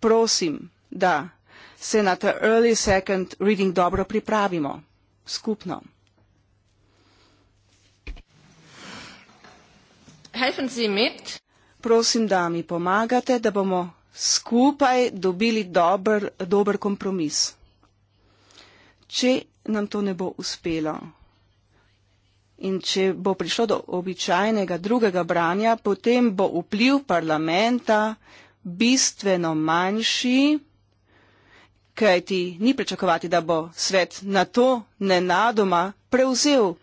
prosim, da se na ta early second reading dobro pripravimo skupno. Prosim, da mi pomagate, da bomo skupaj dobili dober, dober kompromis. Če nam to ne bo uspelo in če bo prišlo do običajnega drugega branja, potem bo vpliv parlamenta bistveno manjši, kajti ni pričakovati, da bo svet na to nenadoma prevzel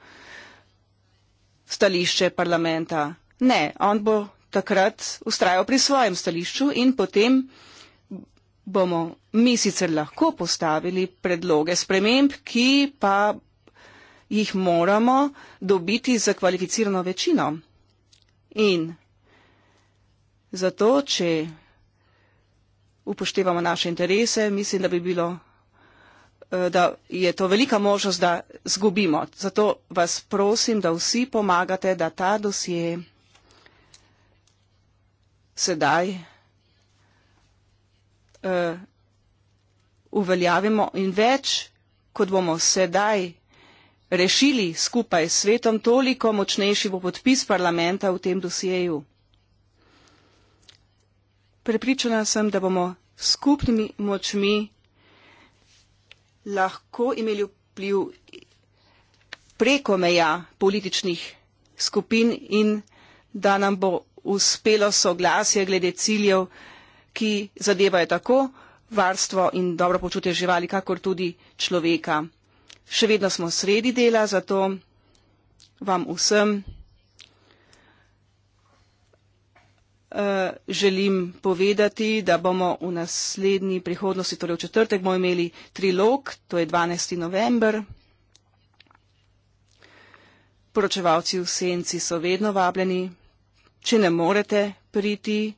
stališče parlamenta. Ne, on bo takrat ustrajal pri svojem stališču in potem bomo mi sicer lahko postavili predloge sprememb, ki pa jih moramo dobiti za kvalificirano večino. In zato, če upoštevamo naše interese, mislim, da bi bilo, eh, da je to velika možnost, da zgubimo. Zato vas prosim, da vsi pomagate, da ta dosje sedaj uh, uveljavimo in več, kot bomo sedaj rešili skupaj s svetom, toliko močnejši bo podpis parlamenta v tem dosjeju. Prepričana sem, da bomo skupnimi močmi lahko imeli vpliv preko meja političnih skupin in da nam bo uspelo soglasje glede ciljev, ki zadevajo tako varstvo in dobro počutje živali, kakor tudi človeka. Še vedno smo sredi dela, zato vam vsem. Eh, želim povedati da bomo v naslednji prihodnosti torej v četrtek bomo imeli trilog to je dvanajst november poročevalci v senci so vedno vabljeni če ne morete priti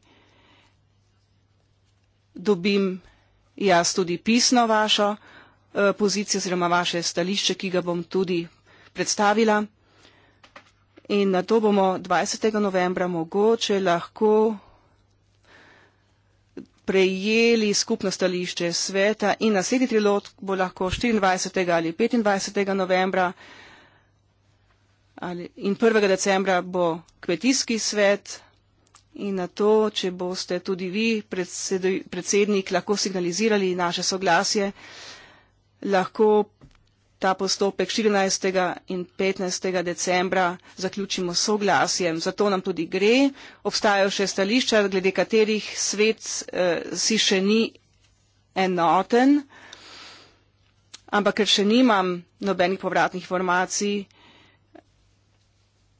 dobim jaz tudi pisno vašo eh, pozicijo oziroma vaše stališče ki ga bom tudi predstavila in na to bomo 20. novembra mogoče lahko prejeli skupno stališče sveta in naslednji trilog bo lahko 24. ali 25. novembra ali in 1. decembra bo kmetijski svet in na to, če boste tudi vi, predsednik, lahko signalizirali naše soglasje, lahko ta postopek 14. in 15. decembra zaključimo soglasjem. Zato nam tudi gre. Obstajajo še stališča, glede katerih svet eh, si še ni enoten. Ampak ker še nimam nobenih povratnih informacij,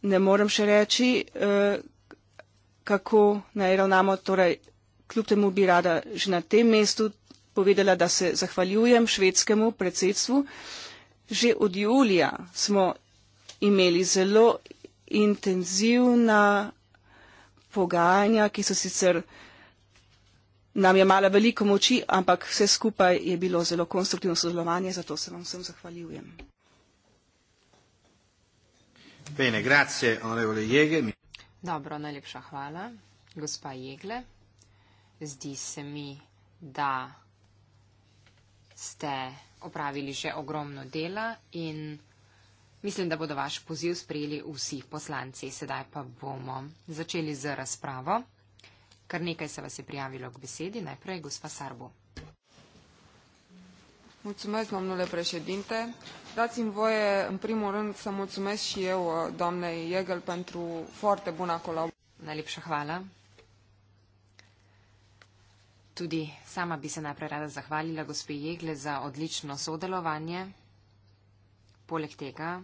ne morem še reči, eh, kako naj ravnamo. Torej, kljub temu bi rada že na tem mestu povedala, da se zahvaljujem švedskemu predsedstvu. Eh, že od julija smo imeli zelo intenzivna pogajanja, ki so sicer nam je mala veliko moči, ampak vse skupaj je bilo zelo konstruktivno sodelovanje, zato se vam vsem zahvaljujem. Bene, grazie, onorevole Jege. Dobro, najlepša hvala, gospa Jegle. Zdi se mi, da ste opravili še ogromno dela in mislim, da bodo vaš poziv sprejeli vsi poslanci. Sedaj pa bomo začeli z razpravo. Kar nekaj se vas je prijavilo k besedi. Najprej gospa Sarbo. Mulțumesc, domnule președinte. Dați-mi voie, în primul rând, să mulțumesc și eu, doamnei Iegel, pentru foarte bună colaborare. Najlepša hvala, Tudi sama bi se najprej rada zahvalila gospe Jegle za odlično sodelovanje. Poleg tega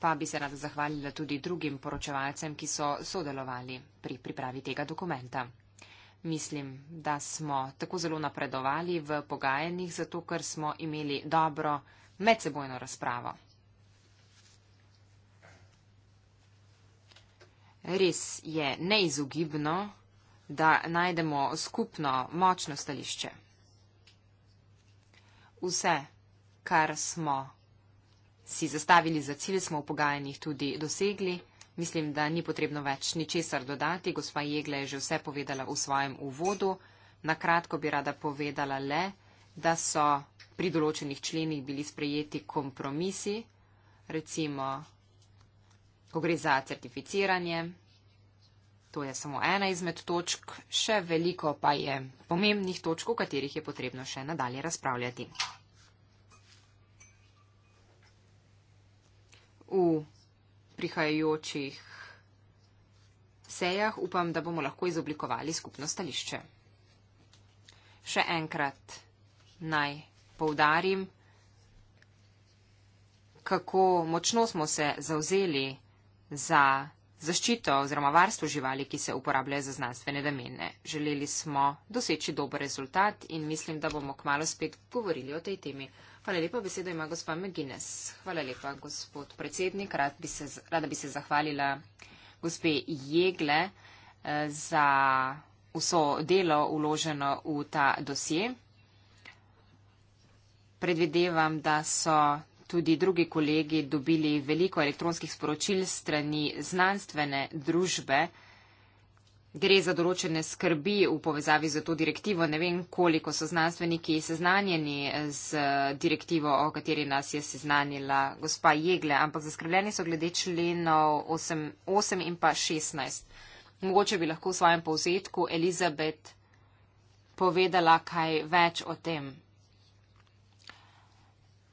pa bi se rada zahvalila tudi drugim poročevalcem, ki so sodelovali pri pripravi tega dokumenta. Mislim, da smo tako zelo napredovali v pogajanjih, zato ker smo imeli dobro medsebojno razpravo. Res je neizogibno, da najdemo skupno močno stališče. Vse, kar smo si zastavili za cilj, smo v pogajanjih tudi dosegli. Mislim, da ni potrebno več ničesar dodati. Gospa Jegle je že vse povedala v svojem uvodu. Na kratko bi rada povedala le, da so pri določenih členih bili sprejeti kompromisi, recimo, ko gre za certificiranje, To je samo ena izmed točk, še veliko pa je pomembnih točk, o katerih je potrebno še nadalje razpravljati. V prihajajočih sejah upam, da bomo lahko izoblikovali skupno stališče. Še enkrat naj povdarim, kako močno smo se zauzeli za zaščito oziroma varstvo živali, ki se uporabljajo za znanstvene namene. Želeli smo doseči dober rezultat in mislim, da bomo kmalo spet govorili o tej temi. Hvala lepa, besedo ima gospod McGuinness. Hvala lepa, gospod predsednik. Rad bi se, rada bi se zahvalila gospe Jegle eh, za vso delo uloženo v ta dosje. Predvidevam, da so tudi drugi kolegi dobili veliko elektronskih sporočil strani znanstvene družbe. Gre za določene skrbi v povezavi z to direktivo. Ne vem, koliko so znanstveniki seznanjeni z direktivo, o kateri nas je seznanila gospa Jegle, ampak zaskrbljeni so glede členov 8, 8 in pa 16. Mogoče bi lahko v svojem povzetku Elizabet povedala kaj več o tem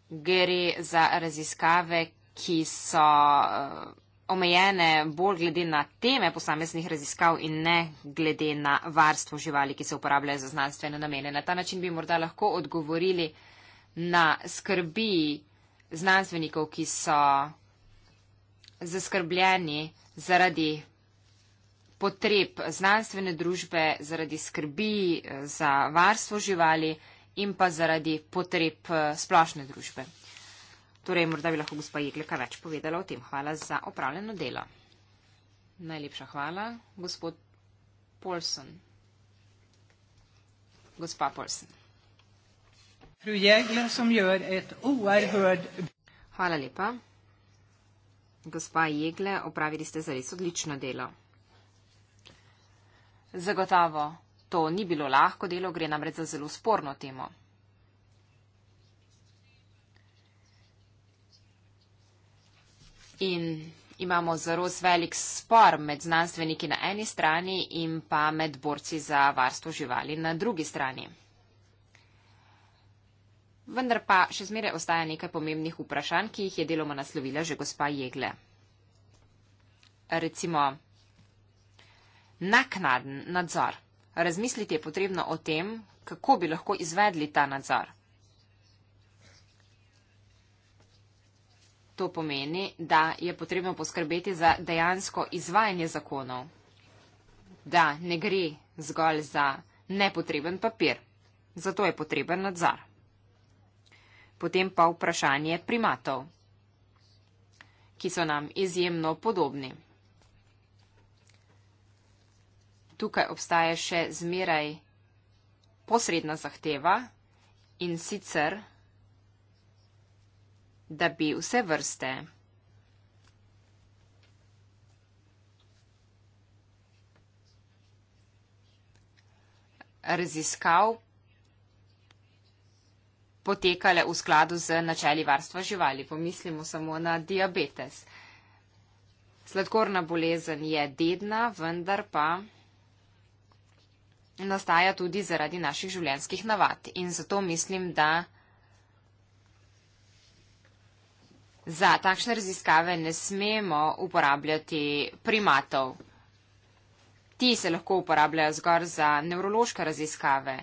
gre za raziskave, ki so eh, omejene bolj glede na teme posameznih raziskav in ne glede na varstvo živali, ki se uporabljajo za znanstvene namene. Na ta način bi morda lahko odgovorili na skrbi znanstvenikov, ki so zaskrbljeni zaradi potreb znanstvene družbe, zaradi skrbi eh, za varstvo živali in pa zaradi potreb eh, splošne družbe. Torej, morda bi lahko gospa Jegleka več povedala o tem. Hvala za opravljeno delo. Najlepša hvala, gospod Polson. Gospa Polson. Hvala lepa. Gospa Jegle, opravili ste zares odlično delo. Zagotovo To ni bilo lahko delo, gre namreč za zelo sporno temo. In imamo zelo velik spor med znanstveniki na eni strani in pa med borci za varstvo živali na drugi strani. Vendar pa še zmeraj ostaja nekaj pomembnih vprašanj, ki jih je deloma naslovila že gospa Jegle. Recimo, naknaden nadzor. Razmisliti je potrebno o tem, kako bi lahko izvedli ta nadzor. To pomeni, da je potrebno poskrbeti za dejansko izvajanje zakonov, da ne gre zgolj za nepotreben papir. Zato je potreben nadzor. Potem pa vprašanje primatov, ki so nam izjemno podobni. tukaj obstaja še zmeraj posredna zahteva in sicer, da bi vse vrste raziskav potekale v skladu z načeli varstva živali. Pomislimo samo na diabetes. Sladkorna bolezen je dedna, vendar pa nastaja tudi zaradi naših življenjskih navad. In zato mislim, da za takšne raziskave ne smemo uporabljati primatov. Ti se lahko uporabljajo zgor za nevrološke raziskave,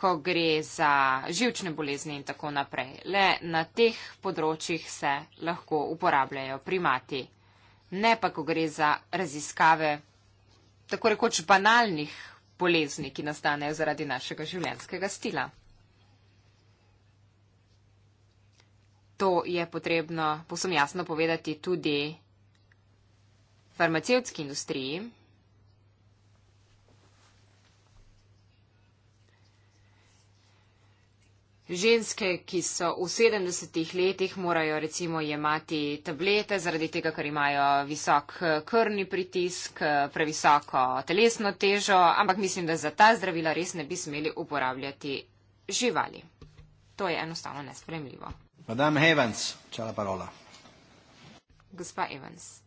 ko gre za živčne bolezni in tako naprej. Le na teh področjih se lahko uporabljajo primati. Ne pa, ko gre za raziskave tako rekoč banalnih bolezni, ki nastanejo zaradi našega življenjskega stila. To je potrebno posem jasno povedati tudi farmacevtski industriji, ženske, ki so v 70-ih letih, morajo recimo jemati tablete zaradi tega, ker imajo visok eh, krvni pritisk, eh, previsoko telesno težo, ampak mislim, da za ta zdravila res ne bi smeli uporabljati živali. To je enostavno nespremljivo. Madame Evans, čala parola. Gospa Evans.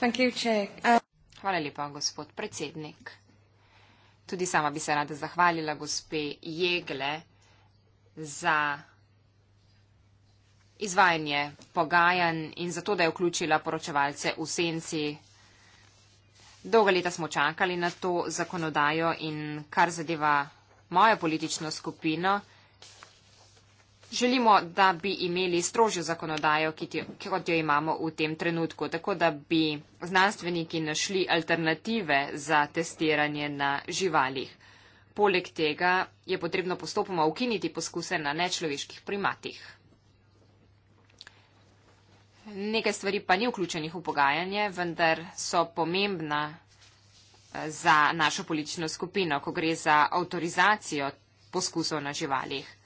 Thank you, Chair. Um Hvala lepa, gospod predsednik. Tudi sama bi se rada zahvalila gospe Jegle za izvajanje pogajanj in za to, da je vključila poročevalce v senci. Dolga leta smo čakali na to zakonodajo in kar zadeva mojo politično skupino, želimo, da bi imeli strožjo zakonodajo, kot jo imamo v tem trenutku, tako da bi znanstveniki našli alternative za testiranje na živalih. Poleg tega je potrebno postopoma ukiniti poskuse na nečloveških primatih. Nekaj stvari pa ni vključenih v pogajanje, vendar so pomembna eh, za našo politično skupino, ko gre za avtorizacijo poskusov na živalih.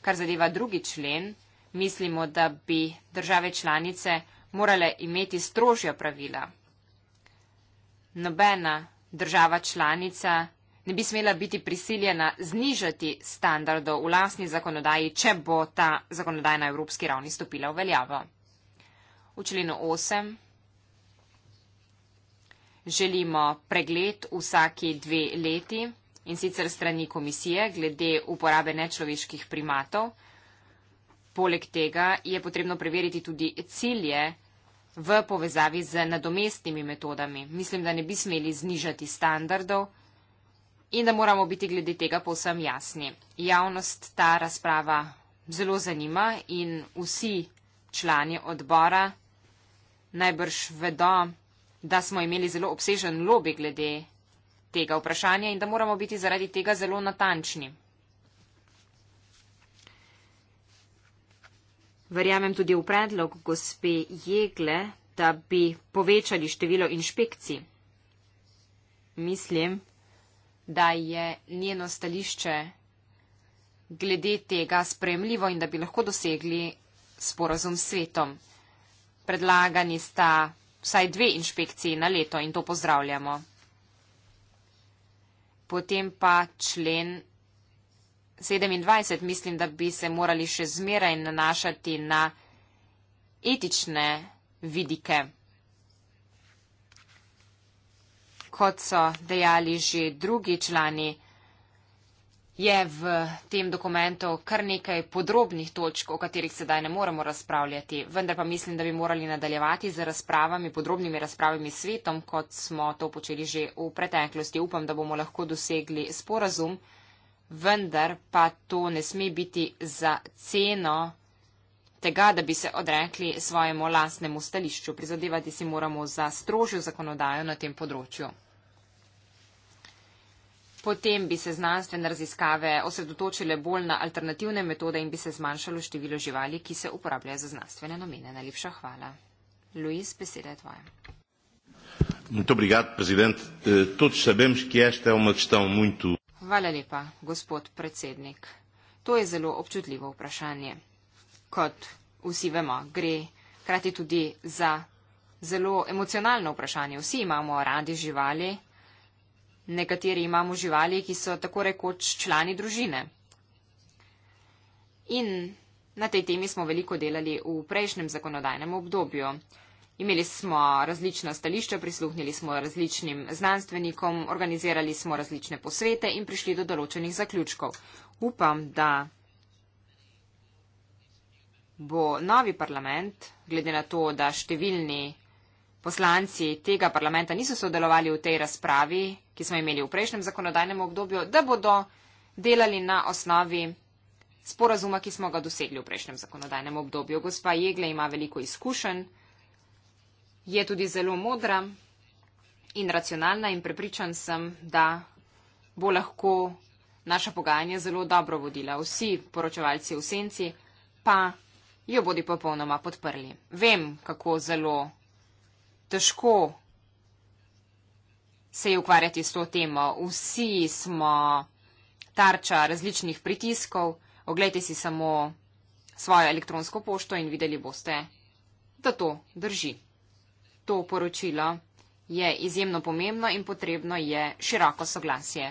Kar zadeva drugi člen, mislimo, da bi države članice morale imeti strožja pravila. Nobena država članica ne bi smela biti prisiljena znižati standardov v lasni zakonodaji, če bo ta zakonodaja na evropski ravni stopila v veljavo. V členu 8 želimo pregled vsaki dve leti in sicer strani komisije glede uporabe nečloveških primatov. Poleg tega je potrebno preveriti tudi cilje v povezavi z nadomestnimi metodami. Mislim, da ne bi smeli znižati standardov in da moramo biti glede tega povsem jasni. Javnost ta razprava zelo zanima in vsi člani odbora najbrž vedo, da smo imeli zelo obsežen lobby glede tega vprašanja in da moramo biti zaradi tega zelo natančni. Verjamem tudi v predlog gospe Jegle, da bi povečali število inšpekcij. Mislim, da je njeno stališče glede tega spremljivo in da bi lahko dosegli sporazum s svetom. Predlagani sta vsaj dve inšpekciji na leto in to pozdravljamo. Potem pa člen 27. Mislim, da bi se morali še zmeraj nanašati na etične vidike. Kot so dejali že drugi člani, je v tem dokumentu kar nekaj podrobnih točk, o katerih sedaj ne moremo razpravljati, vendar pa mislim, da bi morali nadaljevati z razpravami, podrobnimi razpravami s svetom, kot smo to počeli že v preteklosti. Upam, da bomo lahko dosegli sporazum, vendar pa to ne sme biti za ceno tega, da bi se odrekli svojemu lastnemu stališču. Prizadevati si moramo za strožjo zakonodajo na tem področju potem bi se znanstvene raziskave osredotočile bolj na alternativne metode in bi se zmanjšalo število živali, ki se uporabljajo za znanstvene namene. Najlepša hvala. Luis, beseda je tvoja. Muito obrigado, presidente. Eh, todos sabemos que esta é uma questão muito. Hvala lepa, gospod predsednik. To je zelo občutljivo vprašanje. Kot vsi vemo, gre krati tudi za zelo emocionalno vprašanje. Vsi imamo radi živali. Nekateri imamo živali, ki so tako rekoč člani družine. In na tej temi smo veliko delali v prejšnjem zakonodajnem obdobju. Imeli smo različna stališča, prisluhnili smo različnim znanstvenikom, organizirali smo različne posvete in prišli do določenih zaključkov. Upam, da bo novi parlament, glede na to, da številni poslanci tega parlamenta niso sodelovali v tej razpravi, ki smo imeli v prejšnjem zakonodajnem obdobju, da bodo delali na osnovi sporazuma, ki smo ga dosegli v prejšnjem zakonodajnem obdobju. Gospa Jegle ima veliko izkušenj, je tudi zelo modra in racionalna in prepričan sem, da bo lahko naša pogajanja zelo dobro vodila. Vsi poročevalci v senci pa jo bodi popolnoma podprli. Vem, kako zelo težko se je ukvarjati s to temo. Vsi smo tarča različnih pritiskov. Oglejte si samo svojo elektronsko pošto in videli boste, da to drži. To poročilo je izjemno pomembno in potrebno je široko soglasje.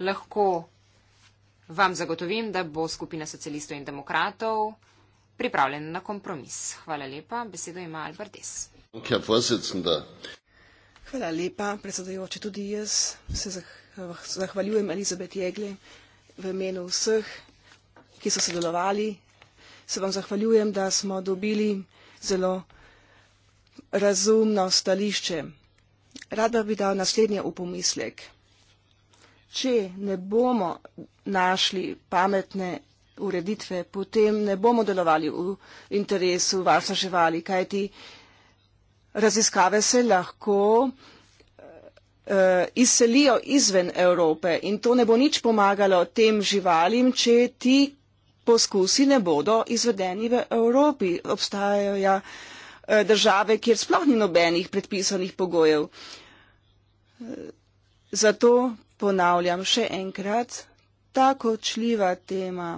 Lahko vam zagotovim, da bo skupina socialistov in demokratov pripravljena na kompromis. Hvala lepa. Besedo ima Albertes. Herr Vorsitzender. Hvala lepa, predsedujoči. Tudi jaz se zahvaljujem Elizabeth Jegle v imenu vseh, ki so sodelovali. Se vam zahvaljujem, da smo dobili zelo razumno stališče. Rad bi dal naslednje upomislek. Če ne bomo našli pametne ureditve, potem ne bomo delovali v interesu varstva živali, kajti raziskave se lahko eh, izselijo izven Evrope in to ne bo nič pomagalo tem živalim, če ti poskusi ne bodo izvedeni v Evropi. Obstajajo ja eh, države, kjer sploh ni nobenih predpisanih pogojev. Eh, zato ponavljam še enkrat, ta kočljiva tema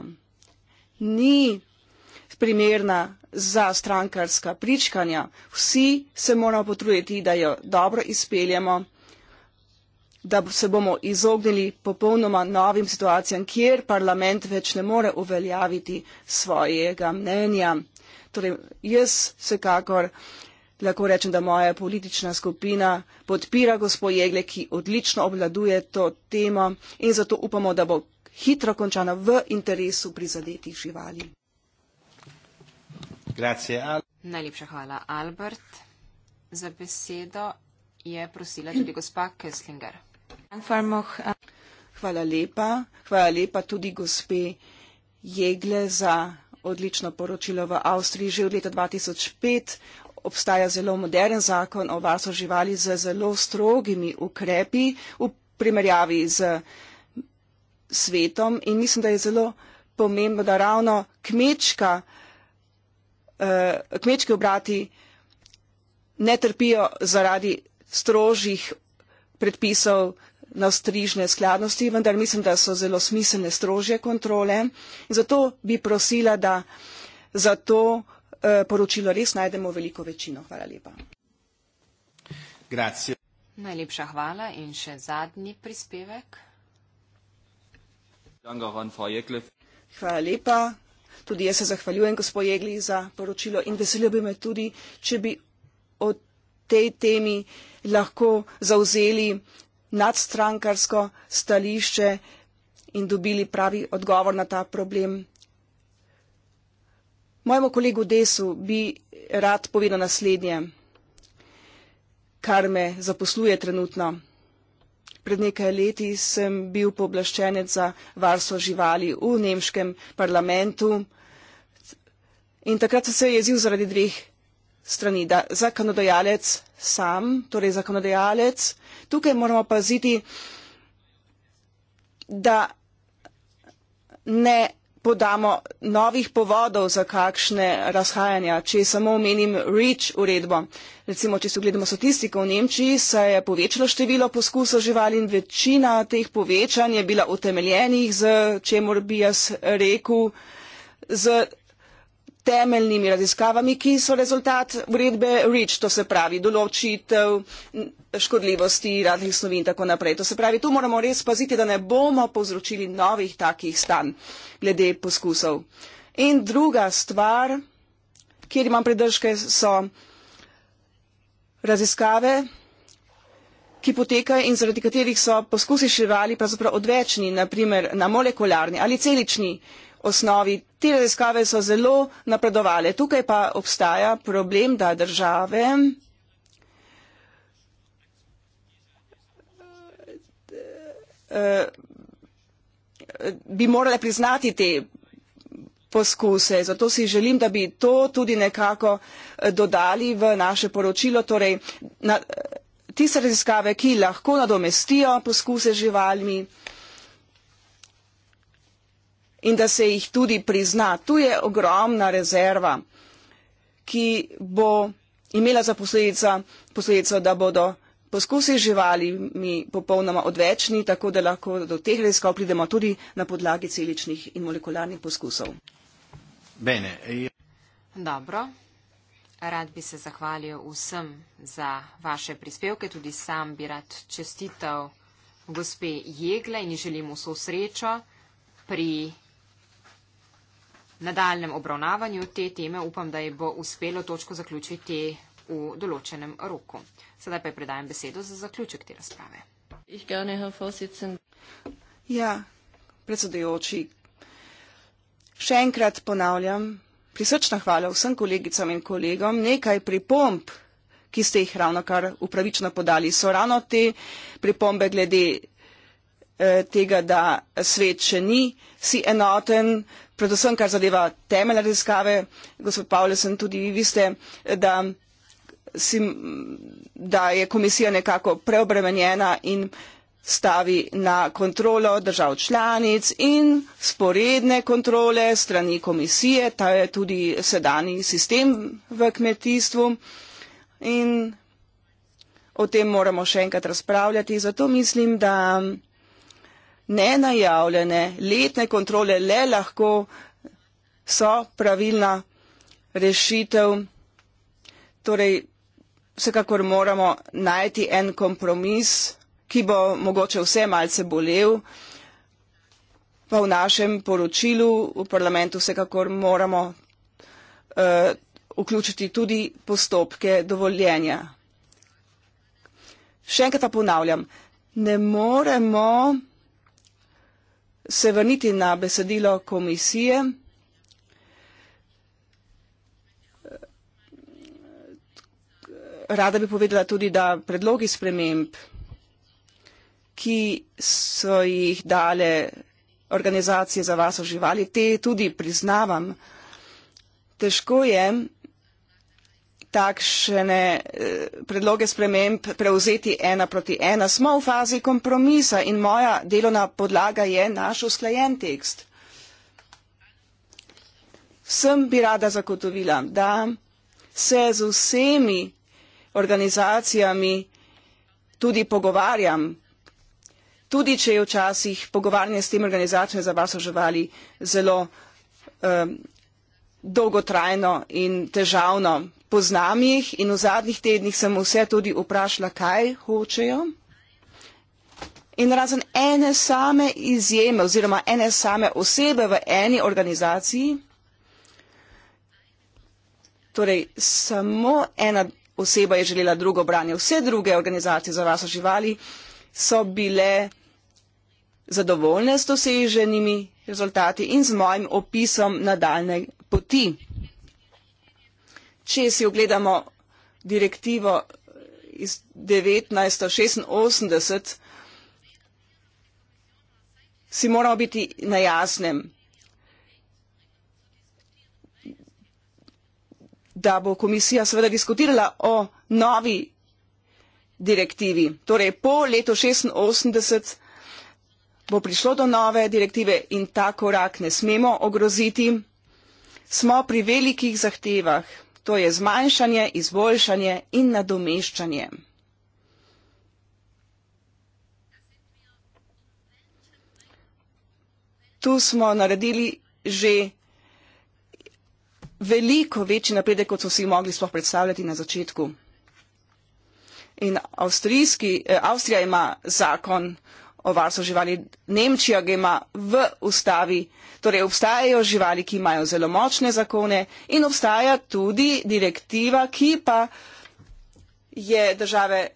ni primerna za strankarska pričkanja. Vsi se moramo potruditi, da jo dobro izpeljemo, da se bomo izognili popolnoma novim situacijam, kjer parlament več ne more uveljaviti svojega mnenja. Torej, jaz vsekakor lahko rečem, da moja politična skupina podpira gospod Jegle, ki odlično obladuje to temo in zato upamo, da bo hitro končana v interesu prizadetih živali. Grazie, Al Najlepša hvala, Albert. Za besedo je prosila tudi gospa Kesslinger. Hvala lepa. Hvala lepa tudi gospe Jegle za odlično poročilo v Avstriji. Že od leta 2005 obstaja zelo modern zakon o varstvu živali z zelo strogimi ukrepi v primerjavi z svetom in mislim, da je zelo pomembno, da ravno kmečka Eh, kmečki obrati ne trpijo zaradi strožjih predpisov na strižne skladnosti, vendar mislim, da so zelo smiselne strožje kontrole. Zato bi prosila, da za to eh, poročilo res najdemo veliko večino. Hvala lepa. Grazie. Najlepša hvala in še zadnji prispevek. Hvala lepa, Tudi jaz se zahvaljujem gospod Jegli za poročilo in veselilo bi me tudi, če bi o tej temi lahko zauzeli nadstrankarsko stališče in dobili pravi odgovor na ta problem. Mojemu kolegu Desu bi rad povedal naslednje, kar me zaposluje trenutno. Pred nekaj leti sem bil poblaščenec za varstvo živali v nemškem parlamentu in takrat sem se jezil zaradi dveh strani. Da, zakonodajalec sam, torej zakonodajalec, tukaj moramo paziti, da ne podamo novih povodov za kakšne razhajanja. Če samo omenim REACH uredbo, recimo, če se ogledamo statistiko v Nemčiji, se je povečalo število poskusov živali in večina teh povečanj je bila utemeljenih z, če mor bi jaz rekel, z temeljnimi raziskavami ki so rezultat uredbe reach to se pravi določitev škodljivosti raznih snovi in tako naprej. To se pravi, tu moramo res paziti, da ne bomo povzročili novih takih stanj glede poskusov. In druga stvar, kjer imam predržke, so raziskave, ki potekajo in zaradi katerih so poskusi šivali pravzaprav odvečni, naprimer na molekularni ali celični osnovi Te raziskave so zelo napredovale. Tukaj pa obstaja problem, da države eh, bi morale priznati te poskuse. Zato si želim, da bi to tudi nekako eh, dodali v naše poročilo. Torej, na, eh, tiste raziskave, ki lahko nadomestijo poskuse živalmi, in da se jih tudi prizna. Tu je ogromna rezerva, ki bo imela za posledico, posledico da bodo poskusi živali mi popolnoma odvečni, tako da lahko do teh raziskav pridemo tudi na podlagi celičnih in molekularnih poskusov. Bene. E- Dobro. Rad bi se zahvalil vsem za vaše prispevke, tudi sam bi rad čestital gospe Jegle in želim vso srečo pri nadaljem obravnavanju te teme upam, da je bo uspelo točko zaključiti v določenem roku. Sedaj pa predajem besedo za zaključek te razprave. Ja, predsedujoči, še enkrat ponavljam, prisrčna hvala vsem kolegicam in kolegom, nekaj pripomb, ki ste jih ravno kar upravično podali, so ravno te pripombe glede Eh, tega, da svet še ni si enoten, predvsem kar zadeva temeljne raziskave. Gospod Pavlesen, tudi vi ste, eh, da, si, da je komisija nekako preobremenjena in stavi na kontrolo držav članic in sporedne kontrole strani komisije. Ta je tudi sedani sistem v kmetijstvu in o tem moramo še enkrat razpravljati. Zato mislim, da nenajavljene letne kontrole le lahko so pravilna rešitev. Torej, vsekakor moramo najti en kompromis, ki bo mogoče vse malce bolel, pa v našem poročilu v parlamentu vsekakor moramo uh, vključiti tudi postopke dovoljenja. Še enkrat pa ponavljam, ne moremo se vrniti na besedilo komisije. Rada bi povedala tudi, da predlogi sprememb, ki so jih dale organizacije za vaso živali, te tudi priznavam. Težko je takšne eh, predloge sprememb prevzeti ena proti ena. Smo v fazi kompromisa in moja delovna podlaga je naš usklajen tekst. Vsem bi rada zagotovila, da se z vsemi organizacijami tudi pogovarjam, tudi če je včasih pogovarjanje s tem organizacijami za vas oživali zelo um, dolgotrajno in težavno, poznam jih in v zadnjih tednih sem vse tudi vprašala, kaj hočejo. In razen ene same izjeme oziroma ene same osebe v eni organizaciji, torej samo ena oseba je želela drugo branje, vse druge organizacije za vas oživali so bile zadovoljne s doseženimi rezultati in z mojim opisom nadaljne poti če si ogledamo direktivo iz 1986, si moramo biti na jasnem, da bo komisija seveda diskutirala o novi direktivi. Torej, po letu 1986 bo prišlo do nove direktive in ta korak ne smemo ogroziti. Smo pri velikih zahtevah to je zmanjšanje, izboljšanje in nadomeščanje. Tu smo naredili že veliko večji napredek, kot so vsi mogli sploh predstavljati na začetku. In eh, Avstrija ima zakon, o varstvu živali. Nemčija ga ima v ustavi. Torej, obstajajo živali, ki imajo zelo močne zakone in obstaja tudi direktiva, ki pa je države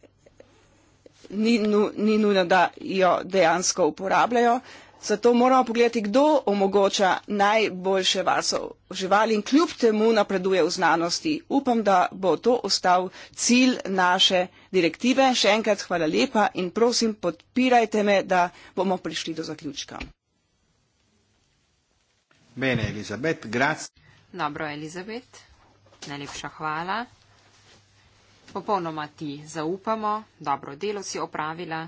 ni, nu, ni nujno, da jo dejansko uporabljajo. Zato moramo pogledati, kdo omogoča najboljše vaso živali in kljub temu napreduje v znanosti. Upam, da bo to ostal cilj naše direktive. Še enkrat hvala lepa in prosim, podpirajte me, da bomo prišli do zaključka. Bene, Elizabet, Dobro, Elizabet, najlepša hvala. Popolnoma ti zaupamo, dobro delo si opravila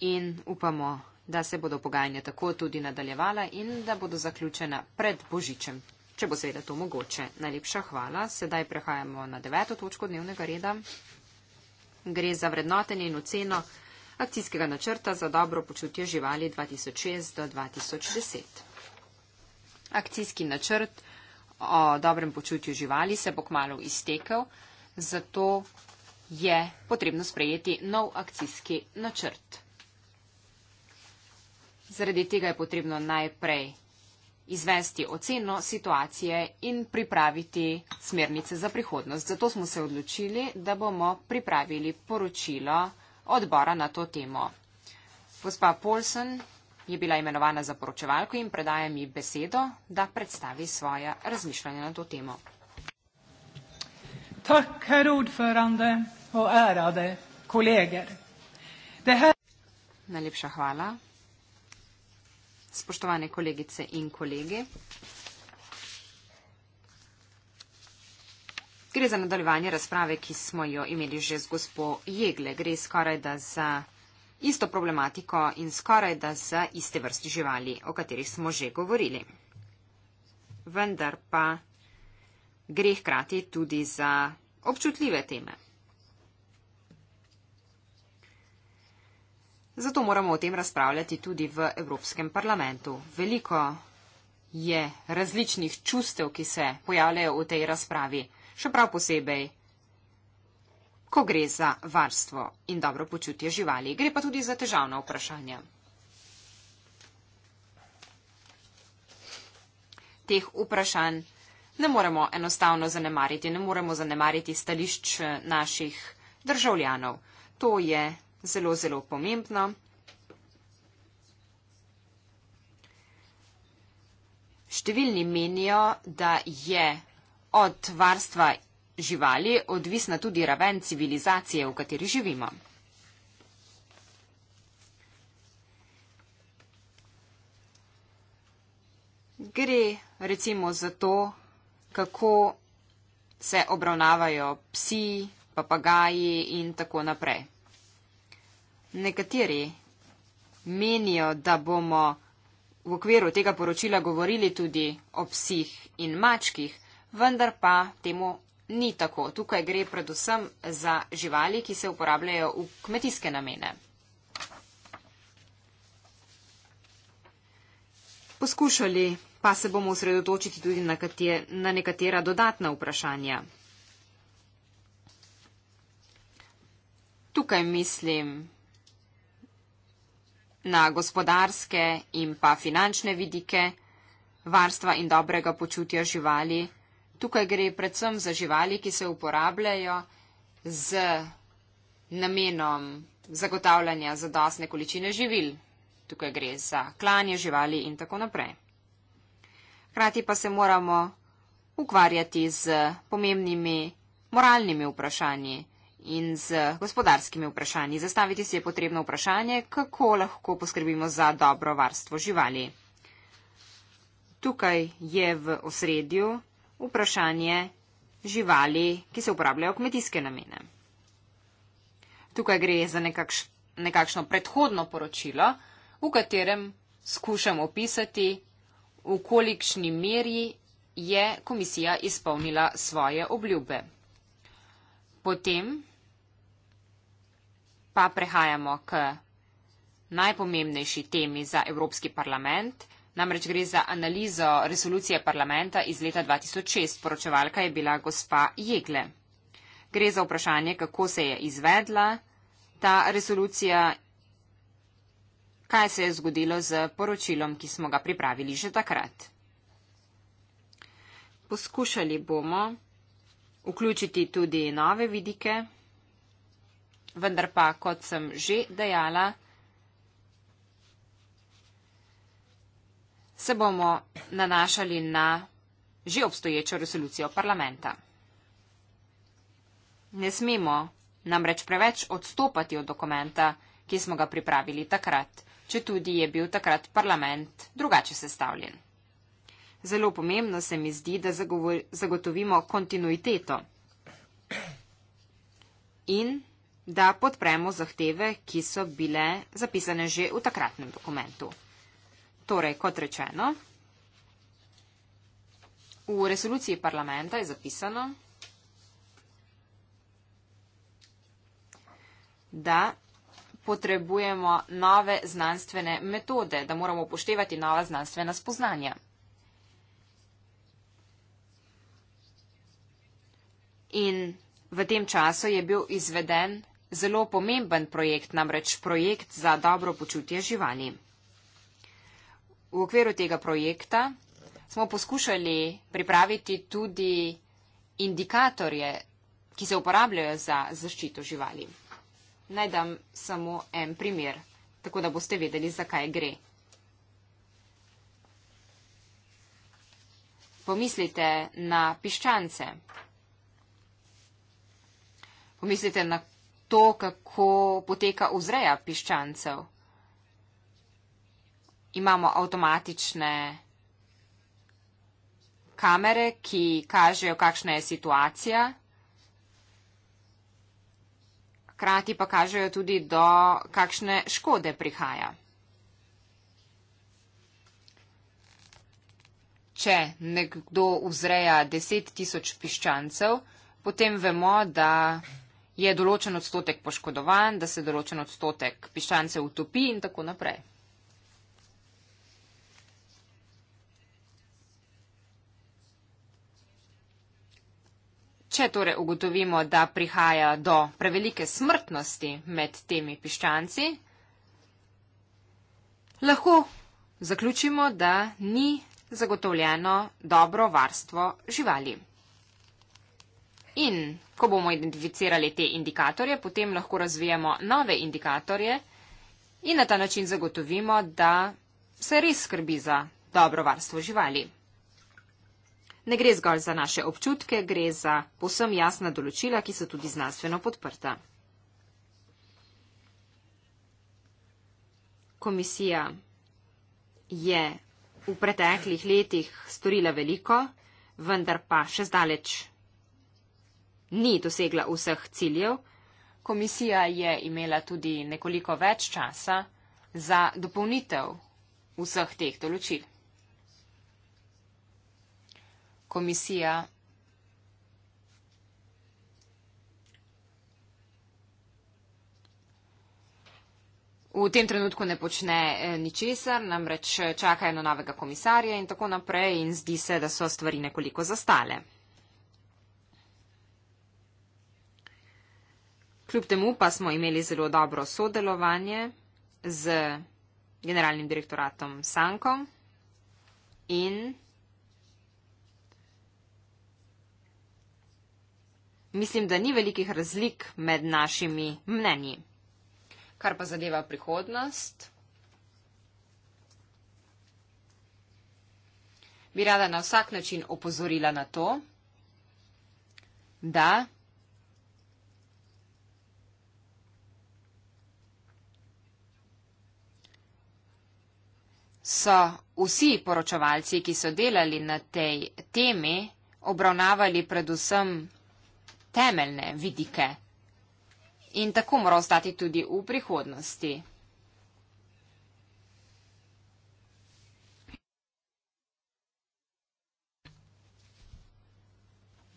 in upamo, da se bodo pogajanja tako tudi nadaljevala in da bodo zaključena pred Božičem, če bo seveda to mogoče. Najlepša hvala. Sedaj prehajamo na deveto točko dnevnega reda. Gre za vrednotenje in oceno akcijskega načrta za dobro počutje živali 2006 do 2010. Akcijski načrt o dobrem počutju živali se bo kmalo iztekel, zato je potrebno sprejeti nov akcijski načrt. Zaradi tega je potrebno najprej izvesti oceno situacije in pripraviti smernice za prihodnost. Zato smo se odločili, da bomo pripravili poročilo odbora na to temo. Gospa Polsen je bila imenovana za poročevalko in predaja mi besedo, da predstavi svoje razmišljanje na to temo. Tak, herr ordförande, o ärade kolleger. Najlepša hvala, Spoštovane kolegice in kolegi. Gre za nadaljevanje razprave, ki smo jo imeli že z gospo Jegle. Gre skoraj da za isto problematiko in skoraj da za iste vrsti živali, o katerih smo že govorili. Vendar pa gre hkrati tudi za občutljive teme. Zato moramo o tem razpravljati tudi v Evropskem parlamentu. Veliko je različnih čustev, ki se pojavljajo v tej razpravi, še prav posebej, ko gre za varstvo in dobro počutje živali. Gre pa tudi za težavna vprašanja. Teh vprašanj ne moremo enostavno zanemariti, ne moremo zanemariti stališč naših državljanov. To je zelo, zelo pomembno. Številni menijo, da je od varstva živali odvisna tudi raven civilizacije, v kateri živimo. Gre recimo za to, kako se obravnavajo psi, papagaji in tako naprej. Nekateri menijo, da bomo v okviru tega poročila govorili tudi o psih in mačkih, vendar pa temu ni tako. Tukaj gre predvsem za živali, ki se uporabljajo v kmetijske namene. Poskušali pa se bomo usredotočiti tudi na, kater, na nekatera dodatna vprašanja. Tukaj mislim na gospodarske in pa finančne vidike varstva in dobrega počutja živali. Tukaj gre predvsem za živali, ki se uporabljajo z namenom zagotavljanja zadostne količine živil. Tukaj gre za klanje živali in tako naprej. Hrati pa se moramo ukvarjati z pomembnimi moralnimi vprašanji in z gospodarskimi vprašanji. Zastaviti si je potrebno vprašanje, kako lahko poskrbimo za dobro varstvo živali. Tukaj je v osredju vprašanje živali, ki se uporabljajo v kmetijske namene. Tukaj gre za nekakš, nekakšno predhodno poročilo, v katerem skušam opisati, v kolikšni meri je komisija izpolnila svoje obljube. Potem pa prehajamo k najpomembnejši temi za Evropski parlament. Namreč gre za analizo resolucije parlamenta iz leta 2006. Poročevalka je bila gospa Jegle. Gre za vprašanje, kako se je izvedla ta resolucija, kaj se je zgodilo z poročilom, ki smo ga pripravili že takrat. Poskušali bomo vključiti tudi nove vidike. Vendar pa, kot sem že dejala, se bomo nanašali na že obstoječo resolucijo parlamenta. Ne smemo namreč preveč odstopati od dokumenta, ki smo ga pripravili takrat, če tudi je bil takrat parlament drugače sestavljen. Zelo pomembno se mi zdi, da zagotovimo kontinuiteto in da podpremo zahteve, ki so bile zapisane že v takratnem dokumentu. Torej, kot rečeno, v resoluciji parlamenta je zapisano, da potrebujemo nove znanstvene metode, da moramo upoštevati nova znanstvena spoznanja. In v tem času je bil izveden Zelo pomemben projekt, namreč projekt za dobro počutje živali. V okviru tega projekta smo poskušali pripraviti tudi indikatorje, ki se uporabljajo za zaščito živali. Naj dam samo en primer, tako da boste vedeli, zakaj gre. Pomislite na piščance. Pomislite na to, kako poteka vzreja piščancev. Imamo avtomatične kamere, ki kažejo, kakšna je situacija. Hkrati pa kažejo tudi, do kakšne škode prihaja. Če nekdo vzreja 10 tisoč piščancev, potem vemo, da je določen odstotek poškodovan, da se določen odstotek piščance utopi in tako naprej. Če torej ugotovimo, da prihaja do prevelike smrtnosti med temi piščanci, lahko zaključimo, da ni zagotovljeno dobro varstvo živali. In ko bomo identificirali te indikatorje, potem lahko razvijemo nove indikatorje in na ta način zagotovimo, da se res skrbi za dobro varstvo živali. Ne gre zgolj za naše občutke, gre za posem jasna določila, ki so tudi znanstveno podprta. Komisija je v preteklih letih storila veliko, vendar pa še zdaleč ni dosegla vseh ciljev. Komisija je imela tudi nekoliko več časa za dopolnitev vseh teh določil. Komisija v tem trenutku ne počne eh, ničesar, namreč eh, čakajo na novega komisarja in tako naprej in zdi se, da so stvari nekoliko zastale. Kljub temu pa smo imeli zelo dobro sodelovanje z generalnim direktoratom Sankom in mislim, da ni velikih razlik med našimi mnenji. Kar pa zadeva prihodnost, bi rada na vsak način opozorila na to, da so vsi poročevalci, ki so delali na tej temi, obravnavali predvsem temeljne vidike. In tako mora ostati tudi v prihodnosti.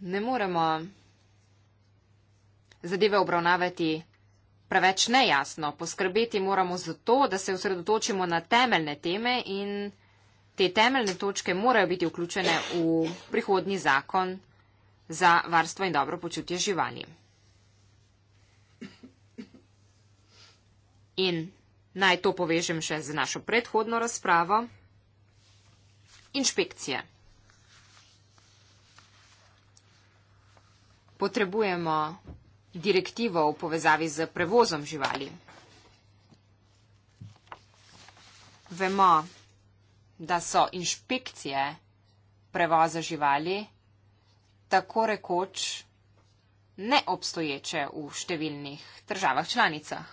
Ne moremo zadeve obravnavati preveč nejasno. Poskrbeti moramo za to, da se osredotočimo na temeljne teme in te temeljne točke morajo biti vključene v prihodni zakon za varstvo in dobro počutje živali. In naj to povežem še z našo predhodno razpravo. Inšpekcije. Potrebujemo direktivo v povezavi z prevozom živali. Vemo, da so inšpekcije prevoza živali tako rekoč neobstoječe v številnih državah članicah.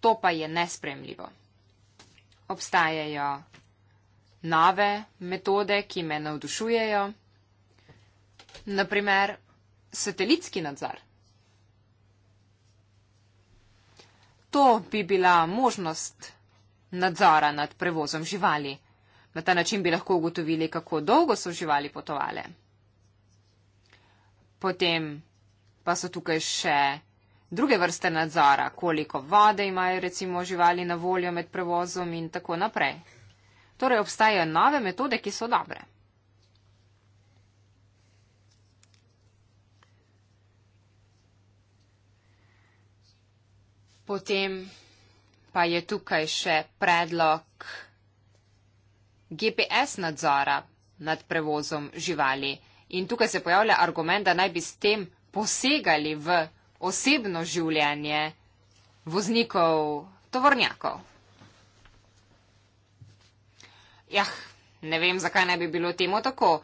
To pa je nespremljivo. Obstajajo nove metode, ki me navdušujejo. Naprimer, satelitski nadzor. To bi bila možnost nadzora nad prevozom živali. Na ta način bi lahko ugotovili, kako dolgo so živali potovale. Potem pa so tukaj še druge vrste nadzora, koliko vode imajo recimo živali na voljo med prevozom in tako naprej. Torej obstajajo nove metode, ki so dobre. Potem pa je tukaj še predlog GPS nadzora nad prevozom živali. In tukaj se pojavlja argument, da naj bi s tem posegali v osebno življenje voznikov tovornjakov. Jah, ne vem, zakaj naj bi bilo temu tako.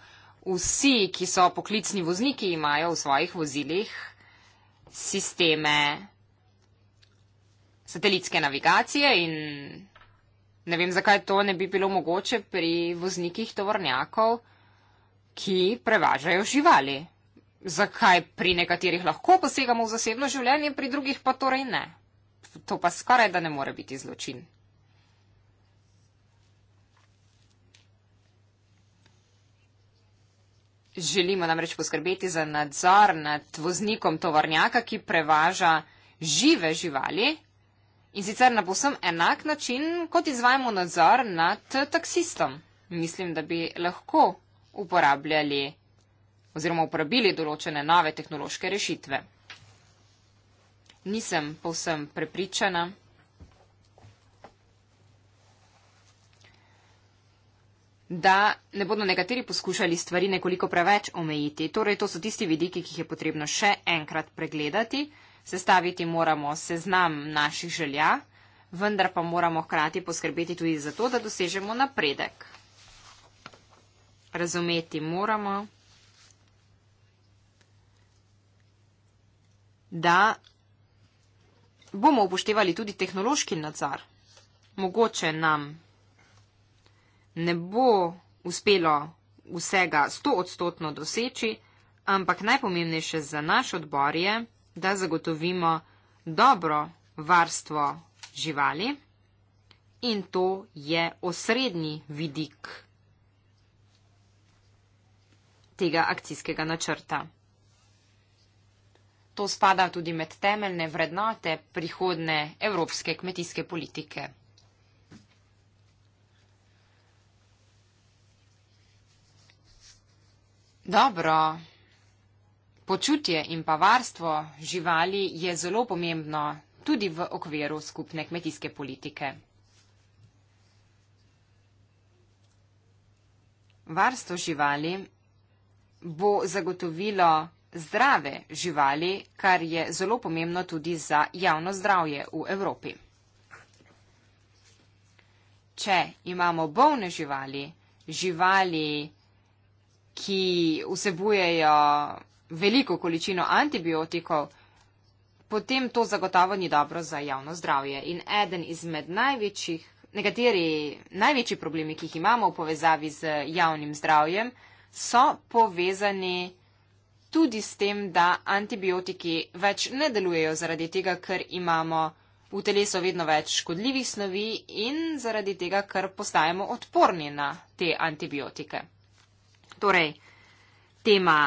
Vsi, ki so poklicni vozniki, imajo v svojih vozilih sisteme satelitske navigacije in ne vem, zakaj to ne bi bilo mogoče pri voznikih tovornjakov, ki prevažajo živali. Zakaj pri nekaterih lahko posegamo v zasebno življenje, pri drugih pa torej ne. To pa skoraj da ne more biti zločin. Želimo namreč poskrbeti za nadzor nad voznikom tovornjaka, ki prevaža žive živali. In sicer na posem enak način, kot izvajamo nadzor nad taksistom. Mislim, da bi lahko uporabljali oziroma uporabili določene nove tehnološke rešitve. Nisem povsem prepričana. da ne bodo nekateri poskušali stvari nekoliko preveč omejiti. Torej, to so tisti vidiki, ki jih je potrebno še enkrat pregledati sestaviti moramo seznam naših želja, vendar pa moramo hkrati poskrbeti tudi za to, da dosežemo napredek. Razumeti moramo, da bomo upoštevali tudi tehnološki nadzor. Mogoče nam ne bo uspelo vsega stoodstotno doseči, ampak najpomembnejše za naš odbor je, da zagotovimo dobro varstvo živali in to je osrednji vidik tega akcijskega načrta. To spada tudi med temeljne vrednote prihodne evropske kmetijske politike. Dobro počutje in pa varstvo živali je zelo pomembno tudi v okviru skupne kmetijske politike. Varstvo živali bo zagotovilo zdrave živali, kar je zelo pomembno tudi za javno zdravje v Evropi. Če imamo bolne živali, živali, ki vsebujejo veliko količino antibiotikov, potem to zagotovo ni dobro za javno zdravje. In eden izmed največjih, nekateri največji problemi, ki jih imamo v povezavi z javnim zdravjem, so povezani tudi s tem, da antibiotiki več ne delujejo zaradi tega, ker imamo v telesu vedno več škodljivih snovi in zaradi tega, ker postajamo odporni na te antibiotike. Torej, tema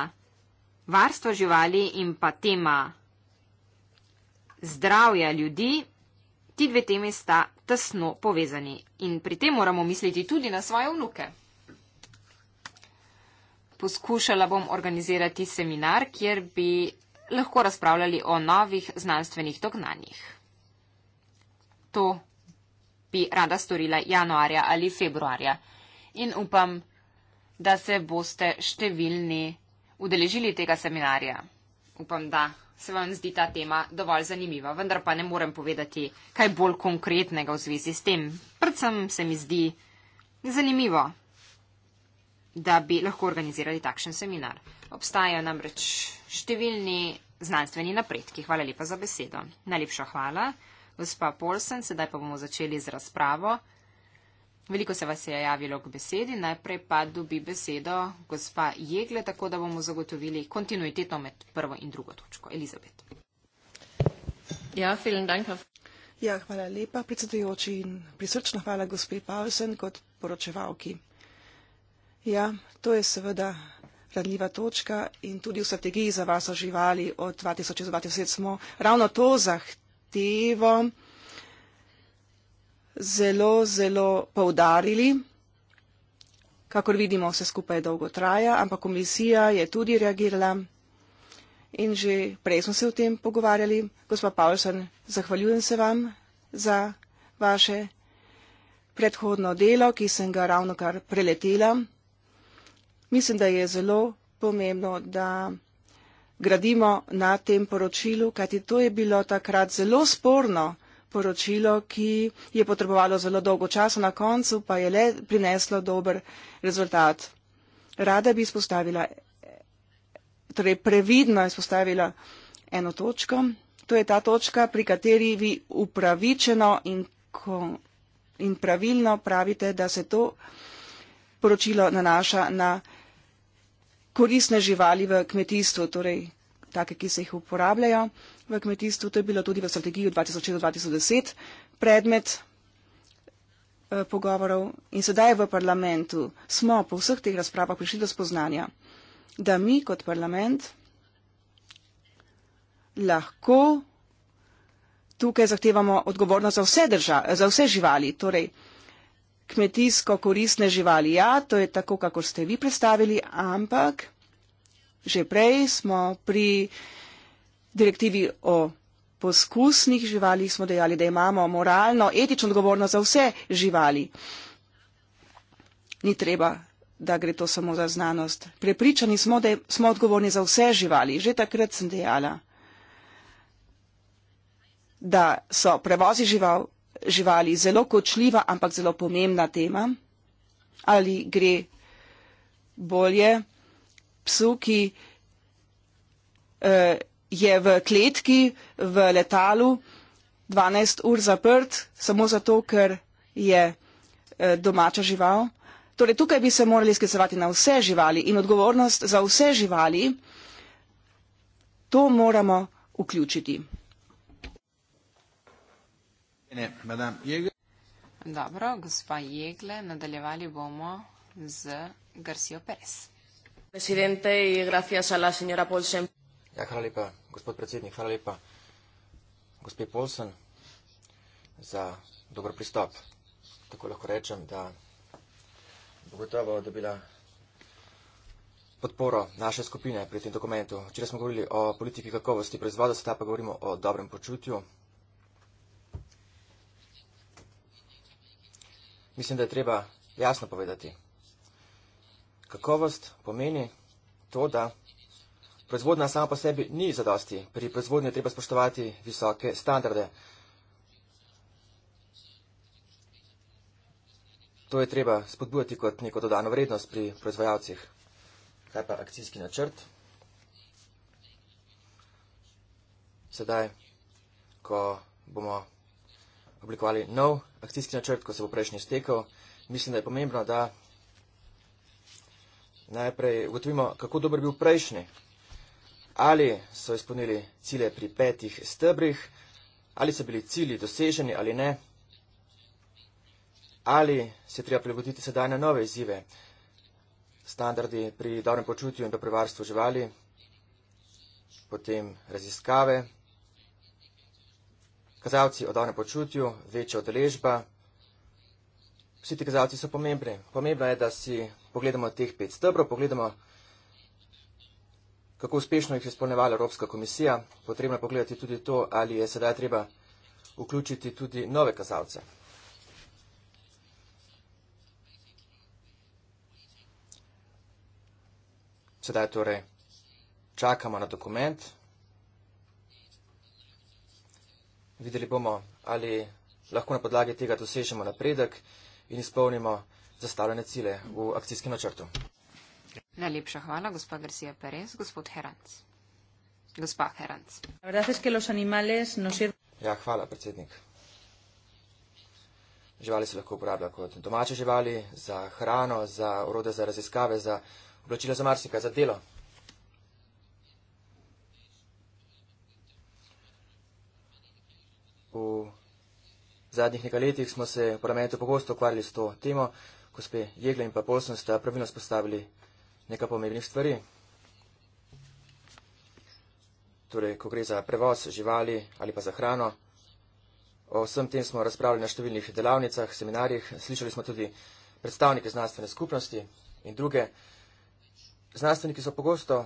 varstvo živali in pa tema zdravja ljudi, ti dve temi sta tesno povezani. In pri tem moramo misliti tudi na svoje vnuke. Poskušala bom organizirati seminar, kjer bi lahko razpravljali o novih znanstvenih dognanjih. To bi rada storila januarja ali februarja. In upam, da se boste številni udeležili tega seminarja. Upam, da se vam zdi ta tema dovolj zanimiva, vendar pa ne morem povedati kaj bolj konkretnega v zvezi s tem. Predvsem se mi zdi zanimivo, da bi lahko organizirali takšen seminar. Obstajajo namreč številni znanstveni napredki. Hvala lepa za besedo. Najlepša hvala. Gospa Polsen, sedaj pa bomo začeli z razpravo. Veliko se vas je javilo k besedi, najprej pa dobi besedo gospa Jegle, tako da bomo zagotovili kontinuiteto med prvo in drugo točko. Elizabet. Ja, ja, hvala lepa, predsedujoči in prisrčno hvala gospe Paulsen kot poročevalki. Ja, to je seveda radljiva točka in tudi v strategiji za vas o živali od 2020 smo ravno to zahtevo zelo zelo poudarili. Kakor vidimo, vse skupaj dolgo traja, ampak komisija je tudi reagirala in že prej smo se o tem pogovarjali. Gospod Paulsen, zahvaljujem se vam za vaše predhodno delo, ki sem ga ravno kar preletela. Mislim, da je zelo pomembno, da gradimo na tem poročilu, kajti to je bilo takrat zelo sporno poročilo, ki je potrebovalo zelo dolgo časa, na koncu pa je le prineslo dober rezultat. Rada bi izpostavila, torej previdno izpostavila eno točko. To je ta točka, pri kateri vi upravičeno in, ko, in pravilno pravite, da se to poročilo nanaša na koristne živali v kmetijstvu, torej take, ki se jih uporabljajo v kmetijstvu, to je bilo tudi v strategiji 2006-2010 predmet eh, pogovorov in sedaj v parlamentu smo po vseh teh razpravah prišli do spoznanja, da mi kot parlament lahko tukaj zahtevamo odgovornost za vse, drža, za vse živali, torej kmetijsko korisne živali. Ja, to je tako, kako ste vi predstavili, ampak že prej smo pri direktivi o poskusnih živalih smo dejali, da imamo moralno, etično odgovornost za vse živali. Ni treba, da gre to samo za znanost. Prepričani smo, da smo odgovorni za vse živali. Že takrat sem dejala, da so prevozi žival, živali zelo kočljiva, ampak zelo pomembna tema. Ali gre bolje psu, ki eh, je v kletki, v letalu 12 ur zaprt, samo zato, ker je eh, domača žival. Torej, tukaj bi se morali sklicevati na vse živali in odgovornost za vse živali, to moramo vključiti. Dobro, gospa Jegle, nadaljevali bomo z Garcijo Perez. Presidente, gracias a la señora Paulsen. Ja, hvala lepa, gospod predsednik, hvala lepa, gospe Polsen, za dober pristop. Tako lahko rečem, da bo gotovo dobila podporo naše skupine pri tem dokumentu. Včeraj smo govorili o politiki kakovosti proizvoda, sedaj pa govorimo o dobrem počutju. Mislim, da je treba jasno povedati. Kakovost pomeni to, da proizvodnja sama po sebi ni zadosti. Pri proizvodnji treba spoštovati visoke standarde. To je treba spodbujati kot neko dodano vrednost pri proizvajalcih. Kaj pa akcijski načrt? Sedaj, ko bomo oblikovali nov akcijski načrt, ko se bo prejšnji stekel, mislim, da je pomembno, da najprej ugotovimo, kako dober bil prejšnji ali so izpolnili cilje pri petih stebrih, ali so bili cilji doseženi ali ne, ali se treba prilagoditi sedaj na nove izzive, standardi pri dobrem počutju in dobrovarstvu živali, potem raziskave, kazalci o dobrem počutju, večja odeležba. Vsi ti kazalci so pomembni. Pomembno je, da si pogledamo teh pet stebrov, pogledamo kako uspešno jih je spolnevala Evropska komisija. Potrebno je pogledati tudi to, ali je sedaj treba vključiti tudi nove kazalce. Sedaj torej čakamo na dokument. Videli bomo, ali lahko na podlagi tega dosežemo napredek in izpolnimo zastavljene cilje v akcijskem načrtu. Najlepša hvala, gospa Garcia Perez. Gospod Heranc. Gospa Heranc. No ja, hvala, predsednik. Živali se lahko uporablja kot domače živali, za hrano, za urode za raziskave, za oblačila za marsika, za delo. V zadnjih nekaj letih smo se v parlamentu pogosto ukvarjali s to temo, ko spe Jegle in pa Polson sta pravilno spostavili nekaj pomembnih stvari. Torej, ko gre za prevoz živali ali pa za hrano. O vsem tem smo razpravljali na številnih delavnicah, seminarjih, slišali smo tudi predstavnike znanstvene skupnosti in druge. Znanstveniki so pogosto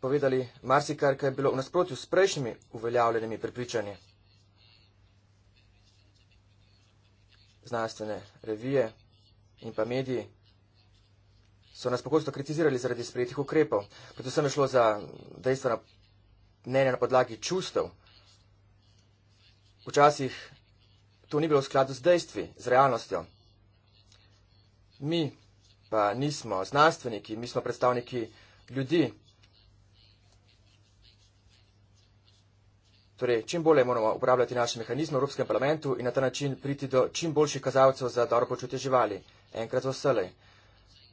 povedali marsikar, kar je bilo v nasprotju s prejšnjimi uveljavljenimi prepričanji. Znanstvene revije in pa mediji so nas pogosto kritizirali zaradi sprejetih ukrepov. Predvsem je šlo za dejstvo na mnenje na podlagi čustev. Včasih to ni bilo v skladu z dejstvi, z realnostjo. Mi pa nismo znanstveniki, mi smo predstavniki ljudi. Torej, čim bolje moramo uporabljati naše mehanizme v Evropskem parlamentu in na ta način priti do čim boljših kazalcev za dobro počutje živali. Enkrat v vselej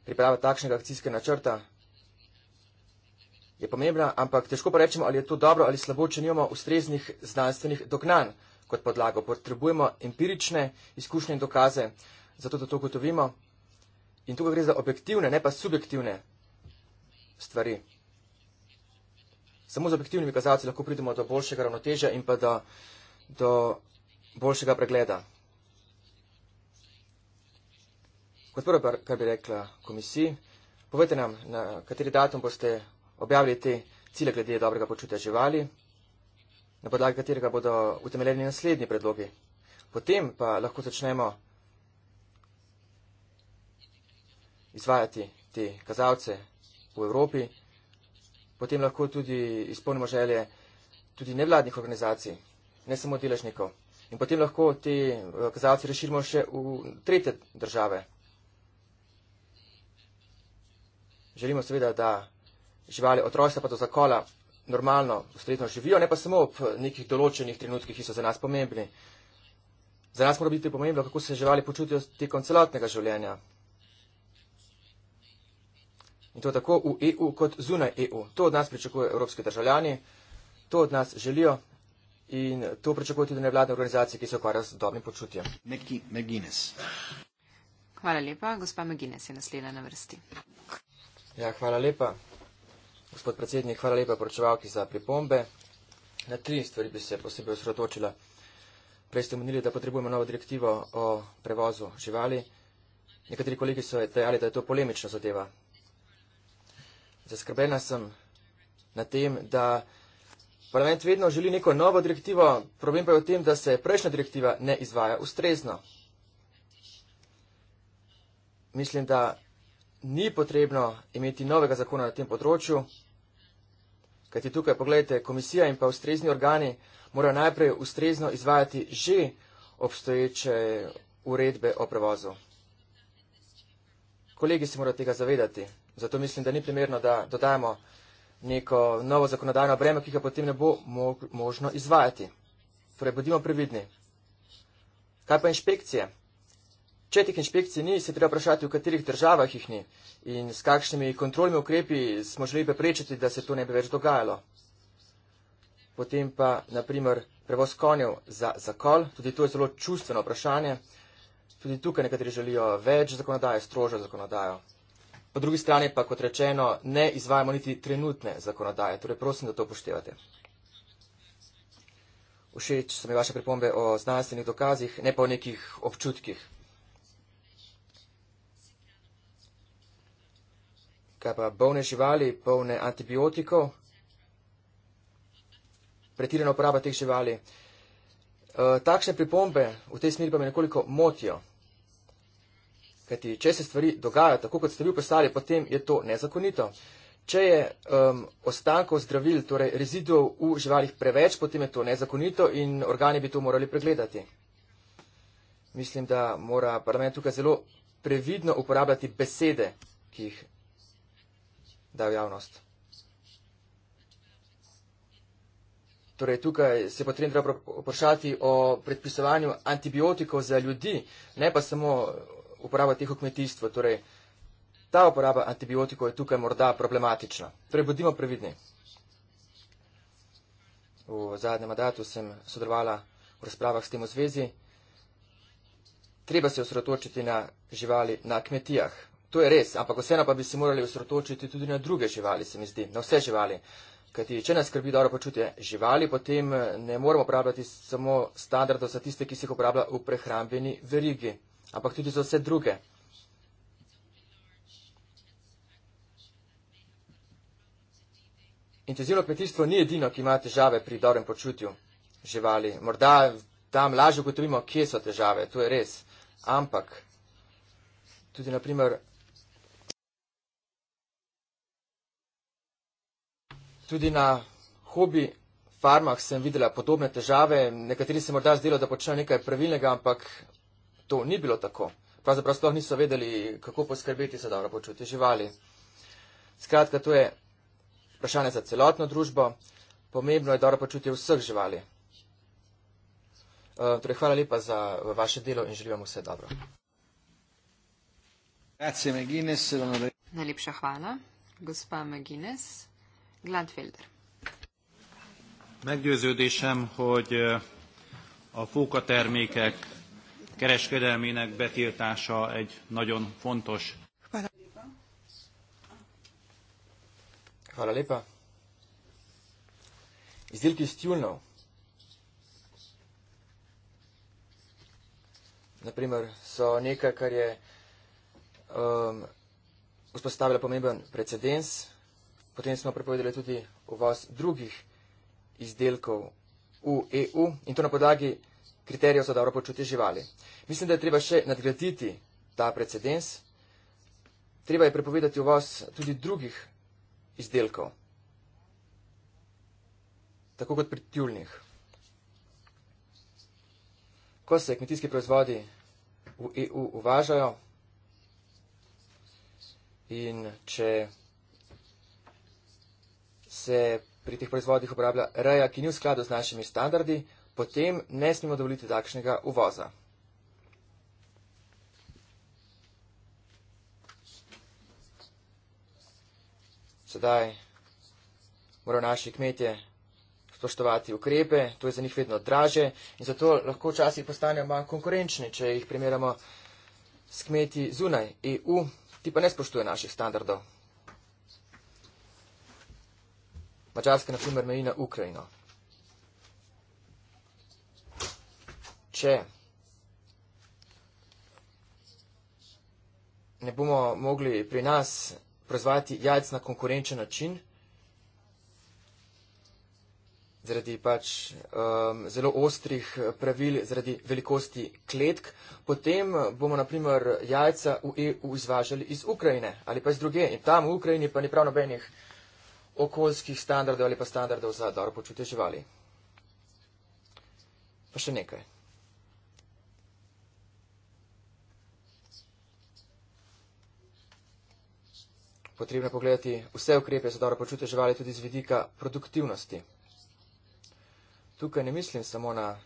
priprava takšnega akcijskega načrta je pomembna, ampak težko pa rečemo, ali je to dobro ali slabo, če nimamo ustreznih znanstvenih dognanj kot podlago. Potrebujemo empirične izkušnje in dokaze, zato da to gotovimo. In tukaj gre za objektivne, ne pa subjektivne stvari. Samo z objektivnimi kazalci lahko pridemo do boljšega ravnotežja in pa do, do boljšega pregleda. Kot prvo, kar bi rekla komisiji, povete nam, na kateri datum boste objavili te cilje glede dobrega počutja živali, na podlagi katerega bodo utemeljeni naslednji predlogi. Potem pa lahko začnemo izvajati te kazalce v Evropi, potem lahko tudi izpolnimo želje tudi nevladnih organizacij, ne samo deležnikov. In potem lahko te eh, kazalce reširimo še v tretje države. Želimo seveda, da živali od rojstva pa do zakola normalno, ustrezno živijo, ne pa samo ob nekih določenih trenutkih, ki so za nas pomembni. Za nas mora biti pomembno, kako se živali počutijo tekom celotnega življenja. In to tako v EU kot zunaj EU. To od nas pričakujejo evropski državljani, to od nas želijo in to pričakujejo tudi nevladne organizacije, ki se ukvarjajo z dobrim počutjem. Hvala lepa. Gospa McGuinness je naslednja na vrsti. Ja, hvala lepa, gospod predsednik, hvala lepa poročevalki za pripombe. Na tri stvari bi se posebej osredotočila. Prej ste menili, da potrebujemo novo direktivo o prevozu živali. Nekateri kolegi so dejali, da je to polemična zadeva. Zaskrbljena sem na tem, da parlament vedno želi neko novo direktivo, problem pa je v tem, da se prejšnja direktiva ne izvaja ustrezno. Mislim, da ni potrebno imeti novega zakona na tem področju, kajti tukaj, pogledajte, komisija in pa ustrezni organi morajo najprej ustrezno izvajati že obstoječe uredbe o prevozu. Kolegi se morajo tega zavedati, zato mislim, da ni primerno, da dodajemo neko novo zakonodajno breme, ki ga potem ne bo možno izvajati. Torej, bodimo previdni. Kaj pa inšpekcije? Če teh inšpekcij ni, se treba vprašati, v katerih državah jih ni in s kakšnimi kontrolnimi ukrepi smo želeli preprečiti, da se to ne bi več dogajalo. Potem pa, naprimer, prevoz konjev za zakol, tudi to je zelo čustveno vprašanje. Tudi tukaj nekateri želijo več zakonodaje, strožjo zakonodajo. Po drugi strani pa, kot rečeno, ne izvajamo niti trenutne zakonodaje, torej prosim, da to upoštevate. Všeč so mi vaše pripombe o znanstvenih dokazih, ne pa o nekih občutkih. kaj pa bolne živali, polne antibiotikov, pretirana uporaba teh živali. E, takšne pripombe v tej smeri pa me nekoliko motijo. Kajti, če se stvari dogajajo tako, kot ste vi postali, potem je to nezakonito. Če je um, ostankov zdravil, torej rezidov v živalih preveč, potem je to nezakonito in organi bi to morali pregledati. Mislim, da mora parlament tukaj zelo previdno uporabljati besede, ki jih da v javnost. Torej, tukaj se potrebno treba vprašati o predpisovanju antibiotikov za ljudi, ne pa samo uporaba teh v kmetijstvu. Torej, ta uporaba antibiotikov je tukaj morda problematična. Torej, bodimo previdni. V zadnjem mandatu sem sodelovala v razpravah s tem v zvezi. Treba se osredotočiti na živali na kmetijah. To je res, ampak vseeno pa bi se morali osredotočiti tudi na druge živali, se mi zdi, na vse živali. Kajti, če nas skrbi dobro počutje živali, potem eh, ne moramo uporabljati samo standardov za tiste, ki se jih uporablja v prehrambeni verigi, ampak tudi za vse druge. Intenzivno kmetijstvo ni edino, ki ima težave pri dobrem počutju živali. Morda tam lažje ugotovimo, kje so težave, to je res. Ampak tudi, naprimer, Tudi na hobi farmah sem videla podobne težave. Nekateri se morda zdelo, da počnejo nekaj pravilnega, ampak to ni bilo tako. Pravzaprav sploh niso vedeli, kako poskrbeti za dobro počutje živali. Skratka, to je vprašanje za celotno družbo. Pomembno je dobro počutje vseh živali. Uh, torej, hvala lepa za vaše delo in želim vam vse dobro. Najlepša hvala, gospa Magines. Gladfelder. Meggyőződésem, hogy a fókatermékek kereskedelmének betiltása egy nagyon fontos. Hvala lepa. Hvala lepa. Izdelki iz tjulnov. Naprimer, so nekaj, kar je um, vzpostavila pomemben precedens Potem smo prepovedali tudi uvoz drugih izdelkov v EU in to na podlagi kriterijev za dobro počutje živali. Mislim, da je treba še nadgraditi ta precedens. Treba je prepovedati uvoz tudi drugih izdelkov, tako kot pri tjulnih. Ko se kmetijski proizvodi v EU uvažajo in če se pri teh proizvodih uporablja reja, ki ni v skladu z našimi standardi, potem ne smemo dovoliti takšnega uvoza. Sedaj morajo naši kmetje spoštovati ukrepe, to je za njih vedno draže in zato lahko včasih postanejo manj konkurenčni, če jih primerjamo s kmeti zunaj EU, ti pa ne spoštuje naših standardov. Mačarska, na primer, meji na Ukrajino. Če ne bomo mogli pri nas proizvajati jajc na konkurenčen način, zaradi pač um, zelo ostrih pravil, zaradi velikosti kletk, potem bomo naprimer jajca v EU izvažali iz Ukrajine ali pa iz druge. In tam v Ukrajini pa ni prav nobenih okoljskih standardov ali pa standardov za dobro počutje živali. Pa še nekaj. Potrebno je pogledati vse ukrepe za dobro počutje živali tudi z vidika produktivnosti. Tukaj ne mislim samo na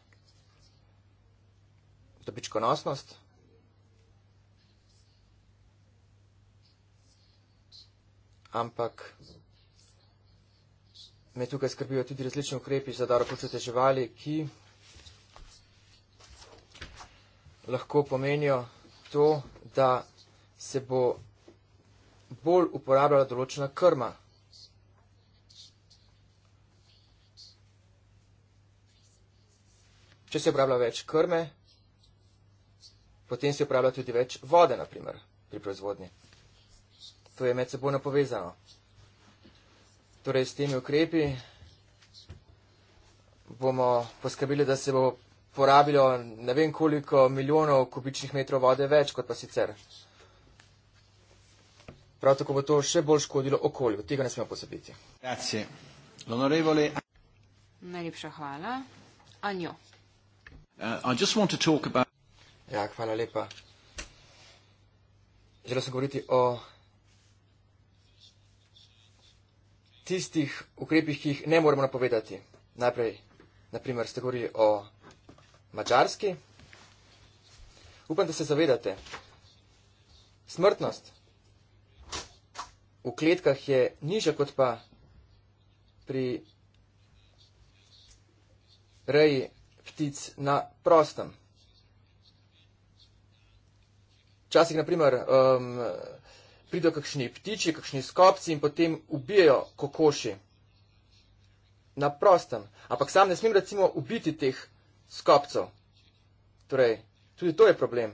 dobičkonosnost, ampak me tukaj skrbijo tudi različni ukrepi za dobro počutje živali, ki lahko pomenijo to, da se bo bolj uporabljala določena krma. Če se uporablja več krme, potem se uporablja tudi več vode, naprimer, pri proizvodnji. To je medsebojno povezano. Torej, s temi ukrepi bomo poskrbeli, da se bo porabilo ne vem koliko milijonov kubičnih metrov vode več kot pa sicer. Prav tako bo to še bolj škodilo okolju. Tega ne smemo posebiti. Najlepša hvala. Anjo. Uh, ja, hvala lepa. Želel sem govoriti o tistih ukrepih, ki jih ne moremo napovedati. Najprej, naprimer, ste govorili o Mačarski. Upam, da se zavedate. Smrtnost v kletkah je niža kot pa pri reji ptic na prostem. Včasih, naprimer, um, pridejo kakšni ptiči, kakšni skopci in potem ubijajo kokoši na prostem. Ampak sam ne smem recimo ubiti teh skopcev. Torej, tudi to je problem.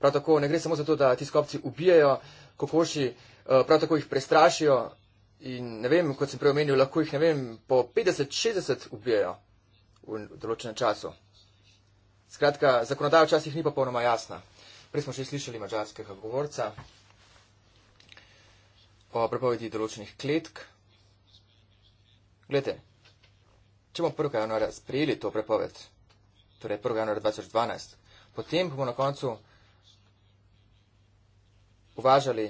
Prav tako ne gre samo za to, da ti skopci ubijajo kokoši, eh, prav tako jih prestrašijo in ne vem, kot sem prej omenil, lahko jih ne vem, po 50-60 ubijajo v določenem času. Skratka, zakonodaja včasih ni popolnoma jasna. Prej smo že slišali mačarskega govorca o prepovedi določenih kletk. Glede, če bomo 1. januarja sprejeli to prepoved, torej 1. januarja 2012, potem bomo na koncu uvažali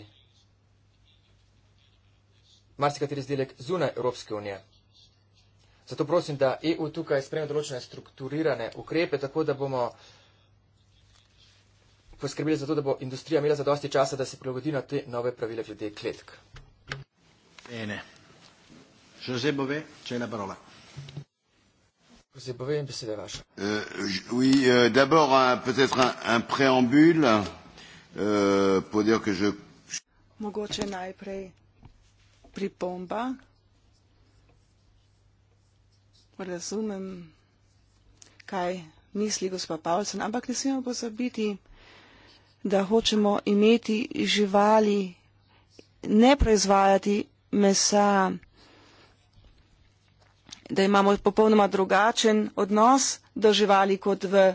marsikateri izdelek zunaj Evropske unije. Zato prosim, da EU tukaj spreme določene strukturirane ukrepe, tako da bomo poskrbeli za to, da bo industrija imela zadosti časa, da se prilagodi na te nove pravile glede kletk. Ene. José Bové, če je na parola. José Bové, in beseda je vaša. Uh, oui, uh, d'abord, uh, peut-être un, un préambule, uh, pour dire que je... Mogoče najprej pripomba. Razumem, kaj misli gospod Pavlsen, ampak ne smemo pozabiti, da hočemo imeti živali, ne proizvajati mesa, da imamo popolnoma drugačen odnos do živali kot v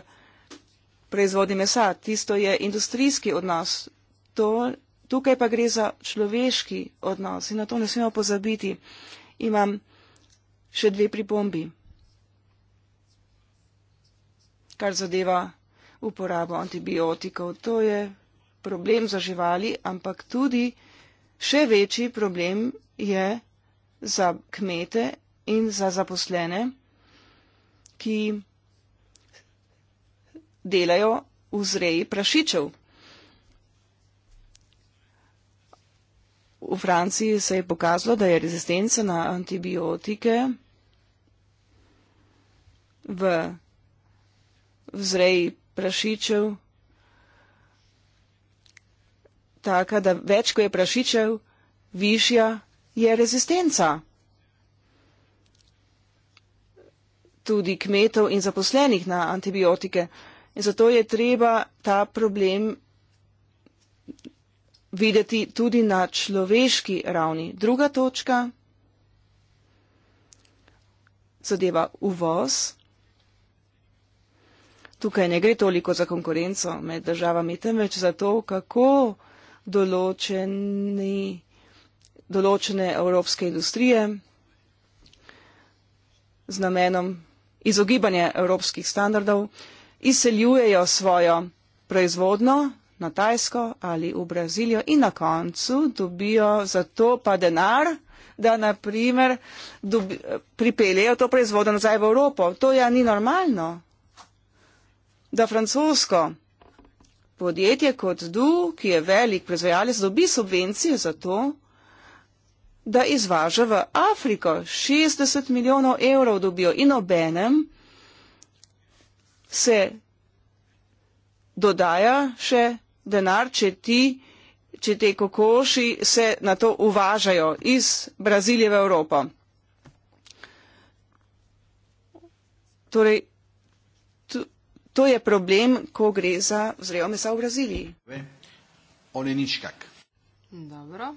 proizvodni mesa. Tisto je industrijski odnos. To, tukaj pa gre za človeški odnos in na to ne smemo pozabiti. Imam še dve pripombi, kar zadeva uporabo antibiotikov. To je problem za živali, ampak tudi še večji problem je za kmete in za zaposlene, ki delajo v zreji prašičev. V Franciji se je pokazalo, da je rezistenca na antibiotike v, v zreji prašičev prašičev, tako da več, ko je prašičev, višja je rezistenca. Tudi kmetov in zaposlenih na antibiotike. In zato je treba ta problem videti tudi na človeški ravni. Druga točka zadeva uvoz tukaj ne gre toliko za konkurenco med državami, temveč za to, kako določeni, določene evropske industrije z namenom izogibanja evropskih standardov izseljujejo svojo proizvodno na Tajsko ali v Brazilijo in na koncu dobijo za to pa denar, da naprimer dobi, pripeljejo to proizvodno nazaj v Evropo. To ja ni normalno da francosko podjetje kot du, ki je velik proizvajalec, dobi subvencije za to, da izvaža v Afriko 60 milijonov evrov dobijo in obenem se dodaja še denar, če ti, če te kokoši se na to uvažajo iz Brazilije v Evropo. Torej, To je problem, ko gre za vzrejo mesa v Braziliji. On je nič kak. Dobro,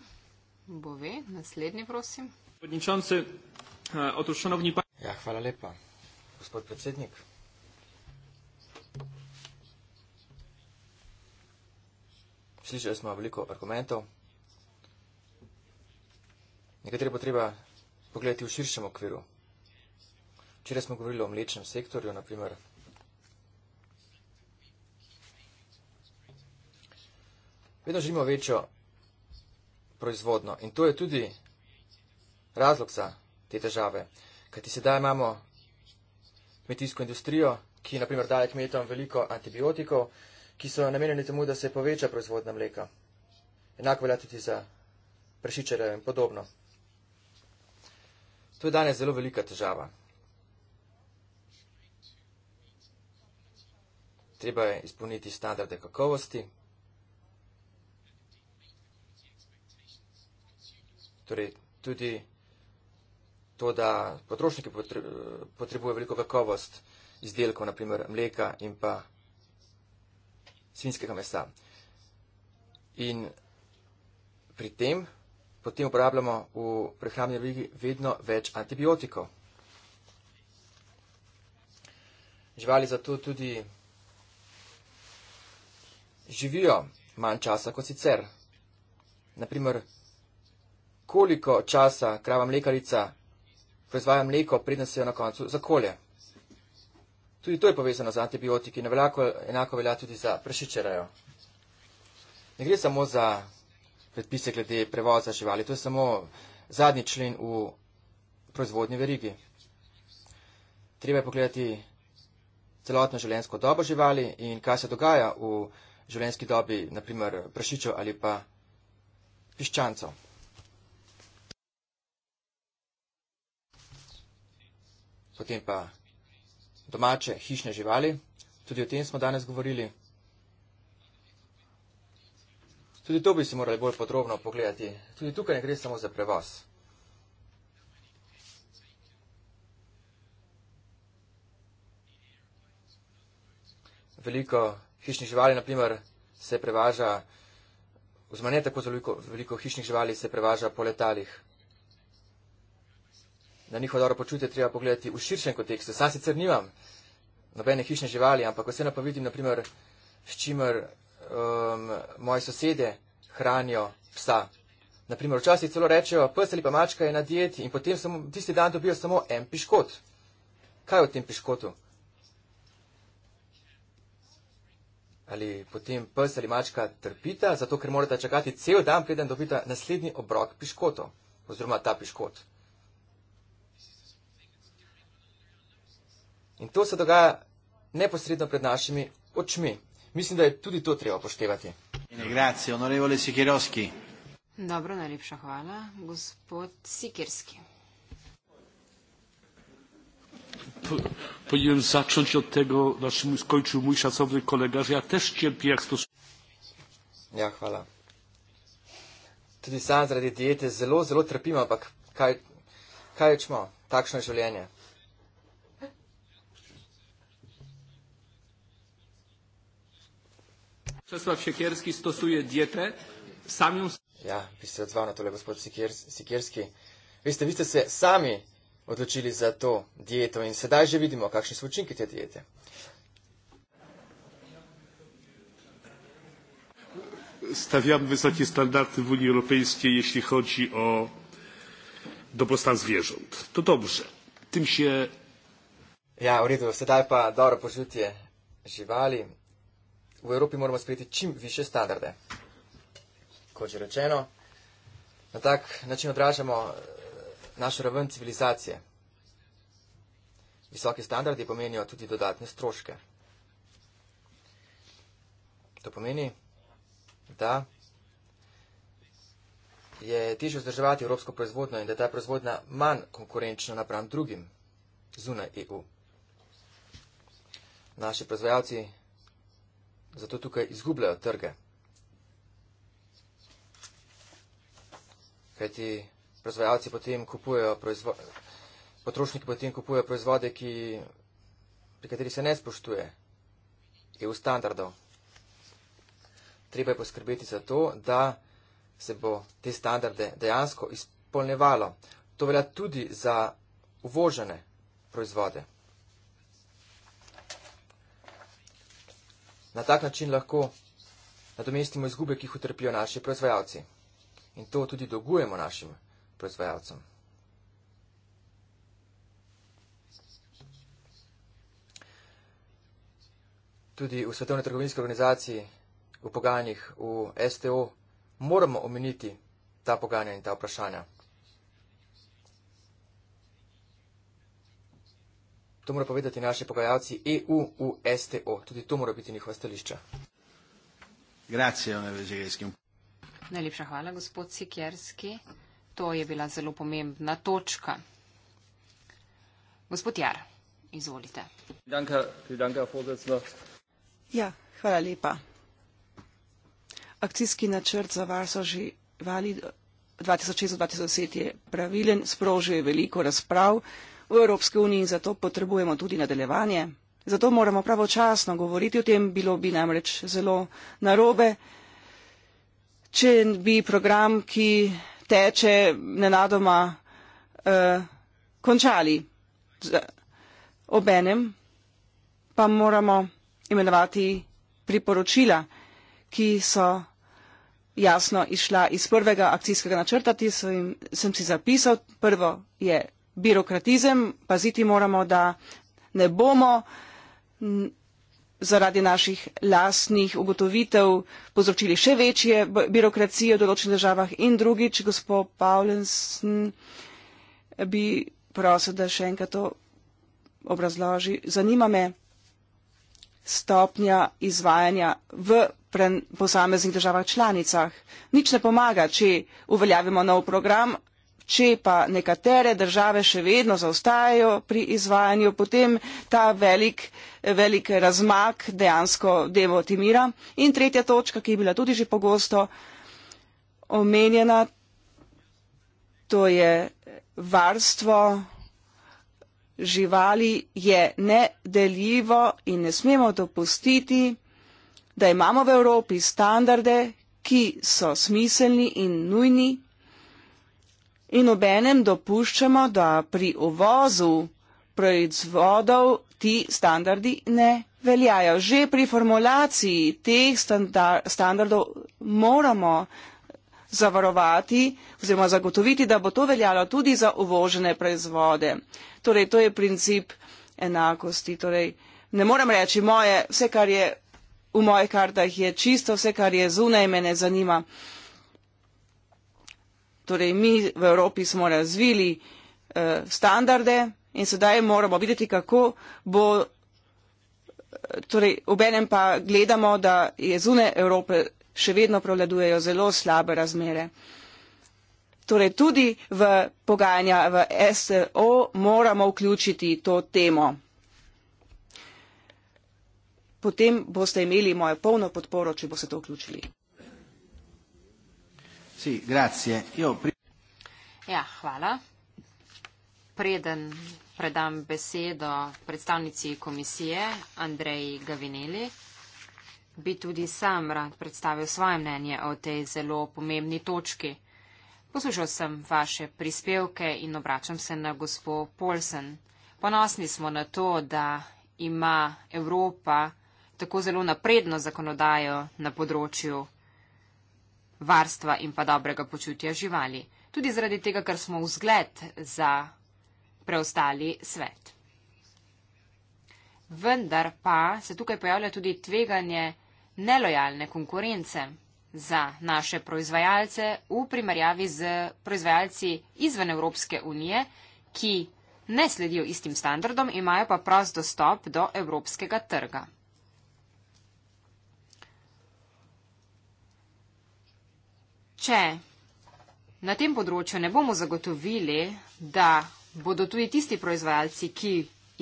bo ve, naslednji prosim. Podničance, eh, otošanovni pa. Ja, hvala lepa, gospod predsednik. Slišali smo veliko argumentov. Nekatere bo treba pogledati v širšem okviru. Včeraj smo govorili o mlečnem sektorju, naprimer vedno želimo večjo proizvodno. In to je tudi razlog za te težave. Kajti sedaj imamo kmetijsko industrijo, ki naprimer daje kmetom veliko antibiotikov, ki so namenjeni temu, da se poveča proizvodna mleka. Enako velja tudi za prešičere in podobno. To je danes zelo velika težava. Treba je izpolniti standarde kakovosti. Torej, tudi to, da potrošniki potrebujejo veliko kakovost izdelkov, naprimer mleka in pa svinskega mesa. In pri tem potem uporabljamo v prehrambni religiji vedno več antibiotikov. Živali zato tudi živijo manj časa kot sicer. Naprimer, koliko časa krava mlekarica proizvaja mleko, preden se jo na koncu zakolje. Tudi to je povezano z antibiotiki, ne veljako, enako velja tudi za prašičerajo. Ne gre samo za predpise glede prevoza živali, to je samo zadnji člen v proizvodni verigi. Treba je pogledati celotno življenjsko dobo živali in kaj se dogaja v življenjski dobi, naprimer prašičev ali pa piščancev. potem pa domače hišne živali. Tudi o tem smo danes govorili. Tudi to bi si morali bolj podrobno pogledati. Tudi tukaj ne gre samo za prevoz. Veliko hišnih živali, naprimer, se prevaža, oziroma ne tako veliko, veliko hišnih živali se prevaža po letalih da njihovo dobro počutje treba pogledati v širšem kontekstu. Sam sicer nimam nobene hišne živali, ampak vseeno pa vidim, naprimer, s čimer um, moje sosede hranijo psa. Naprimer, včasih celo rečejo, pes ali pa mačka je na dieti in potem samo, tisti dan dobijo samo en piškot. Kaj je v tem piškotu? Ali potem pes ali mačka trpita, zato ker morate čakati cel dan, preden dobita naslednji obrok piškoto oziroma ta piškot. In to se dogaja neposredno pred našimi očmi. Mislim, da je tudi to treba poštevati. Grazie, onorevole Sikirovski. Dobro, najlepša hvala, gospod Sikirski. Powinienem zacząć od tego, na czym skończył mój szacowny kolega, że ja też cierpię jak stosunek. Ja, chwala. Tudy sam z diety zelo, zelo trpimy, ampak kaj, kaj ćmo, takszne żelienie. Česlav Sikerski stosuje diete, sam jim se. Ja, bi se odzval na tole, gospod Sikerski. Veste, vi ste se sami odločili za to dieto in sedaj že vidimo, kakšni so učinki te diete. Stavljam visoke standarde v Uniji Evropejske, jeśli chodzi o dobrostan zvierząt. To dobře. Tim se. Ja, v redu, sedaj pa dobro počutje živali v Evropi moramo sprejeti čim više standarde. Kot že rečeno, na tak način odražamo eh, našo raven civilizacije. Visoki standardi pomenijo tudi dodatne stroške. To pomeni, da je težje vzdrževati evropsko proizvodno in da je ta proizvodna manj konkurenčna napram drugim zunaj EU. Naši proizvajalci zato tukaj izgubljajo trge. Kaj ti proizvajalci potem kupujejo proizvode, potrošniki potem kupujejo proizvode, ki, pri kateri se ne spoštuje EU standardov. Treba je poskrbeti za to, da se bo te standarde dejansko izpolnevalo. To velja tudi za uvožene proizvode. Na tak način lahko nadomestimo izgube, ki jih utrpijo naši proizvajalci. In to tudi dolgujemo našim proizvajalcem. Tudi v Svetovni trgovinski organizaciji, v pogajanjih, v STO, moramo omeniti ta pogajanja in ta vprašanja. To mora povedati naši pogajalci EU v STO. Tudi to mora biti njihova stališča. Najlepša hvala, gospod Sikerski. To je bila zelo pomembna točka. Gospod Jar, izvolite. Ja, hvala lepa. Akcijski načrt za varstvo živali 2006-2010 je pravilen, sprožil je veliko razprav v Evropski uniji in zato potrebujemo tudi nadaljevanje. Zato moramo pravočasno govoriti o tem, bilo bi namreč zelo narobe, če bi program, ki teče nenadoma, eh, končali. Obenem pa moramo imenovati priporočila, ki so jasno izšla iz prvega akcijskega načrta, ki sem si zapisal. Prvo je birokratizem paziti moramo da ne bomo zaradi naših lastnih ugotovitev povzročili še večje birokracije v določenih državah in drugič gospod paulensen bi prosil da še enkrat to obrazloži zanima me stopnja izvajanja v posameznih državah članicah. Nič ne pomaga, če uveljavimo nov program, če pa nekatere države še vedno zaostajajo pri izvajanju, potem ta velik, velik razmak dejansko devotimira. In tretja točka, ki je bila tudi že pogosto omenjena, to je varstvo živali je nedeljivo in ne smemo dopustiti, da imamo v Evropi standarde, ki so smiselni in nujni, in obenem dopuščamo, da pri uvozu proizvodov ti standardi ne veljajo. Že pri formulaciji teh standar standardov moramo zavarovati oziroma zagotoviti, da bo to veljalo tudi za uvožene proizvode. Torej, to je princip enakosti. Torej, ne moram reči, moje, vse, kar je v mojih kartah, je čisto, vse, kar je zunaj, me ne zanima torej mi v Evropi smo razvili eh, standarde in sedaj moramo videti, kako bo. Eh, torej, obenem pa gledamo, da je zune Evrope še vedno prevladujejo zelo slabe razmere. Torej, tudi v pogajanja v SO e moramo vključiti to temo. Potem boste imeli mojo polno podporo, če boste to vključili. Sì, grazie. Io pri- ja, hvala. Preden predam besedo predstavnici komisije Andreji Gavineli, bi tudi sam rad predstavil svoje mnenje o tej zelo pomembni točki. Poslušal sem vaše prispevke in obračam se na gospo Polsen. Ponosni smo na to, da ima Evropa tako zelo napredno zakonodajo na področju varstva in pa dobrega počutja živali. Tudi zaradi tega, ker smo vzgled za preostali svet. Vendar pa se tukaj pojavlja tudi tveganje nelojalne konkurence za naše proizvajalce v primerjavi z proizvajalci izven Evropske unije, ki ne sledijo istim standardom, imajo pa prost dostop do evropskega trga. če na tem področju ne bomo zagotovili, da bodo tudi tisti proizvajalci, ki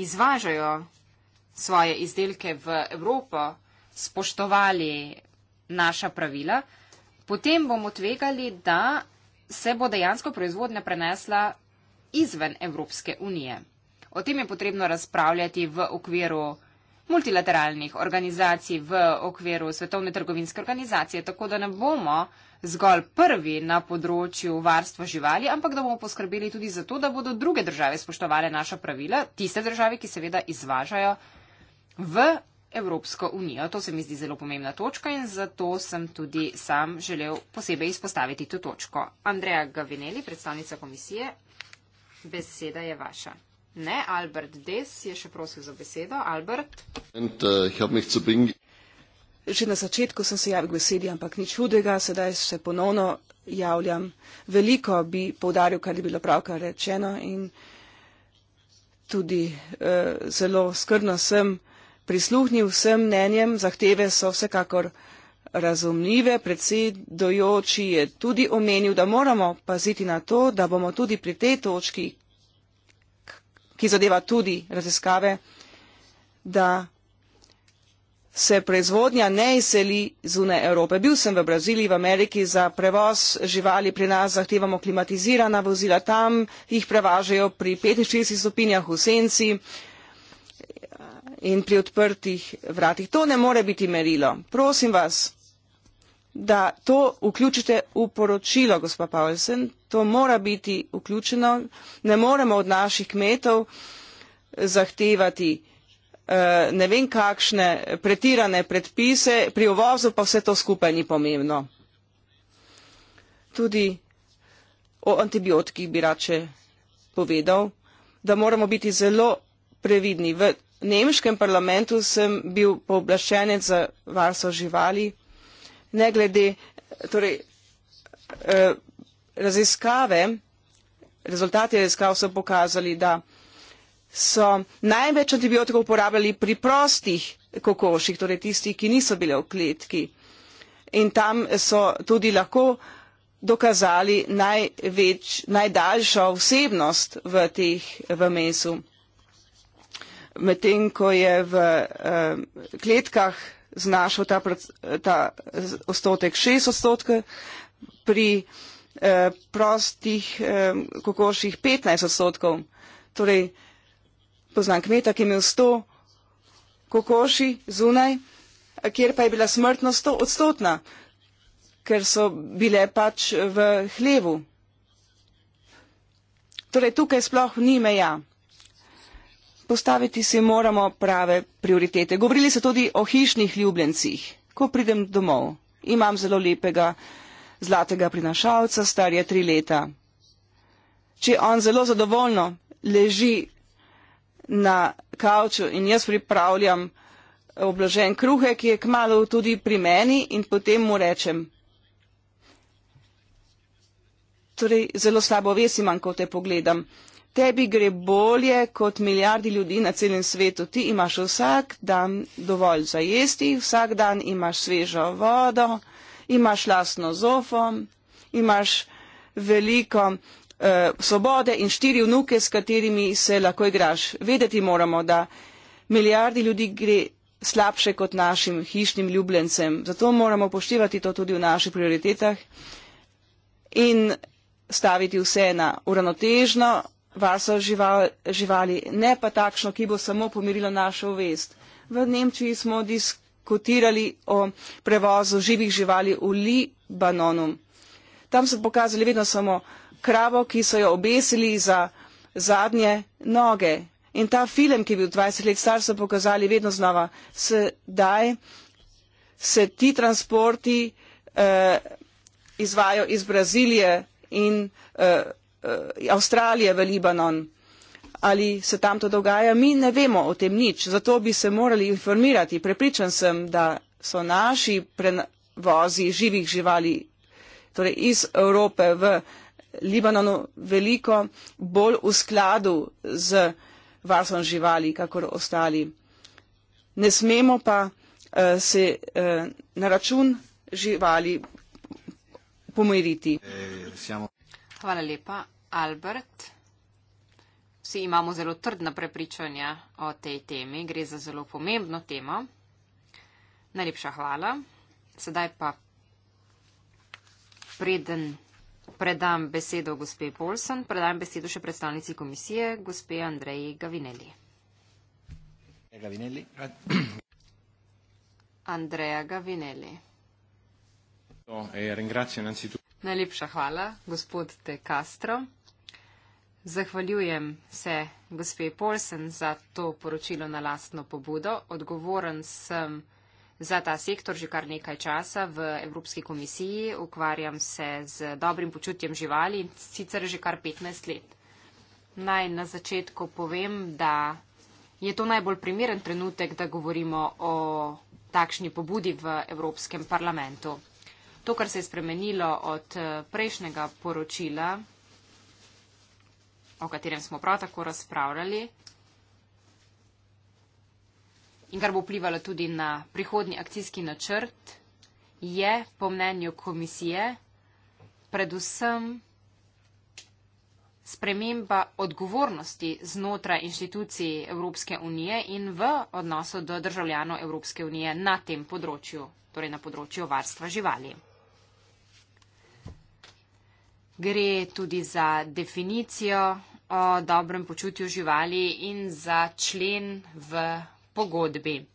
izvažajo svoje izdelke v Evropo, spoštovali naša pravila, potem bomo tvegali, da se bo dejansko proizvodnja prenesla izven Evropske unije. O tem je potrebno razpravljati v okviru multilateralnih organizacij v okviru Svetovne trgovinske organizacije, tako da ne bomo zgolj prvi na področju varstva živali, ampak da bomo poskrbeli tudi za to, da bodo druge države spoštovale naša pravila, tiste države, ki seveda izvažajo v Evropsko unijo. To se mi zdi zelo pomembna točka in zato sem tudi sam želel posebej izpostaviti to točko. Andreja Gavineli, predstavnica komisije, beseda je vaša. Ne, Albert Des je še prosil za besedo. Albert. And, uh, Že na začetku sem se javil k besedi, ampak nič hudega, sedaj se ponovno javljam. Veliko bi povdaril, kar je bilo pravkar rečeno in tudi uh, zelo skrbno sem prisluhnil vsem mnenjem. Zahteve so vsekakor razumljive. Predsedojoči je tudi omenil, da moramo paziti na to, da bomo tudi pri tej točki ki zadeva tudi raziskave, da se proizvodnja ne izseli zunaj Evrope. Bil sem v Braziliji, v Ameriki za prevoz živali, pri nas zahtevamo klimatizirana vozila, tam jih prevažajo pri 45 stopinjah v senci in pri odprtih vratih. To ne more biti merilo. Prosim vas, da to vključite v poročilo, gospa Paulsen, To mora biti vključeno. Ne moremo od naših kmetov zahtevati eh, ne vem kakšne pretirane predpise, pri uvozu pa vse to skupaj ni pomembno. Tudi o antibiotikih bi rače povedal, da moramo biti zelo previdni. V nemškem parlamentu sem bil pooblaščenec za varstvo živali, ne glede, torej, eh, raziskave, rezultati raziskav so pokazali, da so največ antibiotikov uporabljali pri prostih kokoših, torej tistih, ki niso bile v klitki. In tam so tudi lahko dokazali največ, najdaljšo vsebnost v, teh, v mesu. Medtem, ko je v eh, kletkah znašel ta, ta eh, odstotek 6 odstotkov, pri eh, Eh, prostih eh, kokoših 15 odstotkov. Torej, poznam kmeta, ki je imel 100 kokoši zunaj, kjer pa je bila smrtnost 100 odstotna, ker so bile pač v hlevu. Torej, tukaj sploh ni meja. Postaviti si moramo prave prioritete. Govorili so tudi o hišnih ljubljencih. Ko pridem domov, imam zelo lepega zlatega prinašalca, star je tri leta. Če on zelo zadovoljno leži na kavču in jaz pripravljam obložen kruhe, ki je kmalo tudi pri meni in potem mu rečem. Torej, zelo slabo ves imam, ko te pogledam. Tebi gre bolje kot milijardi ljudi na celem svetu. Ti imaš vsak dan dovolj za jesti, vsak dan imaš svežo vodo imaš lasno zofo, imaš veliko uh, svobode in štiri vnuke, s katerimi se lahko igraš. Vedeti moramo, da milijardi ljudi gre slabše kot našim hišnim ljubljencem. Zato moramo poštivati to tudi v naših prioritetah in staviti vse na uravnotežno varstvo živali, ne pa takšno, ki bo samo pomirilo našo vest. V Nemčiji smo diskriminirali diskutirali o prevozu živih živali v Libanonu. Tam so pokazali vedno samo kravo, ki so jo obesili za zadnje noge. In ta film, ki je bil 20 let star, so pokazali vedno znova. Sedaj se ti transporti eh, izvajo iz Brazilije in eh, eh, Avstralije v Libanon ali se tam to dogaja, mi ne vemo o tem nič. Zato bi se morali informirati. Prepričan sem, da so naši prevozi živih živali torej iz Evrope v Libanonu veliko bolj v skladu z varstvom živali, kakor ostali. Ne smemo pa uh, se uh, na račun živali pomiriti. Eh, Hvala lepa. Albert vsi imamo zelo trdna prepričanja o tej temi, gre za zelo pomembno temo. Najlepša hvala. Sedaj pa preden predam besedo gospe Polson, predam besedo še predstavnici komisije, gospe Andreji Gavinelli. Gavinelli. Andreja Gavinelli. No, e, Najlepša hvala, gospod De Castro. Zahvaljujem se gospe Polsen za to poročilo na lastno pobudo. Odgovoren sem za ta sektor že kar nekaj časa v Evropski komisiji. Ukvarjam se z dobrim počutjem živali, sicer že kar 15 let. Naj na začetku povem, da je to najbolj primeren trenutek, da govorimo o takšni pobudi v Evropskem parlamentu. To, kar se je spremenilo od eh, prejšnjega poročila, o katerem smo prav tako razpravljali in kar bo vplivalo tudi na prihodni akcijski načrt, je po mnenju komisije predvsem sprememba odgovornosti znotraj inštitucij Evropske unije in v odnosu do državljanov Evropske unije na tem področju, torej na področju varstva živali. Gre tudi za definicijo o dobrem počutju živali in za člen v pogodbi.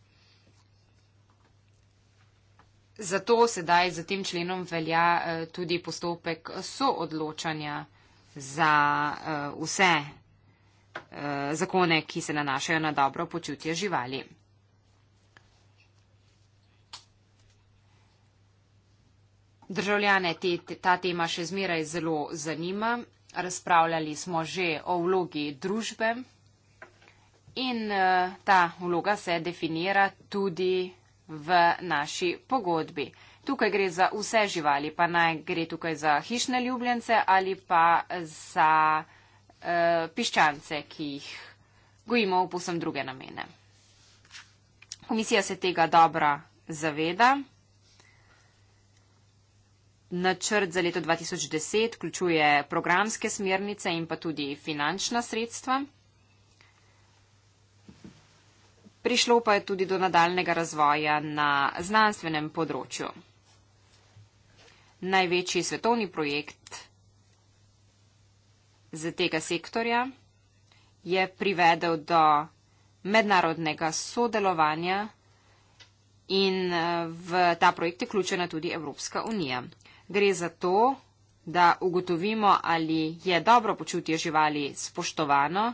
Zato sedaj za tem členom velja eh, tudi postopek soodločanja za eh, vse eh, zakone, ki se nanašajo na dobro počutje živali. Državljane te, ta tema še zmeraj zelo zanima. Razpravljali smo že o vlogi družbe in eh, ta vloga se definira tudi v naši pogodbi. Tukaj gre za vse živali, pa naj gre tukaj za hišne ljubljence ali pa za eh, piščance, ki jih gojimo v posem druge namene. Komisija se tega dobro zaveda. Načrt za leto 2010 vključuje programske smernice in pa tudi finančna sredstva. Prišlo pa je tudi do nadaljnega razvoja na znanstvenem področju. Največji svetovni projekt z tega sektorja je privedel do mednarodnega sodelovanja in eh, v ta projekt je vključena tudi Evropska unija gre za to, da ugotovimo, ali je dobro počutje živali spoštovano,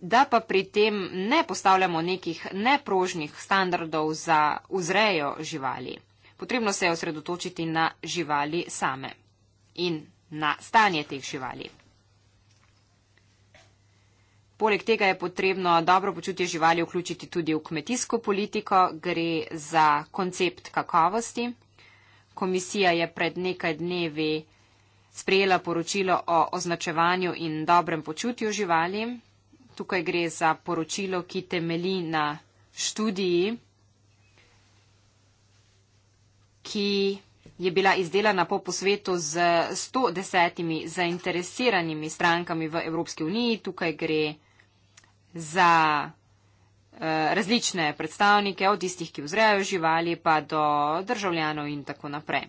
da pa pri tem ne postavljamo nekih neprožnih standardov za vzrejo živali. Potrebno se je osredotočiti na živali same in na stanje teh živali. Poleg tega je potrebno dobro počutje živali vključiti tudi v kmetijsko politiko, gre za koncept kakovosti. Komisija je pred nekaj dnevi sprejela poročilo o označevanju in dobrem počutju živali. Tukaj gre za poročilo, ki temeli na študiji, ki je bila izdelana po posvetu z 110 zainteresiranimi strankami v Evropski uniji. Tukaj gre za različne predstavnike, od tistih, ki vzrejajo živali, pa do državljanov in tako naprej.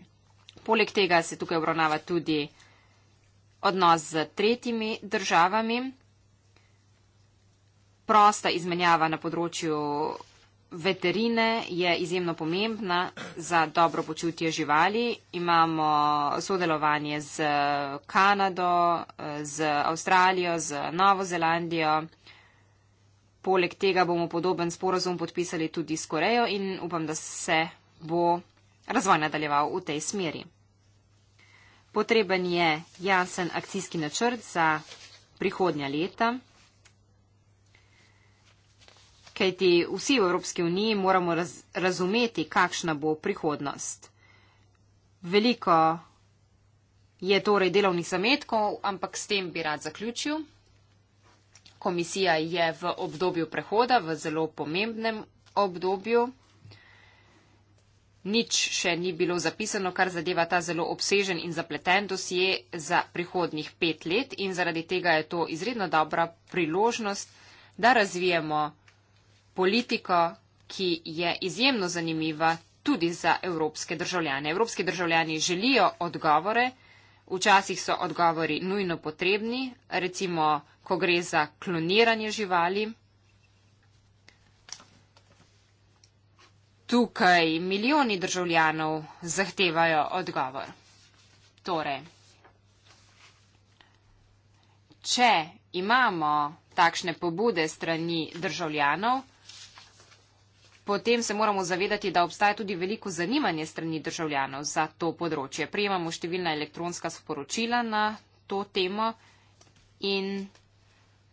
Poleg tega se tukaj obravnava tudi odnos z tretjimi državami, prosta izmenjava na področju veterine je izjemno pomembna za dobro počutje živali. Imamo sodelovanje z Kanado, z Avstralijo, z Novo Zelandijo. Poleg tega bomo podoben sporozum podpisali tudi s Korejo in upam, da se bo razvoj nadaljeval v tej smeri. Potreben je jasen akcijski načrt za prihodnja leta, kajti vsi v Evropski uniji moramo raz razumeti, kakšna bo prihodnost. Veliko je torej delovnih zametkov, ampak s tem bi rad zaključil komisija je v obdobju prehoda, v zelo pomembnem obdobju. Nič še ni bilo zapisano, kar zadeva ta zelo obsežen in zapleten dosje za prihodnih pet let in zaradi tega je to izredno dobra priložnost, da razvijemo politiko, ki je izjemno zanimiva tudi za evropske državljane. Evropski državljani želijo odgovore, včasih so odgovori nujno potrebni, recimo ko gre za kloniranje živali. Tukaj milijoni državljanov zahtevajo odgovor. Torej, če imamo takšne pobude strani državljanov, potem se moramo zavedati, da obstaja tudi veliko zanimanje strani državljanov za to področje. Prijemamo številna elektronska sporočila na to temo in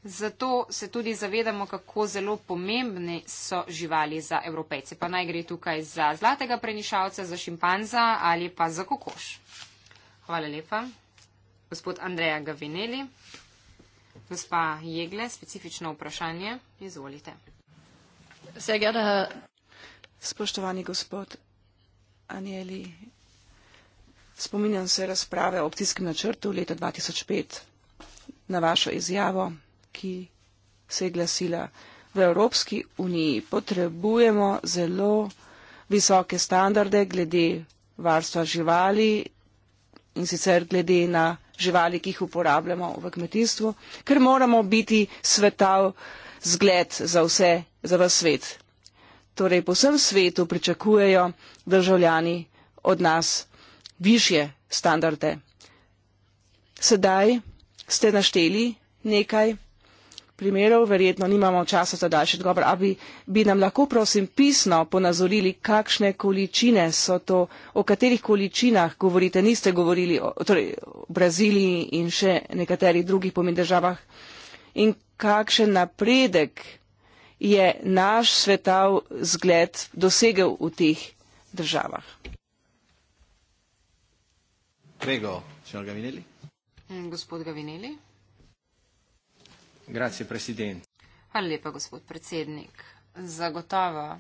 Zato se tudi zavedamo, kako zelo pomembni so živali za evropejce. Pa naj gre tukaj za zlatega prenišalca, za šimpanza ali pa za kokoš. Hvala lepa. Gospod Andreja Gavineli. Gospa Jegle, specifično vprašanje. Izvolite. Spoštovani gospod Anjeli, spominjam se razprave o optijskem načrtu leta 2005 na vašo izjavo, ki se je glasila. V Evropski uniji potrebujemo zelo visoke standarde glede varstva živali in sicer glede na živali, ki jih uporabljamo v kmetijstvu, ker moramo biti svetav zgled za vse, za vse svet. Torej, po vsem svetu pričakujejo državljani od nas višje standarde. Sedaj ste našteli nekaj primerov, verjetno nimamo časa za daljši odgovor, a bi, bi nam lahko prosim pisno ponazorili, kakšne količine so to, o katerih količinah govorite, niste govorili o, torej, o Braziliji in še nekaterih drugih pomen državah in kakšen napredek je naš svetov zgled dosegel v teh državah. Prego, eh, gospod Gavineli. Grazie, presidente. Hvala lepa, gospod predsednik. Zagotovo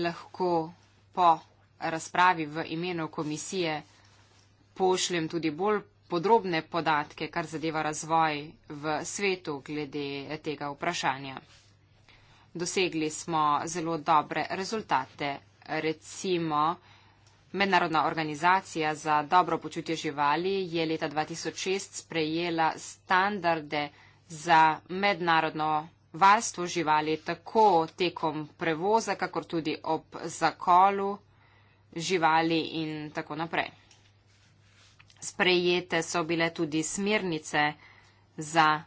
lahko po razpravi v imenu komisije pošljem tudi bolj podrobne podatke, kar zadeva razvoj v svetu glede tega vprašanja. Dosegli smo zelo dobre rezultate. Recimo, Mednarodna organizacija za dobro počutje živali je leta 2006 sprejela standarde za mednarodno varstvo živali tako tekom prevoza, kakor tudi ob zakolu živali in tako naprej. Sprejete so bile tudi smernice za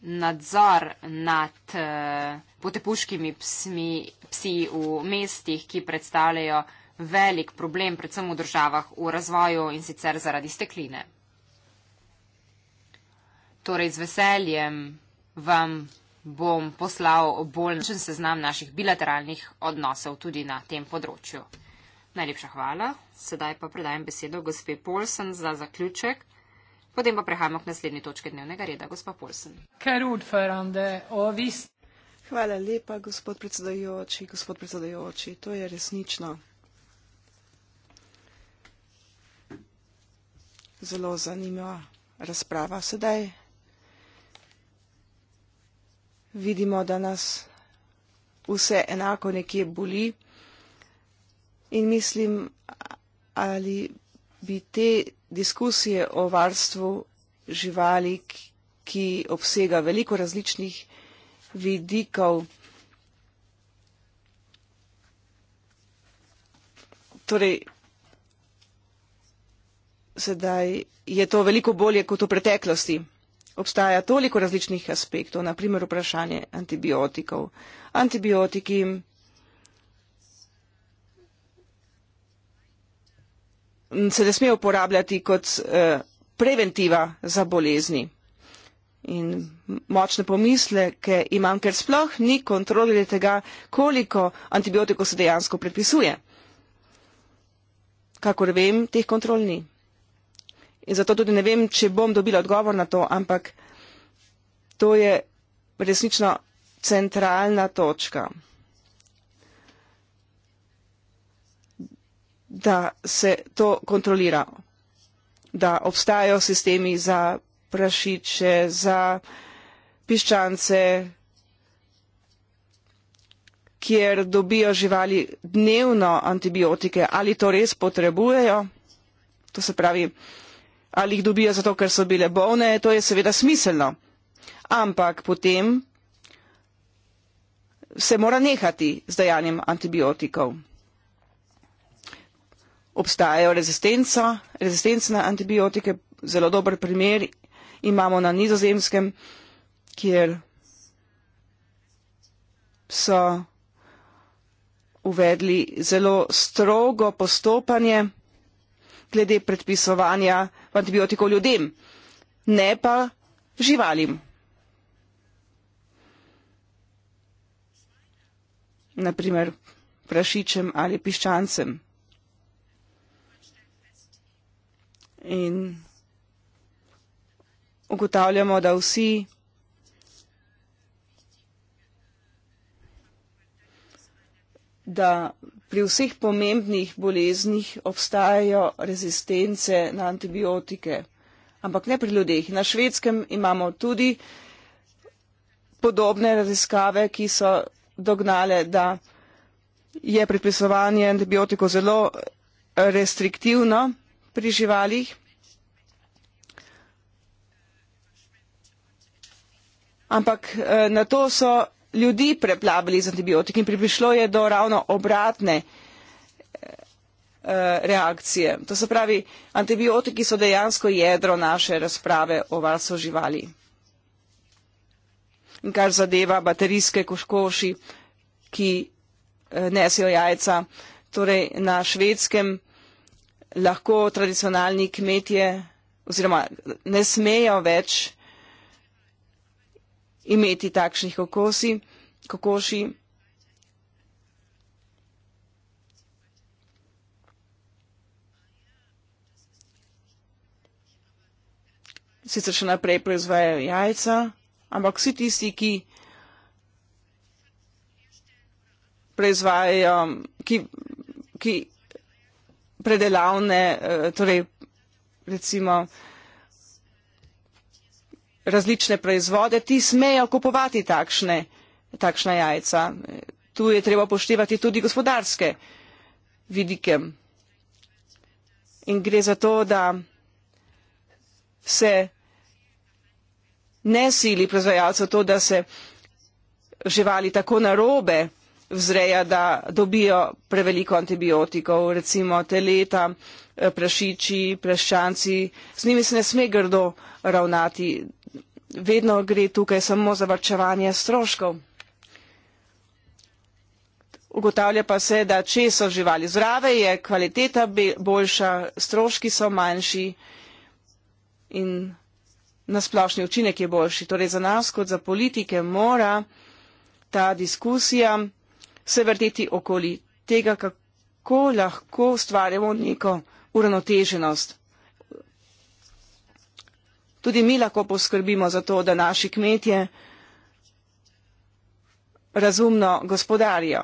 nadzor nad eh, potepuškimi psmi, psi v mestih, ki predstavljajo velik problem, predvsem v državah v razvoju in sicer zaradi stekline. Torej, z veseljem vam bom poslal bolj načen seznam naših bilateralnih odnosov tudi na tem področju. Najlepša hvala. Sedaj pa predajem besedo gospe Polsen za zaključek. Potem pa prehajamo k naslednji točki dnevnega reda, gospa Polsen. Hvala lepa, gospod predsedajoči, gospod predsedajoči. To je resnično zelo zanimiva razprava sedaj. Vidimo, da nas vse enako nekje boli in mislim, ali bi te diskusije o varstvu živali, ki obsega veliko različnih vidikov, torej sedaj je to veliko bolje kot v preteklosti. Obstaja toliko različnih aspektov, naprimer vprašanje antibiotikov. Antibiotiki se ne smejo uporabljati kot eh, preventiva za bolezni. In močne pomisleke imam, ker sploh ni kontrolili tega, koliko antibiotikov se dejansko predpisuje. Kakor vem, teh kontrol ni. In zato tudi ne vem, če bom dobila odgovor na to, ampak to je resnično centralna točka. Da se to kontrolira. Da obstajajo sistemi za prašiče, za piščance, kjer dobijo živali dnevno antibiotike. Ali to res potrebujejo? To se pravi, ali jih dobijo zato, ker so bile bolne, to je seveda smiselno. Ampak potem se mora nehati z dajanjem antibiotikov. Obstajajo rezistenca, rezistenca na antibiotike, zelo dober primer imamo na nizozemskem, kjer so uvedli zelo strogo postopanje glede predpisovanja antibiotikov ljudem, ne pa živalim. Naprimer prašičem ali piščancem. In ugotavljamo, da vsi da Pri vseh pomembnih boleznih obstajajo rezistence na antibiotike, ampak ne pri ljudeh. Na švedskem imamo tudi podobne raziskave, ki so dognale, da je predpisovanje antibiotikov zelo restriktivno pri živalih. Ampak eh, na to so ljudi preplavili z antibiotiki in prišlo je do ravno obratne eh, reakcije. To se pravi, antibiotiki so dejansko jedro naše razprave o varstvu živali. In kar zadeva baterijske koškoši, ki eh, nesijo jajca, torej na švedskem lahko tradicionalni kmetje oziroma ne smejo več imeti takšnih kokosi, kokoši. Sicer še naprej proizvajajo jajca, ampak vsi tisti, ki proizvajajo, ki, ki predelavne, eh, torej recimo različne proizvode, ti smejo kupovati takšne, takšna jajca. Tu je treba poštevati tudi gospodarske vidike. In gre za to, da se ne sili proizvajalcev to, da se živali tako narobe vzreja, da dobijo preveliko antibiotikov, recimo teleta, eh, prašiči, praščanci. Z njimi se ne sme grdo ravnati, vedno gre tukaj samo za varčevanje stroškov. Ugotavlja pa se, da če so živali zdrave, je kvaliteta boljša, stroški so manjši in nasplošni učinek je boljši. Torej za nas kot za politike mora ta diskusija se vrteti okoli tega, kako lahko ustvarjamo neko uravnoteženost tudi mi lahko poskrbimo za to, da naši kmetje razumno gospodarijo.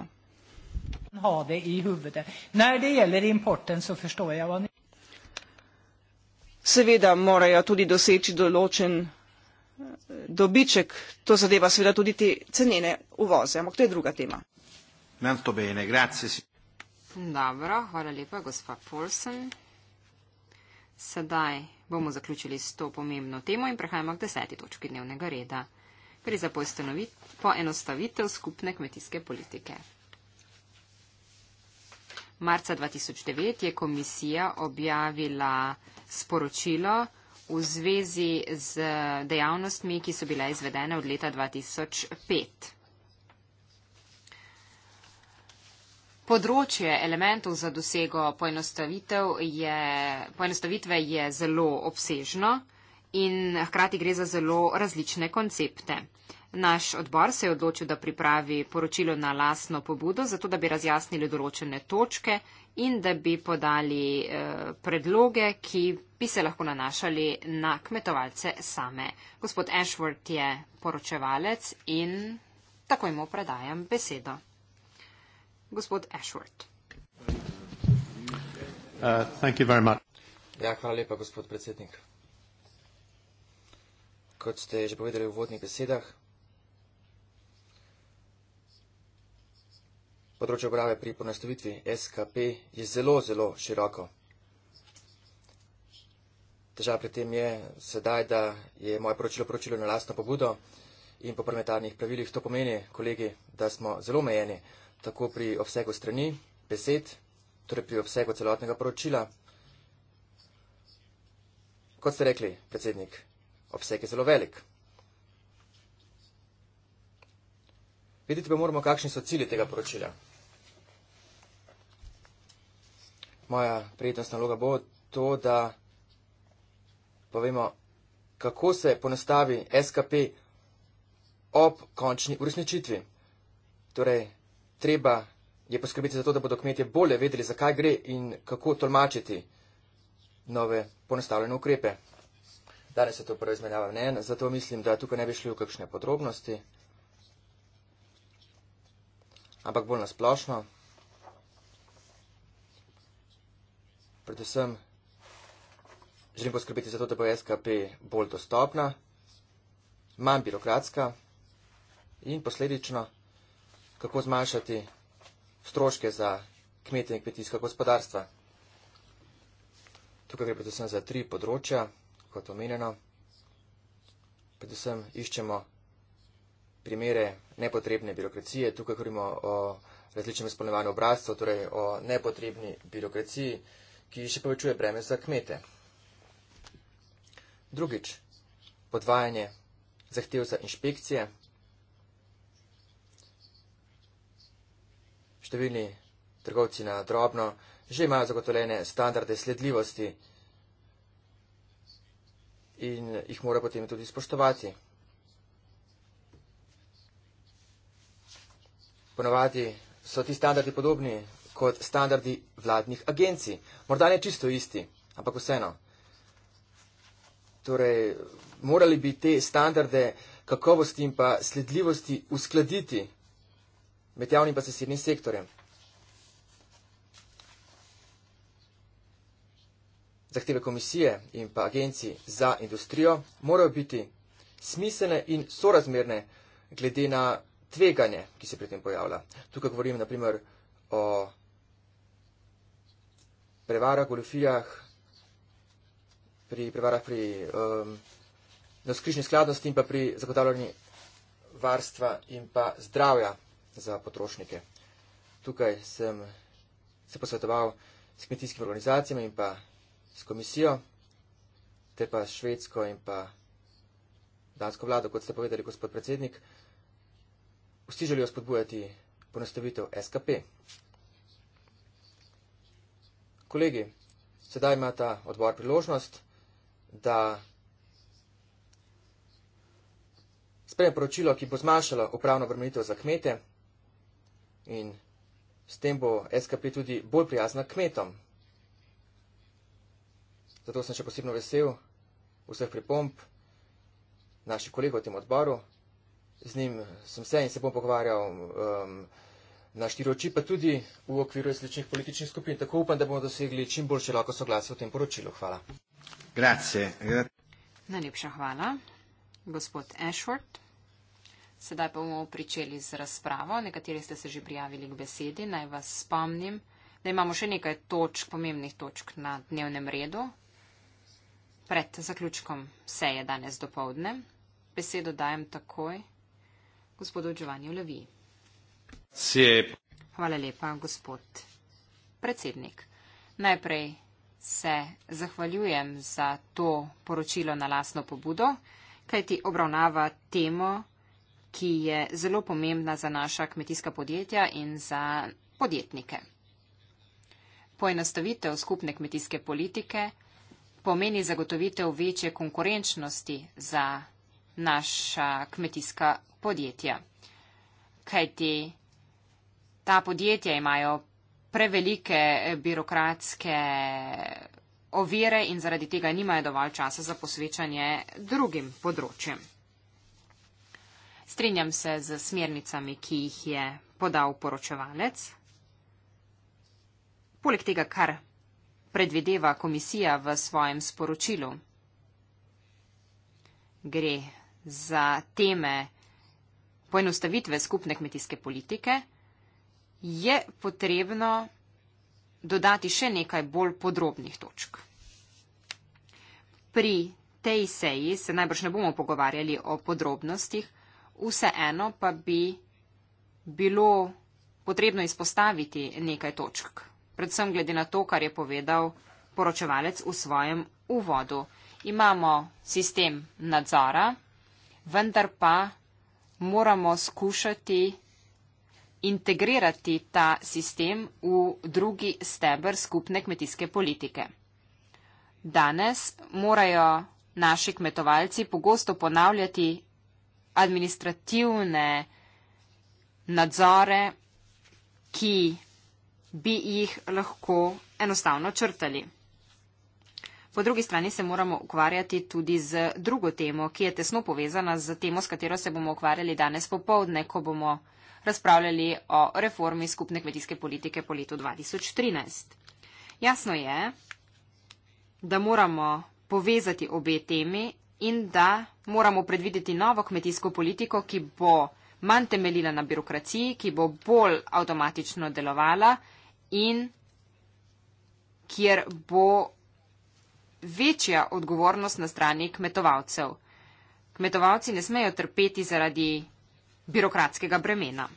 Seveda morajo tudi doseči določen eh, dobiček, to zadeva seveda tudi te cenene uvoze, ampak to je druga tema. Dobro, hvala lepa, gospa Polsen. Sedaj bomo zaključili s to pomembno temo in prehajamo k deseti točki dnevnega reda. Gre za poenostavitev skupne kmetijske politike. Marca 2009 je komisija objavila sporočilo v zvezi z dejavnostmi, ki so bile izvedene od leta 2005. Področje elementov za dosego je, poenostavitve je zelo obsežno in hkrati gre za zelo različne koncepte. Naš odbor se je odločil, da pripravi poročilo na lasno pobudo, zato da bi razjasnili določene točke in da bi podali eh, predloge, ki bi se lahko nanašali na kmetovalce same. Gospod Ashworth je poročevalec in takoj mu predajam besedo gospod Ashworth. Uh, ja, hvala lepa, gospod predsednik. Kot ste že povedali v vodnih besedah, področje obrave pri ponastavitvi SKP je zelo, zelo široko. Težava pri tem je sedaj, da je moje poročilo poročilo na lastno pobudo in po parlamentarnih pravilih. To pomeni, kolegi, da smo zelo omejeni tako pri obsegu strani, besed, torej pri obsegu celotnega poročila. Kot ste rekli, predsednik, obseg je zelo velik. Videti pa moramo, kakšni so cilji tega poročila. Moja prijetnostna naloga bo to, da povemo, kako se ponestavi SKP ob končni uresničitvi. Torej, treba je poskrbeti za to, da bodo kmetje bolje vedeli, zakaj gre in kako tolmačiti nove ponastavljene ukrepe. Danes je to prva izmenjava mnen, zato mislim, da tukaj ne bi šli v kakšne podrobnosti, ampak bolj nasplošno. Predvsem želim poskrbeti za to, da bo SKP bolj dostopna, manj birokratska in posledično kako zmanjšati stroške za kmete in kmetijska gospodarstva. Tukaj gre predvsem za tri področja, kot omenjeno. Predvsem iščemo primere nepotrebne birokracije. Tukaj govorimo o različnem izpolnevanju obrazcev, torej o nepotrebni birokraciji, ki še povečuje breme za kmete. Drugič, podvajanje zahtev za inšpekcije. Številni trgovci na drobno že imajo zagotovljene standarde sledljivosti in jih mora potem tudi spoštovati. Ponovadi so ti standardi podobni kot standardi vladnih agencij. Morda ne čisto isti, ampak vseeno. Torej, morali bi te standarde kakovosti in pa sledljivosti uskladiti med javnim pa zasebnim sektorjem. Zahteve komisije in pa agenci za industrijo morajo biti smiselne in sorazmerne glede na tveganje, ki se pri tem pojavlja. Tukaj govorim naprimer o prevarah, golofijah, pri prevarah pri um, noskrižni skladnosti in pa pri zagotavljanju varstva in pa zdravja za potrošnike. Tukaj sem se posvetoval s kmetijskimi organizacijami in pa s komisijo, te pa s švedsko in pa dansko vlado, kot ste povedali, gospod predsednik. Vsi želijo spodbujati ponastavitev SKP. Kolegi, sedaj ima ta odbor priložnost, da sprejme poročilo, ki bo zmanjšalo upravno obremenitev za kmete in s tem bo SKP tudi bolj prijazna kmetom. Zato sem še posebno vesel vseh pripomb naših kolegov v tem odboru. Z njim sem se in se bom pogovarjal um, na štiri oči, pa tudi v okviru različnih političnih skupin. Tako upam, da bomo dosegli čim boljše lahko soglasje v tem poročilu. Hvala. Grazie. Najlepša hvala. Gospod Ashworth. Sedaj pa bomo pričeli z razpravo. Nekateri ste se že prijavili k besedi. Naj vas spomnim, da imamo še nekaj točk, pomembnih točk na dnevnem redu. Pred zaključkom seje danes do povdne. Besedo dajem takoj gospodu Đovanju Levi. Sjep. Hvala lepa, gospod predsednik. Najprej se zahvaljujem za to poročilo na lasno pobudo, kajti obravnava temo, ki je zelo pomembna za naša kmetijska podjetja in za podjetnike. Poenostavitev skupne kmetijske politike pomeni zagotovitev večje konkurenčnosti za naša kmetijska podjetja. Kajti ta podjetja imajo prevelike birokratske ovire in zaradi tega nimajo dovolj časa za posvečanje drugim področjem. Strinjam se z smernicami, ki jih je podal poročevalec. Poleg tega, kar predvideva komisija v svojem sporočilu, gre za teme poenostavitve skupne kmetijske politike, je potrebno dodati še nekaj bolj podrobnih točk. Pri tej seji se najbrž ne bomo pogovarjali o podrobnostih, vseeno pa bi bilo potrebno izpostaviti nekaj točk, predvsem glede na to, kar je povedal poročevalec v svojem uvodu. Imamo sistem nadzora, vendar pa moramo skušati integrirati ta sistem v drugi steber skupne kmetijske politike. Danes morajo naši kmetovalci pogosto ponavljati administrativne nadzore, ki bi jih lahko enostavno črtali. Po drugi strani se moramo ukvarjati tudi z drugo temo, ki je tesno povezana z temo, s katero se bomo ukvarjali danes popovdne, ko bomo razpravljali o reformi skupne kmetijske politike po letu 2013. Jasno je, da moramo povezati obe temi in da moramo predvideti novo kmetijsko politiko, ki bo manj temeljila na birokraciji, ki bo bolj avtomatično delovala in kjer bo večja odgovornost na strani kmetovalcev. Kmetovalci ne smejo trpeti zaradi birokratskega bremena.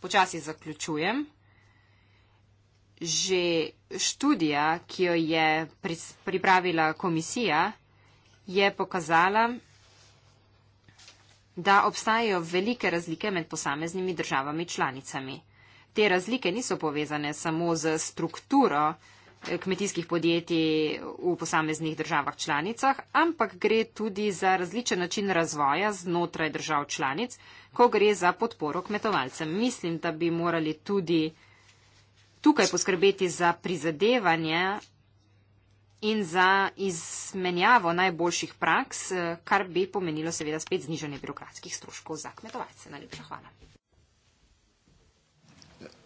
Počasi zaključujem. Že študija, ki jo je pripravila komisija, je pokazala, da obstajajo velike razlike med posameznimi državami članicami. Te razlike niso povezane samo z strukturo eh, kmetijskih podjetij v posameznih državah članicah, ampak gre tudi za različen način razvoja znotraj držav članic, ko gre za podporo kmetovalcem. Mislim, da bi morali tudi tukaj poskrbeti za prizadevanje in za izmenjavo najboljših praks, eh, kar bi pomenilo seveda spet znižanje birokratskih stroškov za kmetovalce. Najlepša hvala.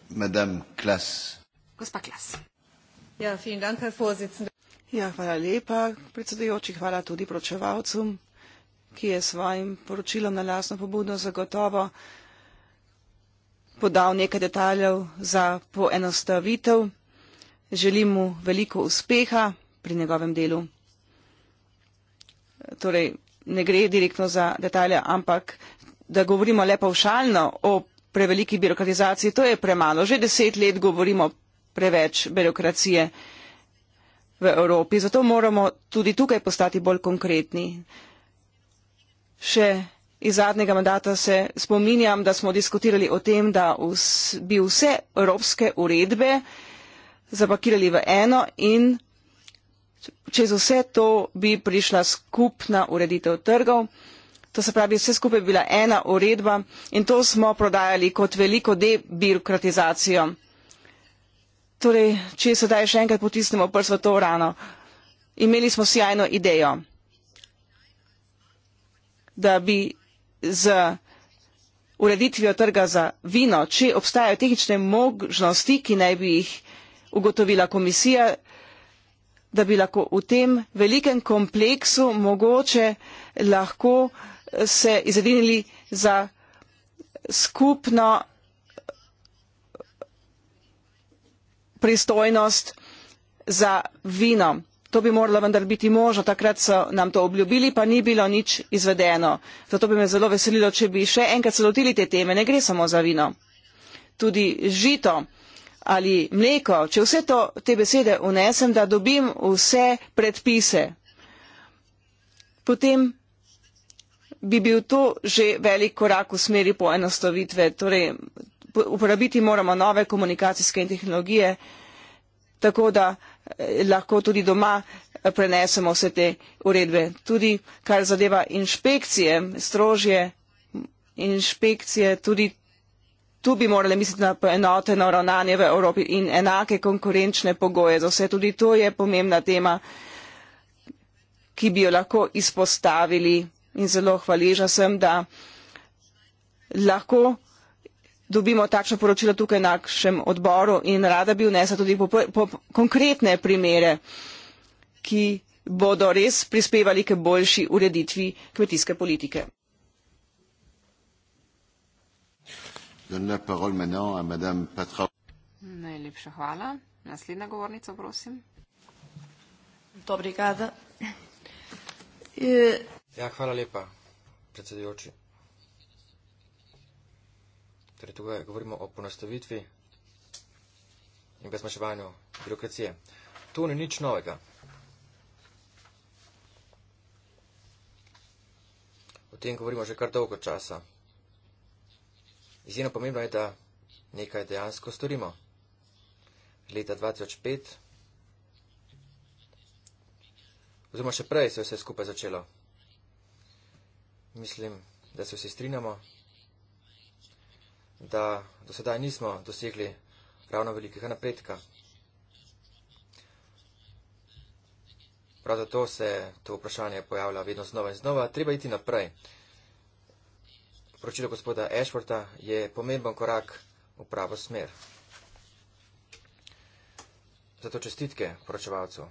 Madame Klas. Gospa Klas. Ja, dank, ja, hvala lepa, predsedujoči, hvala tudi poročevalcu, ki je svojim poročilom na lasno pobudno zagotovo podal nekaj detaljev za poenostavitev. Želim mu veliko uspeha pri njegovem delu. Torej, ne gre direktno za detalje, ampak da govorimo le pavšalno o preveliki birokratizaciji, to je premalo. Že deset let govorimo preveč birokracije v Evropi, zato moramo tudi tukaj postati bolj konkretni. Še iz zadnjega mandata se spominjam, da smo diskutirali o tem, da bi vse evropske uredbe zapakirali v eno in čez vse to bi prišla skupna ureditev trgov. To se pravi, vse skupaj bi bila ena uredba in to smo prodajali kot veliko debirokratizacijo. Torej, če sedaj še enkrat potisnemo prst v to rano, imeli smo sjajno idejo, da bi z ureditvijo trga za vino, če obstajajo tehnične možnosti, ki naj bi jih ugotovila komisija, da bi lahko v tem velikem kompleksu mogoče lahko eh, se izredinili za skupno eh, pristojnost za vino. To bi moralo vendar biti možno, takrat so nam to obljubili, pa ni bilo nič izvedeno. Zato bi me zelo veselilo, če bi še enkrat se lotili te teme, ne gre samo za vino. Tudi žito ali mleko, če vse to, te besede unesem, da dobim vse predpise, potem bi bil to že velik korak v smeri poenostavitve. Torej, uporabiti moramo nove komunikacijske tehnologije, tako da eh, lahko tudi doma eh, prenesemo vse te uredbe. Tudi kar zadeva inšpekcije, strožje inšpekcije, tudi tu bi morali misliti na poenoteno ravnanje v Evropi in enake konkurenčne pogoje za vse. Tudi to je pomembna tema, ki bi jo lahko izpostavili in zelo hvaležna sem, da lahko dobimo takšno poročilo tukaj na našem odboru in rada bi vnesla tudi po, po konkretne primere, ki bodo res prispevali k boljši ureditvi kmetijske politike. Najlepša hvala. Naslednja govornica, prosim. E- ja, hvala lepa, predsedujoči. Torej, tukaj govorimo o ponastavitvi in besmaševanju birokracije. To ni nič novega. O tem govorimo že kar dolgo časa. Izjemno pomembno je, da nekaj dejansko storimo. Leta 2005, oziroma še prej, se je vse skupaj začelo. Mislim, da se vsi strinjamo, da do sedaj nismo dosegli ravno velikega napredka. Prav zato se to vprašanje pojavlja vedno znova in znova. Treba iti naprej. Poročilo gospoda Ashforta je pomemben korak v pravo smer. Zato čestitke poročevalcu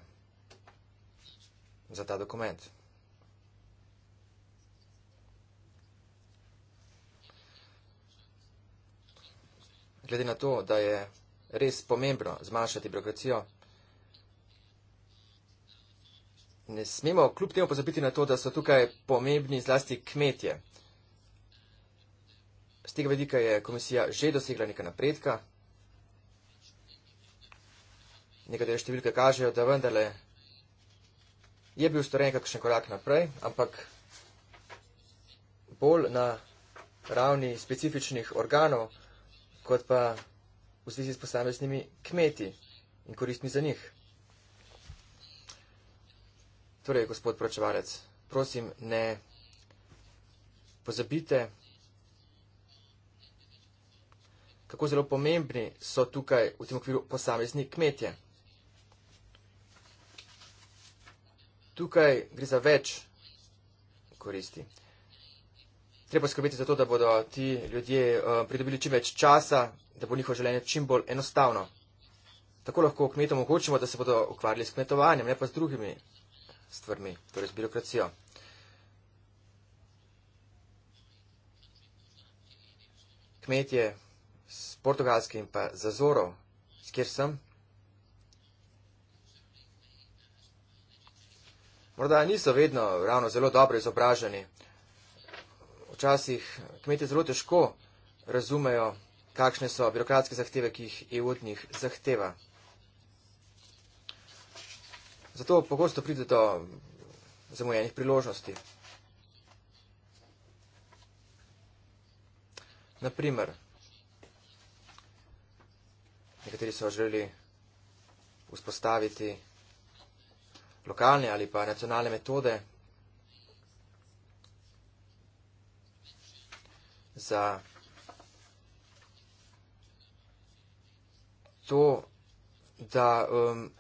za ta dokument. Glede na to, da je res pomembno zmanjšati birokracijo, ne smemo kljub temu pozabiti na to, da so tukaj pomembni zlasti kmetje. Z tega vedika je komisija že dosegla nekaj napredka. Nekatere številke kažejo, da vendarle je bil storjen kakšen korak naprej, ampak bolj na ravni specifičnih organov, kot pa v zvezi s posameznimi kmeti in koristmi za njih. Torej, gospod pročevalec, prosim, ne pozabite, kako zelo pomembni so tukaj v tem okviru posamezni kmetje. Tukaj gre za več koristi. Treba skrbeti za to, da bodo ti ljudje uh, pridobili čim več časa, da bo njihovo življenje čim bolj enostavno. Tako lahko kmetom omogočimo, da se bodo ukvarjali s kmetovanjem, ne pa z drugimi stvarmi, torej z birokracijo. Kmetje s portugalskim pa zazoro, s kjer sem. Morda niso vedno ravno zelo dobro izobraženi. Včasih kmete zelo težko razumejo, kakšne so birokratske zahteve, ki jih EU od njih zahteva. Zato pogosto pride do zamujenih priložnosti. Naprimer, Nekateri so želeli vzpostaviti lokalne ali pa nacionalne metode za to, da um,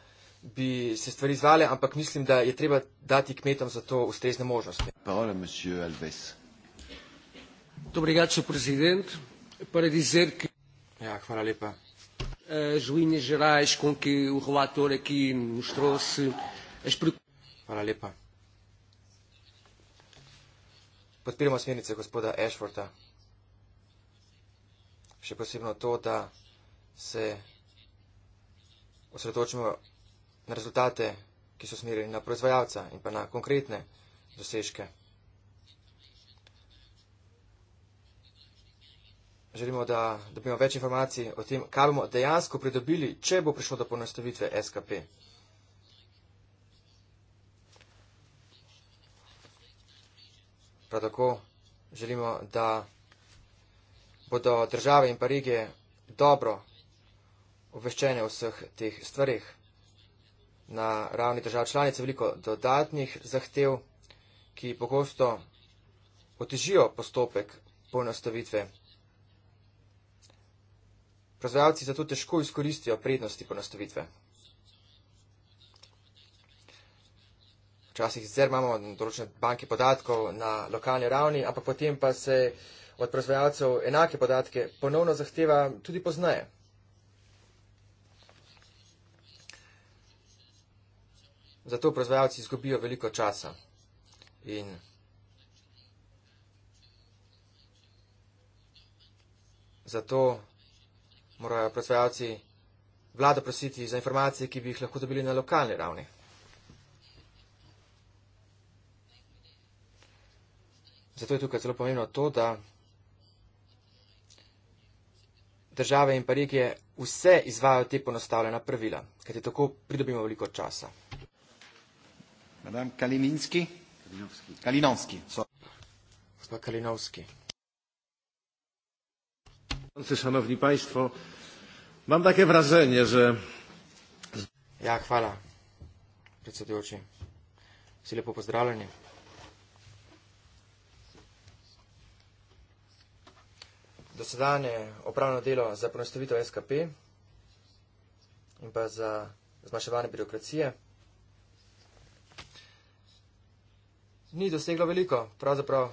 bi se stvari izvale, ampak mislim, da je treba dati kmetom za to ustrezne možnosti. Parola, monsieur Alves. Dobrigače, predsednik. Paradizer, ki... Ja, hvala lepa as linhas gerais com que o relator aqui nos trouxe as preocupações. lepa. Podpiramo smernice gospoda Ashforta. Še posebno to, da se osredotočimo na rezultate, ki so smerili na proizvajalca in pa na konkretne dosežke. želimo, da dobimo več informacij o tem, kaj bomo dejansko pridobili, če bo prišlo do ponastavitve SKP. Prav tako želimo, da bodo države in pa regije dobro obveščene o vseh teh stvarih. Na ravni držav članic je veliko dodatnih zahtev, ki pogosto otežijo postopek ponastavitve proizvajalci zato težko izkoristijo prednosti ponastavitve. Včasih sicer imamo določene banke podatkov na lokalni ravni, ampak potem pa se od proizvajalcev enake podatke ponovno zahteva tudi poznaje. Zato proizvajalci izgubijo veliko časa in zato morajo predstavljavci vlado prositi za informacije, ki bi jih lahko dobili na lokalni ravni. Zato je tukaj zelo pomembno to, da države in pa regije vse izvajo te ponostavljena pravila, ker je tako pridobimo veliko časa. Madame Kalininski. Kalinovski. Kalinovski. Gospod Kalinovski. Szanowni Państwo, mam takie wrażenie, że... Ja chwala. Recytuję Cię. Sile po pozdrawianie. Dosedanje opravno delo za ponastavitev SKP in pa za zmaševanje birokracije ni doseglo veliko, pravzaprav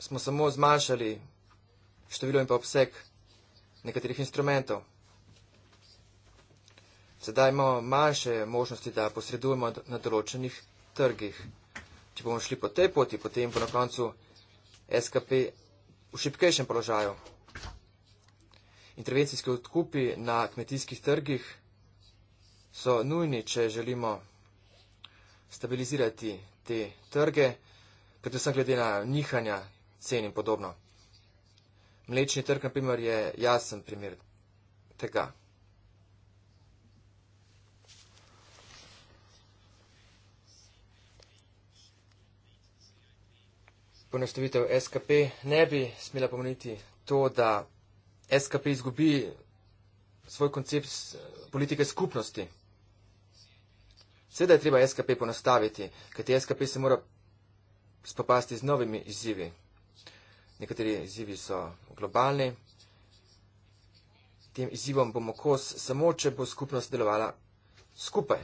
smo samo zmanjšali število in pa obseg nekaterih instrumentov. Sedaj imamo manjše možnosti, da posredujemo na določenih trgih. Če bomo šli po tej poti, potem bo na koncu SKP v šipkejšem položaju. Intervencijske odkupi na kmetijskih trgih so nujni, če želimo stabilizirati te trge, predvsem glede na nihanja cen in podobno. Mlečni trg, na primer, je jasen primer tega. Ponastavitev SKP ne bi smela pomeniti to, da SKP izgubi svoj koncept politike skupnosti. Sedaj je treba SKP ponastaviti, kajti SKP se mora spopasti z novimi izzivi. Nekateri izzivi so globalni. Tem izzivom bomo kos samo, če bo skupnost delovala skupaj.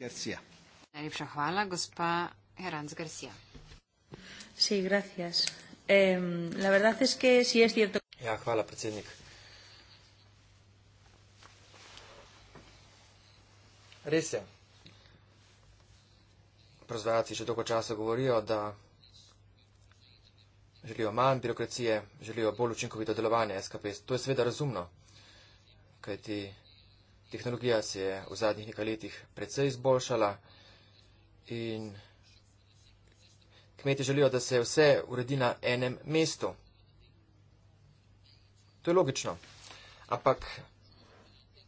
Garcia. Najlepša hvala, gospa Heranz Garcia. Sí, gracias. Eh, la verdad es que sí es cierto. Ja, hvala, predsednik. Res je. Proizvajalci že dolgo časa govorijo, da želijo manj birokracije, želijo bolj učinkovito delovanje SKP. To je seveda razumno, kajti tehnologija se je v zadnjih nekaj letih precej izboljšala in kmeti želijo, da se vse uredi na enem mestu. To je logično. Ampak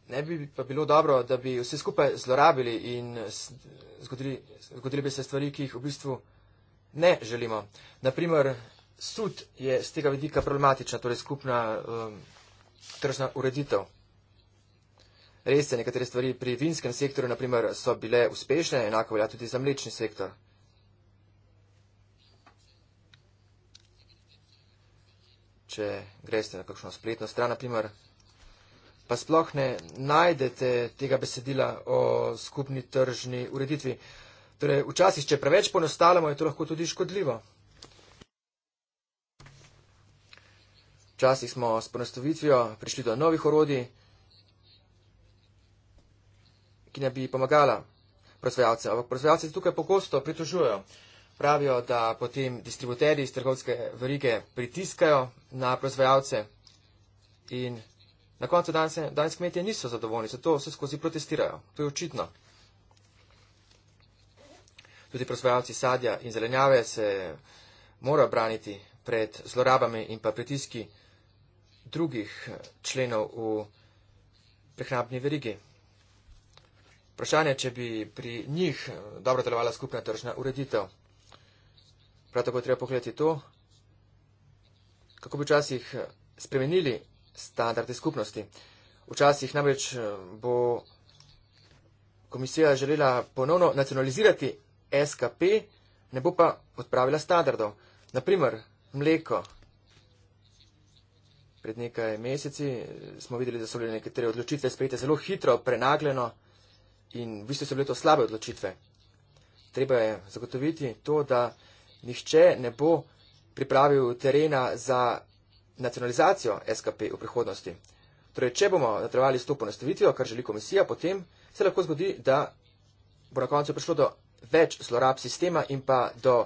ne bi pa bilo dobro, da bi vse skupaj zlorabili in zgodili, zgodili bi se stvari, ki jih v bistvu ne želimo. Naprimer, sud je z tega vidika problematična, torej skupna um, tržna ureditev. Res je, nekatere stvari pri vinskem sektorju, naprimer, so bile uspešne, enako velja tudi za mlečni sektor. Če greste na kakšno spletno stran, naprimer, pa sploh ne najdete tega besedila o skupni tržni ureditvi. Torej, včasih, če preveč ponostalamo, je to lahko tudi škodljivo. Včasih smo s ponastavitvijo prišli do novih orodij, ki ne bi pomagala proizvajalcem. Ampak proizvajalci tukaj pogosto pritožujejo. Pravijo, da potem distributeri iz trgovske verige pritiskajo na proizvajalce in na koncu danes, danes kmetje niso zadovoljni, zato vse skozi protestirajo. To je očitno. Tudi proizvajalci sadja in zelenjave se morajo braniti pred zlorabami in pa pritiski drugih eh, členov v prehrambni verigi. Vprašanje, če bi pri njih eh, dobro delovala skupna tržna ureditev. Prav tako je treba pogledati to, kako bi včasih eh, spremenili standarde skupnosti. Včasih namreč bo komisija želela ponovno nacionalizirati SKP, ne bo pa odpravila standardov. Naprimer, mleko pred nekaj meseci smo videli, da so bile nekatere odločitve sprejete zelo hitro, prenagljeno in v bistvu so bile to slabe odločitve. Treba je zagotoviti to, da nihče ne bo pripravil terena za nacionalizacijo SKP v prihodnosti. Torej, če bomo natrvali s to ponastavitvijo, kar želi komisija, potem se lahko zgodi, da bo na koncu prišlo do več zlorab sistema in pa do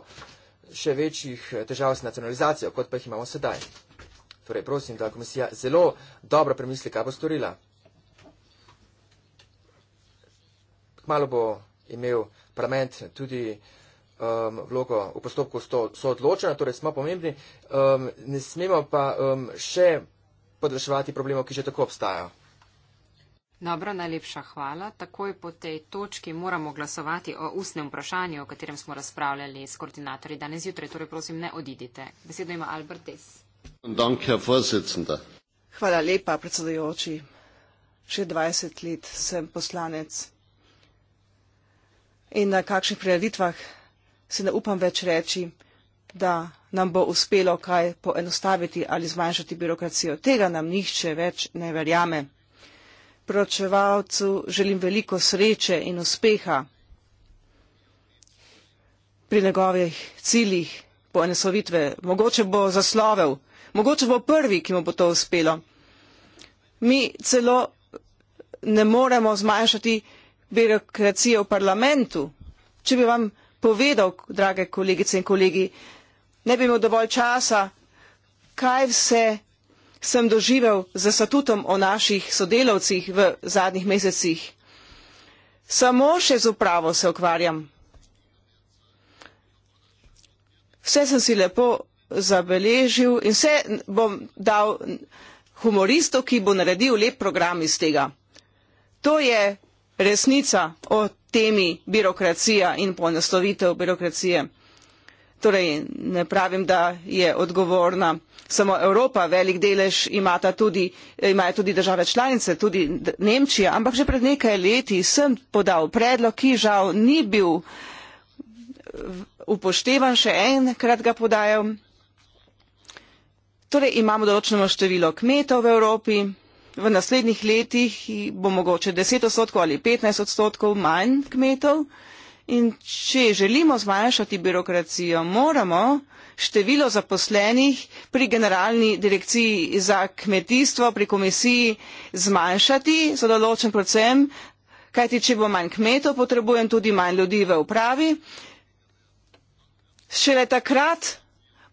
še večjih težav s nacionalizacijo, kot pa jih imamo sedaj. Torej, prosim, da komisija zelo dobro premisli, kaj bo storila. Kmalo bo imel parlament tudi um, vlogo v postopku soodločena, torej smo pomembni, um, ne smemo pa um, še podraševati problemov, ki že tako obstajajo. Dobro, najlepša hvala. Takoj po tej točki moramo glasovati o ustnem vprašanju, o katerem smo razpravljali s koordinatorji danes zjutraj. Torej, prosim, ne odidite. Besedo ima Albert Tess. Hvala lepa, predsedojoči. Še 20 let sem poslanec in na kakšnih prijavitvah se ne upam več reči, da nam bo uspelo kaj poenostaviti ali zmanjšati birokracijo. Tega nam nihče več ne verjame. Proračevalcu želim veliko sreče in uspeha pri njegovih ciljih poenostavitve. Mogoče bo zaslovel mogoče bo prvi, ki mu bo to uspelo. Mi celo ne moremo zmanjšati birokracije v parlamentu. Če bi vam povedal, drage kolegice in kolegi, ne bi imel dovolj časa, kaj vse sem doživel z statutom o naših sodelovcih v zadnjih mesecih. Samo še z upravo se ukvarjam. Vse sem si lepo zabeležil in vse bom dal humoristu, ki bo naredil lep program iz tega. To je resnica o temi birokracija in ponastovitev birokracije. Torej, ne pravim, da je odgovorna samo Evropa, velik delež imata tudi, imajo tudi države članice, tudi Nemčija, ampak že pred nekaj leti sem podal predlog, ki žal ni bil upoštevan, še enkrat ga podajam torej imamo določeno število kmetov v evropi v naslednjih letih bo mogoče deset odstotkov ali petnajst odstotkov manj kmetov in če želimo zmanjšati birokracijo moramo število zaposlenih pri generalni direkciji za kmetijstvo pri komisiji zmanjšati za določen procent kajti če bo manj kmetov potrebujem tudi manj ljudi v upravi šele takrat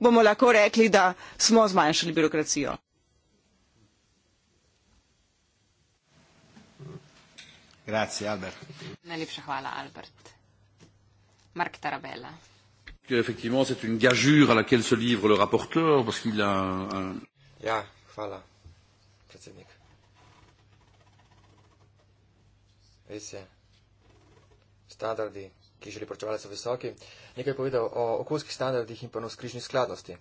bomo lahko rekli, da smo zmanjšali birokracijo. Grazie, Albert. Najlepša hvala, Albert. Mark Tarabella. Effectivement, c'est une gageure à laquelle se livre le rapporteur parce qu'il a un. Ja, hvala, predsednik. Res je. Standardi, ki želi poročevati, so visoki, nekaj povedal o okoljskih standardih in pa o no skrižni skladnosti.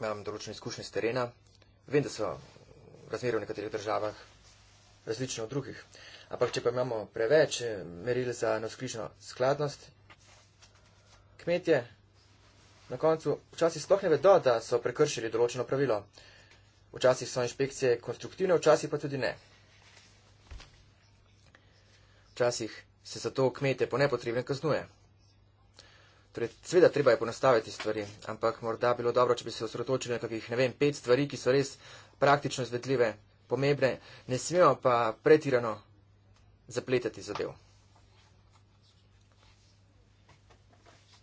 Imam določene izkušnje z terena, vem, da so razmere v nekaterih državah različne od drugih. Ampak, če pa imamo preveč eh, meril za navskrižno skladnost, kmetje na koncu včasih sploh ne vedo, da so prekršili določeno pravilo. Včasih so inšpekcije konstruktivne, včasih pa tudi ne. Včasih se zato kmete po nepotrebnem kaznuje. Torej, sveda treba je ponastaviti stvari, ampak morda bilo dobro, če bi se osredotočili na kakih, ne vem, pet stvari, ki so res praktično izvedljive, pomembne, ne smemo pa pretirano zapletati zadev.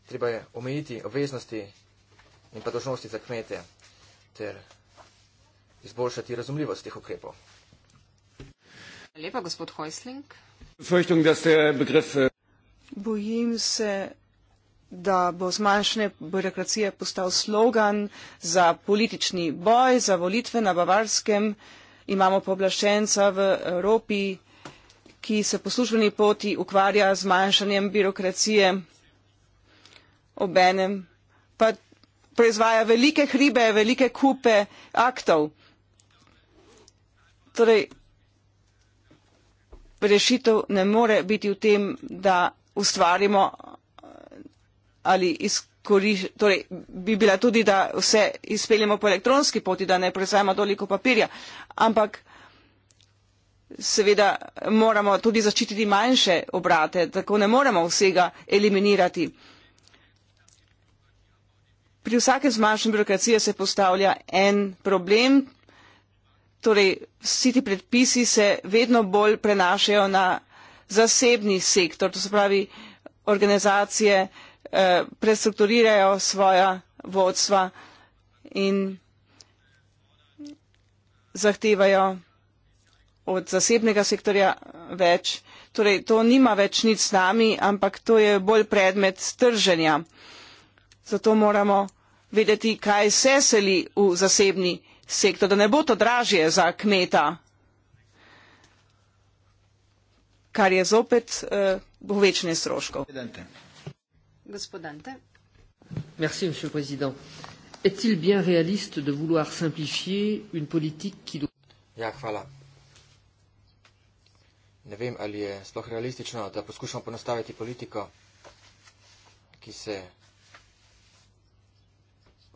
Treba je omejiti obveznosti in pa dožnosti za kmete ter izboljšati razumljivost teh ukrepov. Lepa, gospod Heusling. Äh, Bojim se, da bo zmanjšanje birokracije postal slogan za politični boj, za volitve na Bavarskem. Imamo pooblaščenca v Evropi, ki se po službeni poti ukvarja z zmanjšanjem birokracije. Obenem pa proizvaja velike hribe, velike kupe aktov. Torej, rešitev ne more biti v tem, da ustvarimo eh, ali izkoristimo. Koriš, torej, bi bila tudi, da vse izpeljemo po elektronski poti, da ne presajamo toliko papirja, ampak seveda moramo tudi zaščititi manjše obrate, tako ne moremo vsega eliminirati. Pri vsake zmanjšanje birokracije se postavlja en problem, torej vsi ti predpisi se vedno bolj prenašajo na zasebni sektor, to se pravi organizacije eh, prestrukturirajo svoja vodstva in zahtevajo od zasebnega sektorja več. Torej, to nima več nič s nami, ampak to je bolj predmet trženja. Zato moramo vedeti, kaj se seli v zasebni sektor sektor da ne bo to dražje za kmeta kar je zopet eh, povečanje uh, stroškov. Ja, hvala. Ne vem, ali je sploh realistično, da poskušamo ponastaviti politiko, ki se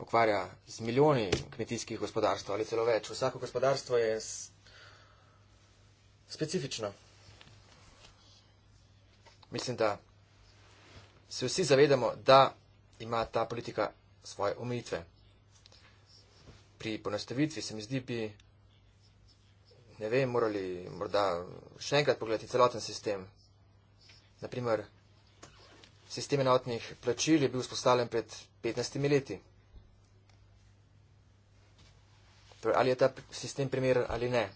ukvarja z milijoni kmetijskih gospodarstv ali celo več. Vsako gospodarstvo je specifično. Mislim, da se vsi zavedamo, da ima ta politika svoje omejitve. Pri ponastavitvi se mi zdi, bi, ne vem, morali morda še enkrat pogledati celoten sistem. Naprimer, sistem enotnih plačil je bil vzpostavljen pred 15 leti. Torej, ali je ta sistem primeren ali ne.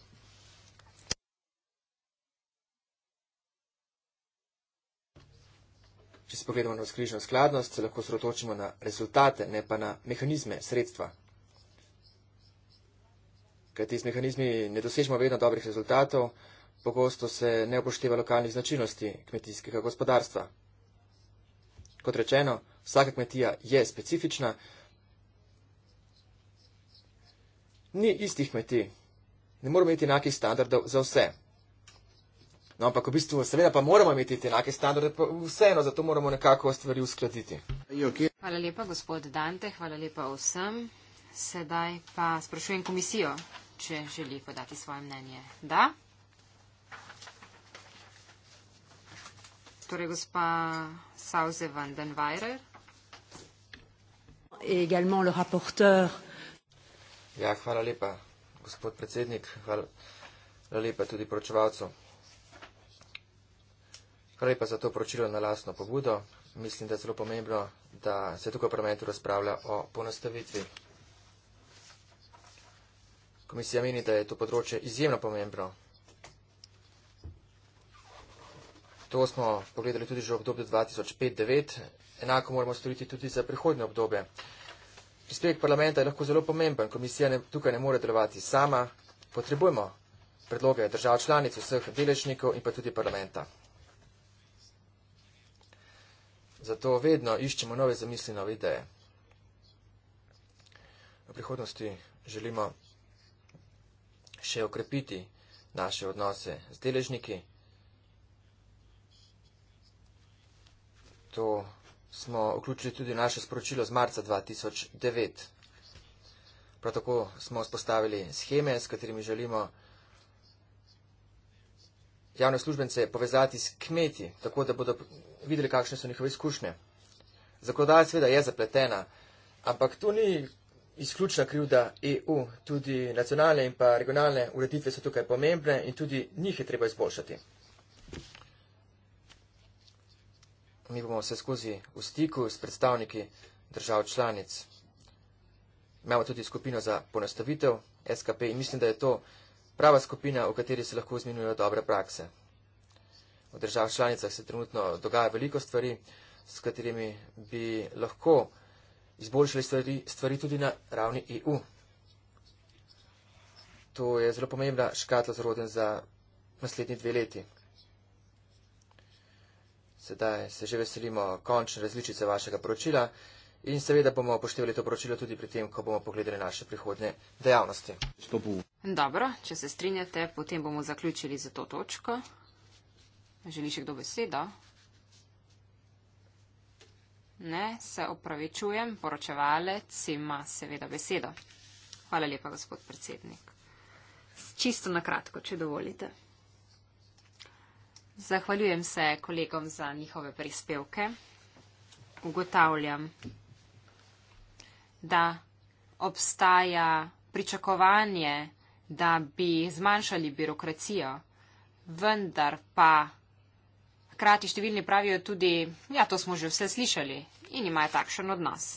Če se pogledamo na skrižno skladnost, se lahko sredotočimo na rezultate, ne pa na mehanizme, sredstva. Kajti z mehanizmi ne dosežemo vedno dobrih rezultatov, pogosto se ne upošteva lokalnih značilnosti kmetijskega gospodarstva. Kot rečeno, vsaka kmetija je specifična. ni istih kmetij. Ne moramo imeti enakih standardov za vse. No, ampak v bistvu, seveda, pa moramo imeti enake standarde, pa vseeno, zato moramo nekako stvari uskladiti. Hvala lepa, gospod Dante, hvala lepa vsem. Sedaj pa sprašujem komisijo, če želi podati svoje mnenje. Da? Torej, gospa Sauze van den Weyre. Egalement le rapporteur. Ja, hvala lepa, gospod predsednik, hvala lepa tudi poročevalcu. Hvala lepa za to poročilo na lasno pobudo. Mislim, da je zelo pomembno, da se tukaj v parlamentu razpravlja o ponastavitvi. Komisija meni, da je to področje izjemno pomembno. To smo pogledali tudi že v obdobju 2005-2009. Enako moramo storiti tudi za prihodne obdobje. Prispevek parlamenta je lahko zelo pomemben, komisija ne, tukaj ne more delovati sama. Potrebujemo predloge držav članic, vseh deležnikov in pa tudi parlamenta. Zato vedno iščemo nove zamisli, nove ideje. V prihodnosti želimo še okrepiti naše odnose z deležniki. To smo vključili tudi naše sporočilo z marca 2009. Prav tako smo spostavili scheme, s katerimi želimo javne službence povezati s kmeti, tako da bodo videli, kakšne so njihove izkušnje. Zakonodaja sveda je zapletena, ampak to ni izključna krivda EU. Tudi nacionalne in pa regionalne ureditve so tukaj pomembne in tudi njih je treba izboljšati. mi bomo vse skozi v stiku s predstavniki držav članic. Imamo tudi skupino za ponastavitev SKP in mislim, da je to prava skupina, v kateri se lahko izminujo dobre prakse. V držav članicah se trenutno dogaja veliko stvari, s katerimi bi lahko izboljšali stvari, stvari tudi na ravni EU. To je zelo pomembna škatla zroden za naslednji dve leti. Sedaj se že veselimo končne različice vašega poročila in seveda bomo upoštevali to poročilo tudi pri tem, ko bomo pogledali naše prihodne dejavnosti. Stopu. Dobro, če se strinjate, potem bomo zaključili za to točko. Želi še kdo besedo? Ne, se opravičujem, poročevalec ima seveda besedo. Hvala lepa, gospod predsednik. Čisto na kratko, če dovolite. Zahvaljujem se kolegom za njihove prispevke. Ugotavljam, da obstaja pričakovanje, da bi zmanjšali birokracijo, vendar pa hkrati številni pravijo tudi, ja, to smo že vse slišali in imajo takšen odnos.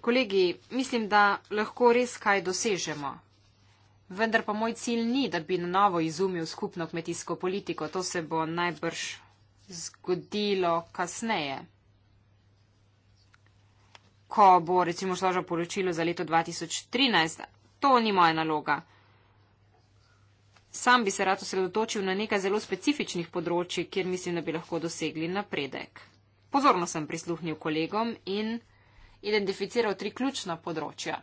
Kolegi, mislim, da lahko res kaj dosežemo, vendar pa moj cilj ni, da bi na novo izumil skupno kmetijsko politiko. To se bo najbrž zgodilo kasneje. Ko bo recimo šlo že poročilo za leto 2013, to ni moja naloga. Sam bi se rad osredotočil na nekaj zelo specifičnih področji, kjer mislim, da bi lahko dosegli napredek. Pozorno sem prisluhnil kolegom in identificiral tri ključna področja,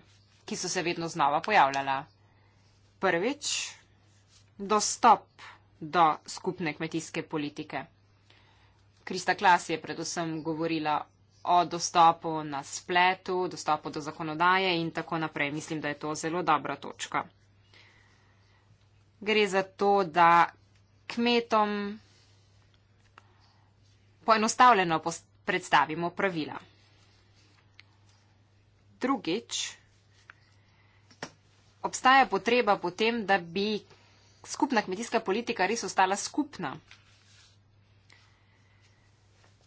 ki so se vedno znova pojavljala. Prvič, dostop do skupne kmetijske politike. Krista Klas je predvsem govorila o dostopu na spletu, dostopu do zakonodaje in tako naprej. Mislim, da je to zelo dobra točka. Gre za to, da kmetom poenostavljeno predstavimo pravila. Drugič, obstaja potreba potem, da bi skupna kmetijska politika res ostala skupna.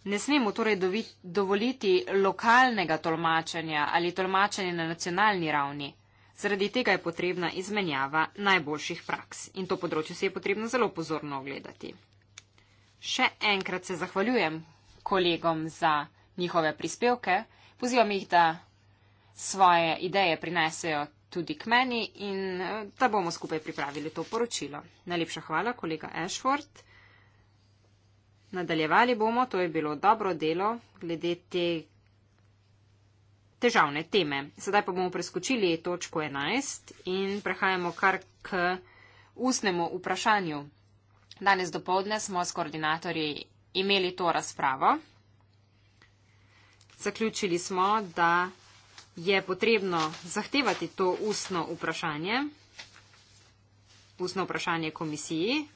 Ne smemo torej dovoliti lokalnega tolmačenja ali tolmačenja na nacionalni ravni. Zaradi tega je potrebna izmenjava najboljših praks in to področje se je potrebno zelo pozorno ogledati. Še enkrat se zahvaljujem kolegom za njihove prispevke. Pozivam jih, da svoje ideje prinesejo tudi k meni in eh, da bomo skupaj pripravili to poročilo. Najlepša hvala, kolega Ashford. Nadaljevali bomo, to je bilo dobro delo glede te težavne teme. Sedaj pa bomo preskočili točko 11 in prehajamo kar k ustnemu vprašanju. Danes dopovdne smo s koordinatorji imeli to razpravo. Zaključili smo, da je potrebno zahtevati to ustno vprašanje, ustno vprašanje komisiji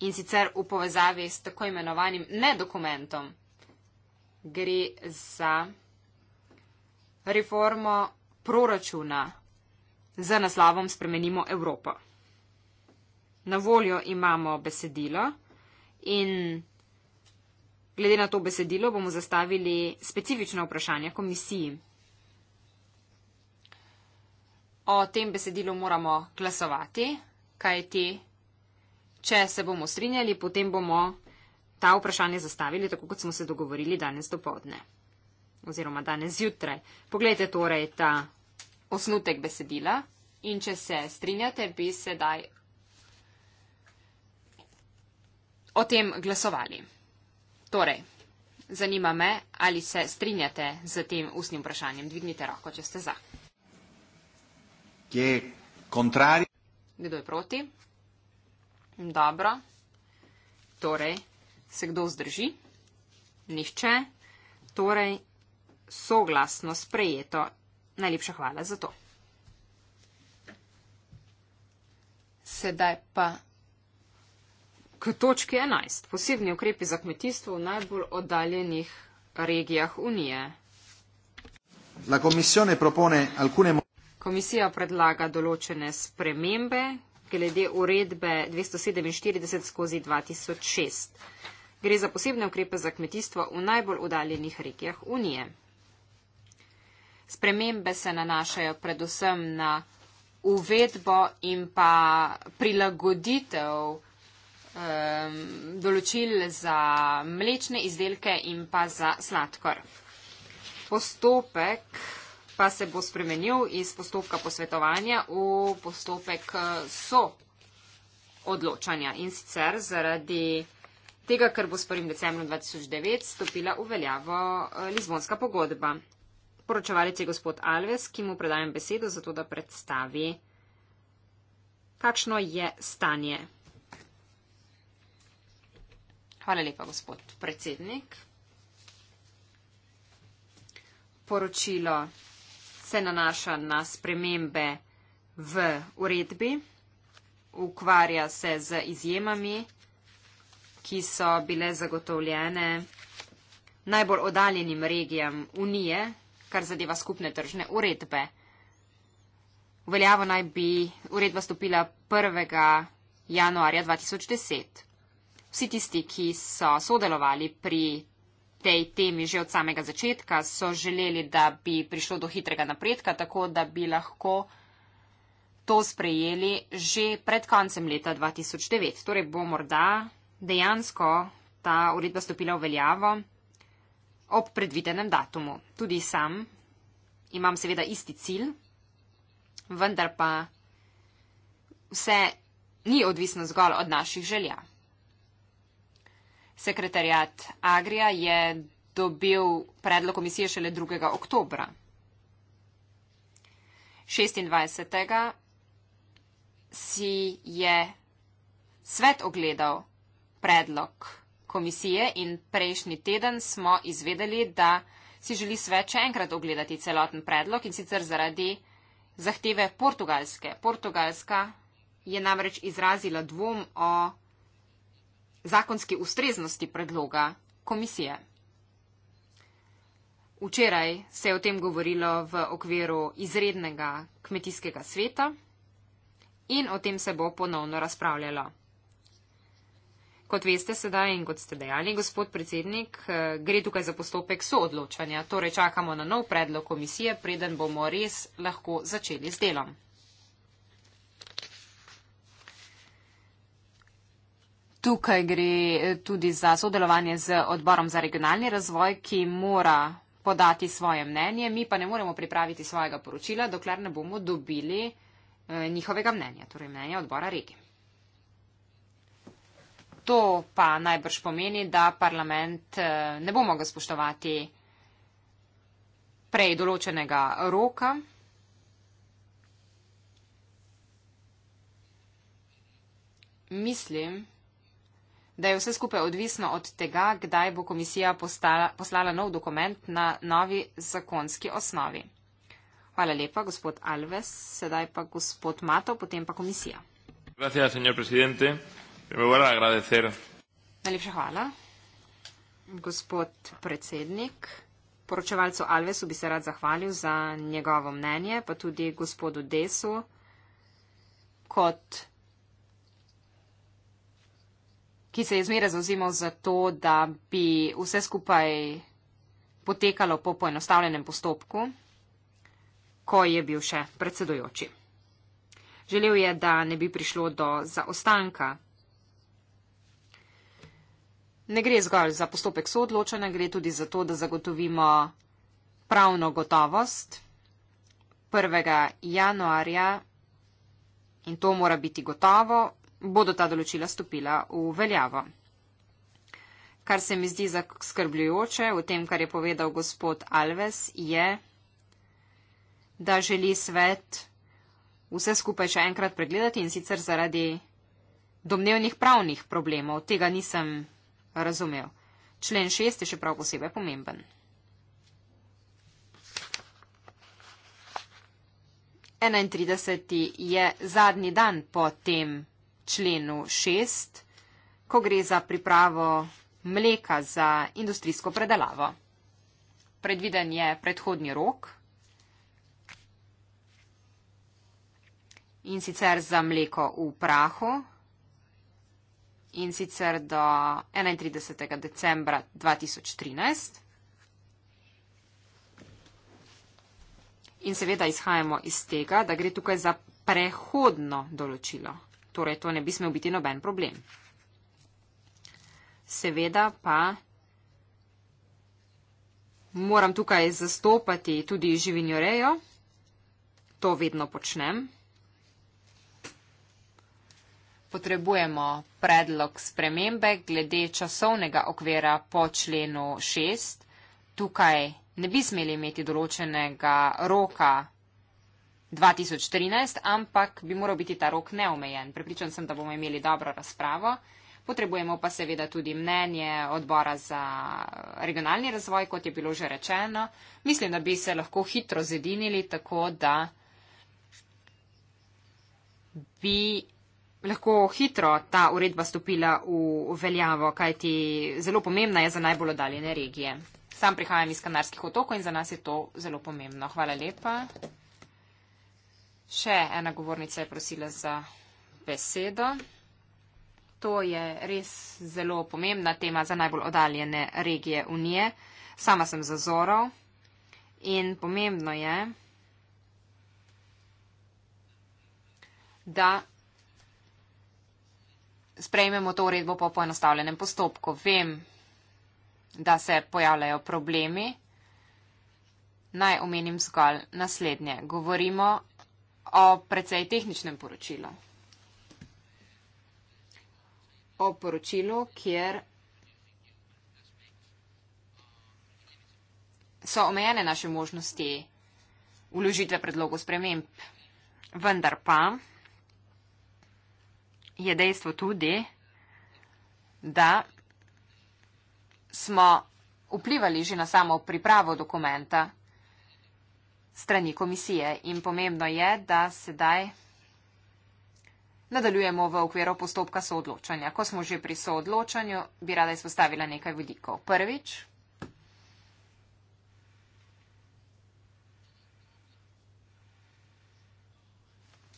in sicer v povezavi s tako imenovanim nedokumentom. Gre za reformo proračuna za naslavom Spremenimo Evropo. Na voljo imamo besedilo in Glede na to besedilo bomo zastavili specifično vprašanje komisiji. O tem besedilu moramo glasovati, kaj ti. Če se bomo strinjali, potem bomo ta vprašanje zastavili, tako kot smo se dogovorili danes dopoledne oziroma danes zjutraj. Poglejte torej ta osnutek besedila in če se strinjate, bi sedaj o tem glasovali. Torej, zanima me, ali se strinjate z tem ustnim vprašanjem. Dvignite roko, če ste za. Kdo je proti? Dobro. Torej, se kdo vzdrži? Nihče. Torej, soglasno sprejeto. Najlepša hvala za to. Sedaj pa K točki 11. Posebni ukrepi za kmetijstvo v najbolj oddaljenih regijah Unije. Komisija predlaga določene spremembe glede uredbe 247 skozi 2006. Gre za posebne ukrepe za kmetijstvo v najbolj oddaljenih regijah Unije. Spremembe se nanašajo predvsem na uvedbo in pa prilagoditev um, določil za mlečne izdelke in pa za sladkor. Postopek pa se bo spremenil iz postopka posvetovanja v postopek uh, so odločanja in sicer zaradi tega, ker bo s 1. decembrom 2009 stopila v veljavo uh, Lizbonska pogodba. Poročevalec je gospod Alves, ki mu predajem besedo, zato da predstavi, kakšno je stanje. Hvala lepa, gospod predsednik. Poročilo se nanaša na spremembe v uredbi. Ukvarja se z izjemami, ki so bile zagotovljene najbolj odaljenim regijam Unije, kar zadeva skupne tržne uredbe. Uveljavo naj bi uredba stopila 1. januarja 2010. Vsi tisti, ki so sodelovali pri tej temi že od samega začetka, so želeli, da bi prišlo do hitrega napredka, tako da bi lahko to sprejeli že pred koncem leta 2009. Torej bo morda dejansko ta uredba stopila v veljavo ob predvidenem datumu. Tudi sam imam seveda isti cilj, vendar pa vse ni odvisno zgolj od naših želja. Sekretarjat Agrija je dobil predlog komisije šele 2. oktobra. 26. si je svet ogledal predlog komisije in prejšnji teden smo izvedeli, da si želi svet še enkrat ogledati celoten predlog in sicer zaradi zahteve portugalske. Portugalska je namreč izrazila dvom o zakonski ustreznosti predloga komisije. Včeraj se je o tem govorilo v okviru izrednega kmetijskega sveta in o tem se bo ponovno razpravljalo. Kot veste sedaj in kot ste dejali, gospod predsednik, eh, gre tukaj za postopek soodločanja, torej čakamo na nov predlog komisije, preden bomo res lahko začeli s delom. tukaj gre eh, tudi za sodelovanje z odborom za regionalni razvoj, ki mora podati svoje mnenje, mi pa ne moremo pripraviti svojega poročila, dokler ne bomo dobili eh, njihovega mnenja, torej mnenja odbora regi. To pa najbrž pomeni, da parlament eh, ne bo mogel spoštovati prej določenega roka. Mislim, da je vse skupaj odvisno od tega, kdaj bo komisija postala, poslala nov dokument na novi zakonski osnovi. Hvala lepa, gospod Alves. Sedaj pa gospod Mato, potem pa komisija. Gracias, Najlepša hvala. Gospod predsednik, poročevalcu Alvesu bi se rad zahvalil za njegovo mnenje, pa tudi gospodu Desu kot ki se je zmeraj zauzemal za to, da bi vse skupaj potekalo po poenostavljenem postopku, ko je bil še predsedujoči. Želel je, da ne bi prišlo do zaostanka. Ne gre zgolj za postopek soodločanja, gre tudi za to, da zagotovimo pravno gotovost 1. januarja in to mora biti gotovo, bodo ta določila stopila v veljavo. Kar se mi zdi zaskrbljujoče v tem, kar je povedal gospod Alves, je, da želi svet vse skupaj še enkrat pregledati in sicer zaradi domnevnih pravnih problemov. Tega nisem razumel. Člen šest je še prav posebej pomemben. Enaintrideseti je zadnji dan po tem členu 6, ko gre za pripravo mleka za industrijsko predelavo. Predviden je predhodni rok in sicer za mleko v prahu in sicer do 31. decembra 2013. In seveda izhajamo iz tega, da gre tukaj za prehodno določilo. Torej, to ne bi smel biti noben problem. Seveda pa moram tukaj zastopati tudi živinjorejo. To vedno počnem. Potrebujemo predlog spremembe glede časovnega okvira po členu 6. Tukaj ne bi smeli imeti določenega roka 2013, ampak bi moral biti ta rok neomejen. Pripričan sem, da bomo imeli dobro razpravo. Potrebujemo pa seveda tudi mnenje odbora za regionalni razvoj, kot je bilo že rečeno. Mislim, da bi se lahko hitro zedinili, tako da bi lahko hitro ta uredba stopila v veljavo, kajti zelo pomembna je za najbolj oddaljene regije. Sam prihajam iz Kanarskih otokov in za nas je to zelo pomembno. Hvala lepa. Še ena govornica je prosila za besedo. To je res zelo pomembna tema za najbolj odaljene regije Unije. Sama sem zazorov in pomembno je, da sprejmemo to uredbo po poenostavljenem postopku. Vem, da se pojavljajo problemi. Naj omenim zgolj naslednje. Govorimo o precej tehničnem poročilu. O poročilu, kjer so omejene naše možnosti uložitve predlogov sprememb. Vendar pa je dejstvo tudi, da smo vplivali že na samo pripravo dokumenta strani komisije in pomembno je, da sedaj nadaljujemo v okviru postopka soodločanja. Ko smo že pri soodločanju, bi rada izpostavila nekaj vidikov. Prvič.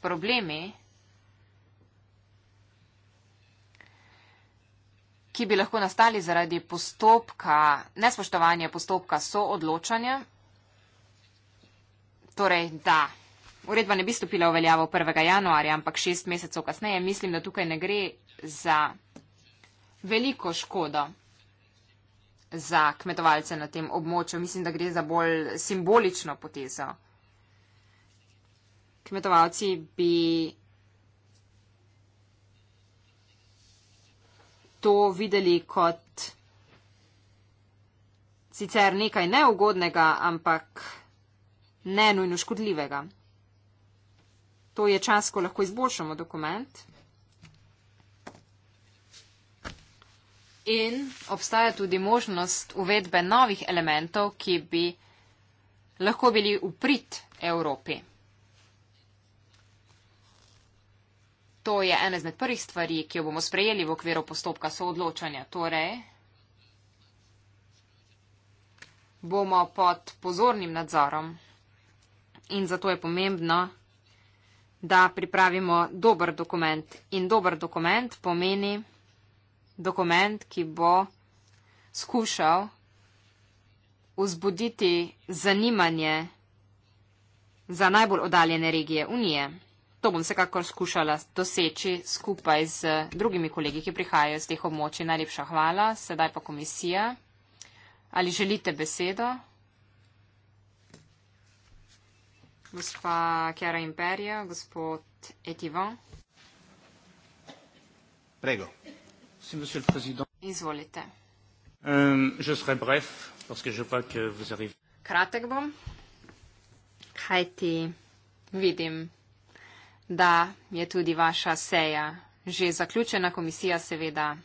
Problemi, ki bi lahko nastali zaradi postopka, nespoštovanja postopka soodločanja, Torej, da. Uredba ne bi stopila v veljavo 1. januarja, ampak šest mesecev kasneje. Mislim, da tukaj ne gre za veliko škodo za kmetovalce na tem območju. Mislim, da gre za bolj simbolično potezo. Kmetovalci bi to videli kot sicer nekaj neugodnega, ampak ne nujno škodljivega. To je čas, ko lahko izboljšamo dokument. In obstaja tudi možnost uvedbe novih elementov, ki bi lahko bili uprit Evropi. To je ena izmed prvih stvari, ki jo bomo sprejeli v okviru postopka soodločanja. Torej, bomo pod pozornim nadzorom in zato je pomembno, da pripravimo dober dokument. In dober dokument pomeni dokument, ki bo skušal vzbuditi zanimanje za najbolj odaljene regije Unije. To bom vsekakor skušala doseči skupaj z drugimi kolegi, ki prihajajo z teh območij. Najlepša hvala. Sedaj pa komisija. Ali želite besedo? gospa Chiara Imperia, gospod Etivan. Prego. Izvolite. Um, bref, Kratek bom. Kaj ti vidim, da je tudi vaša seja že zaključena, komisija seveda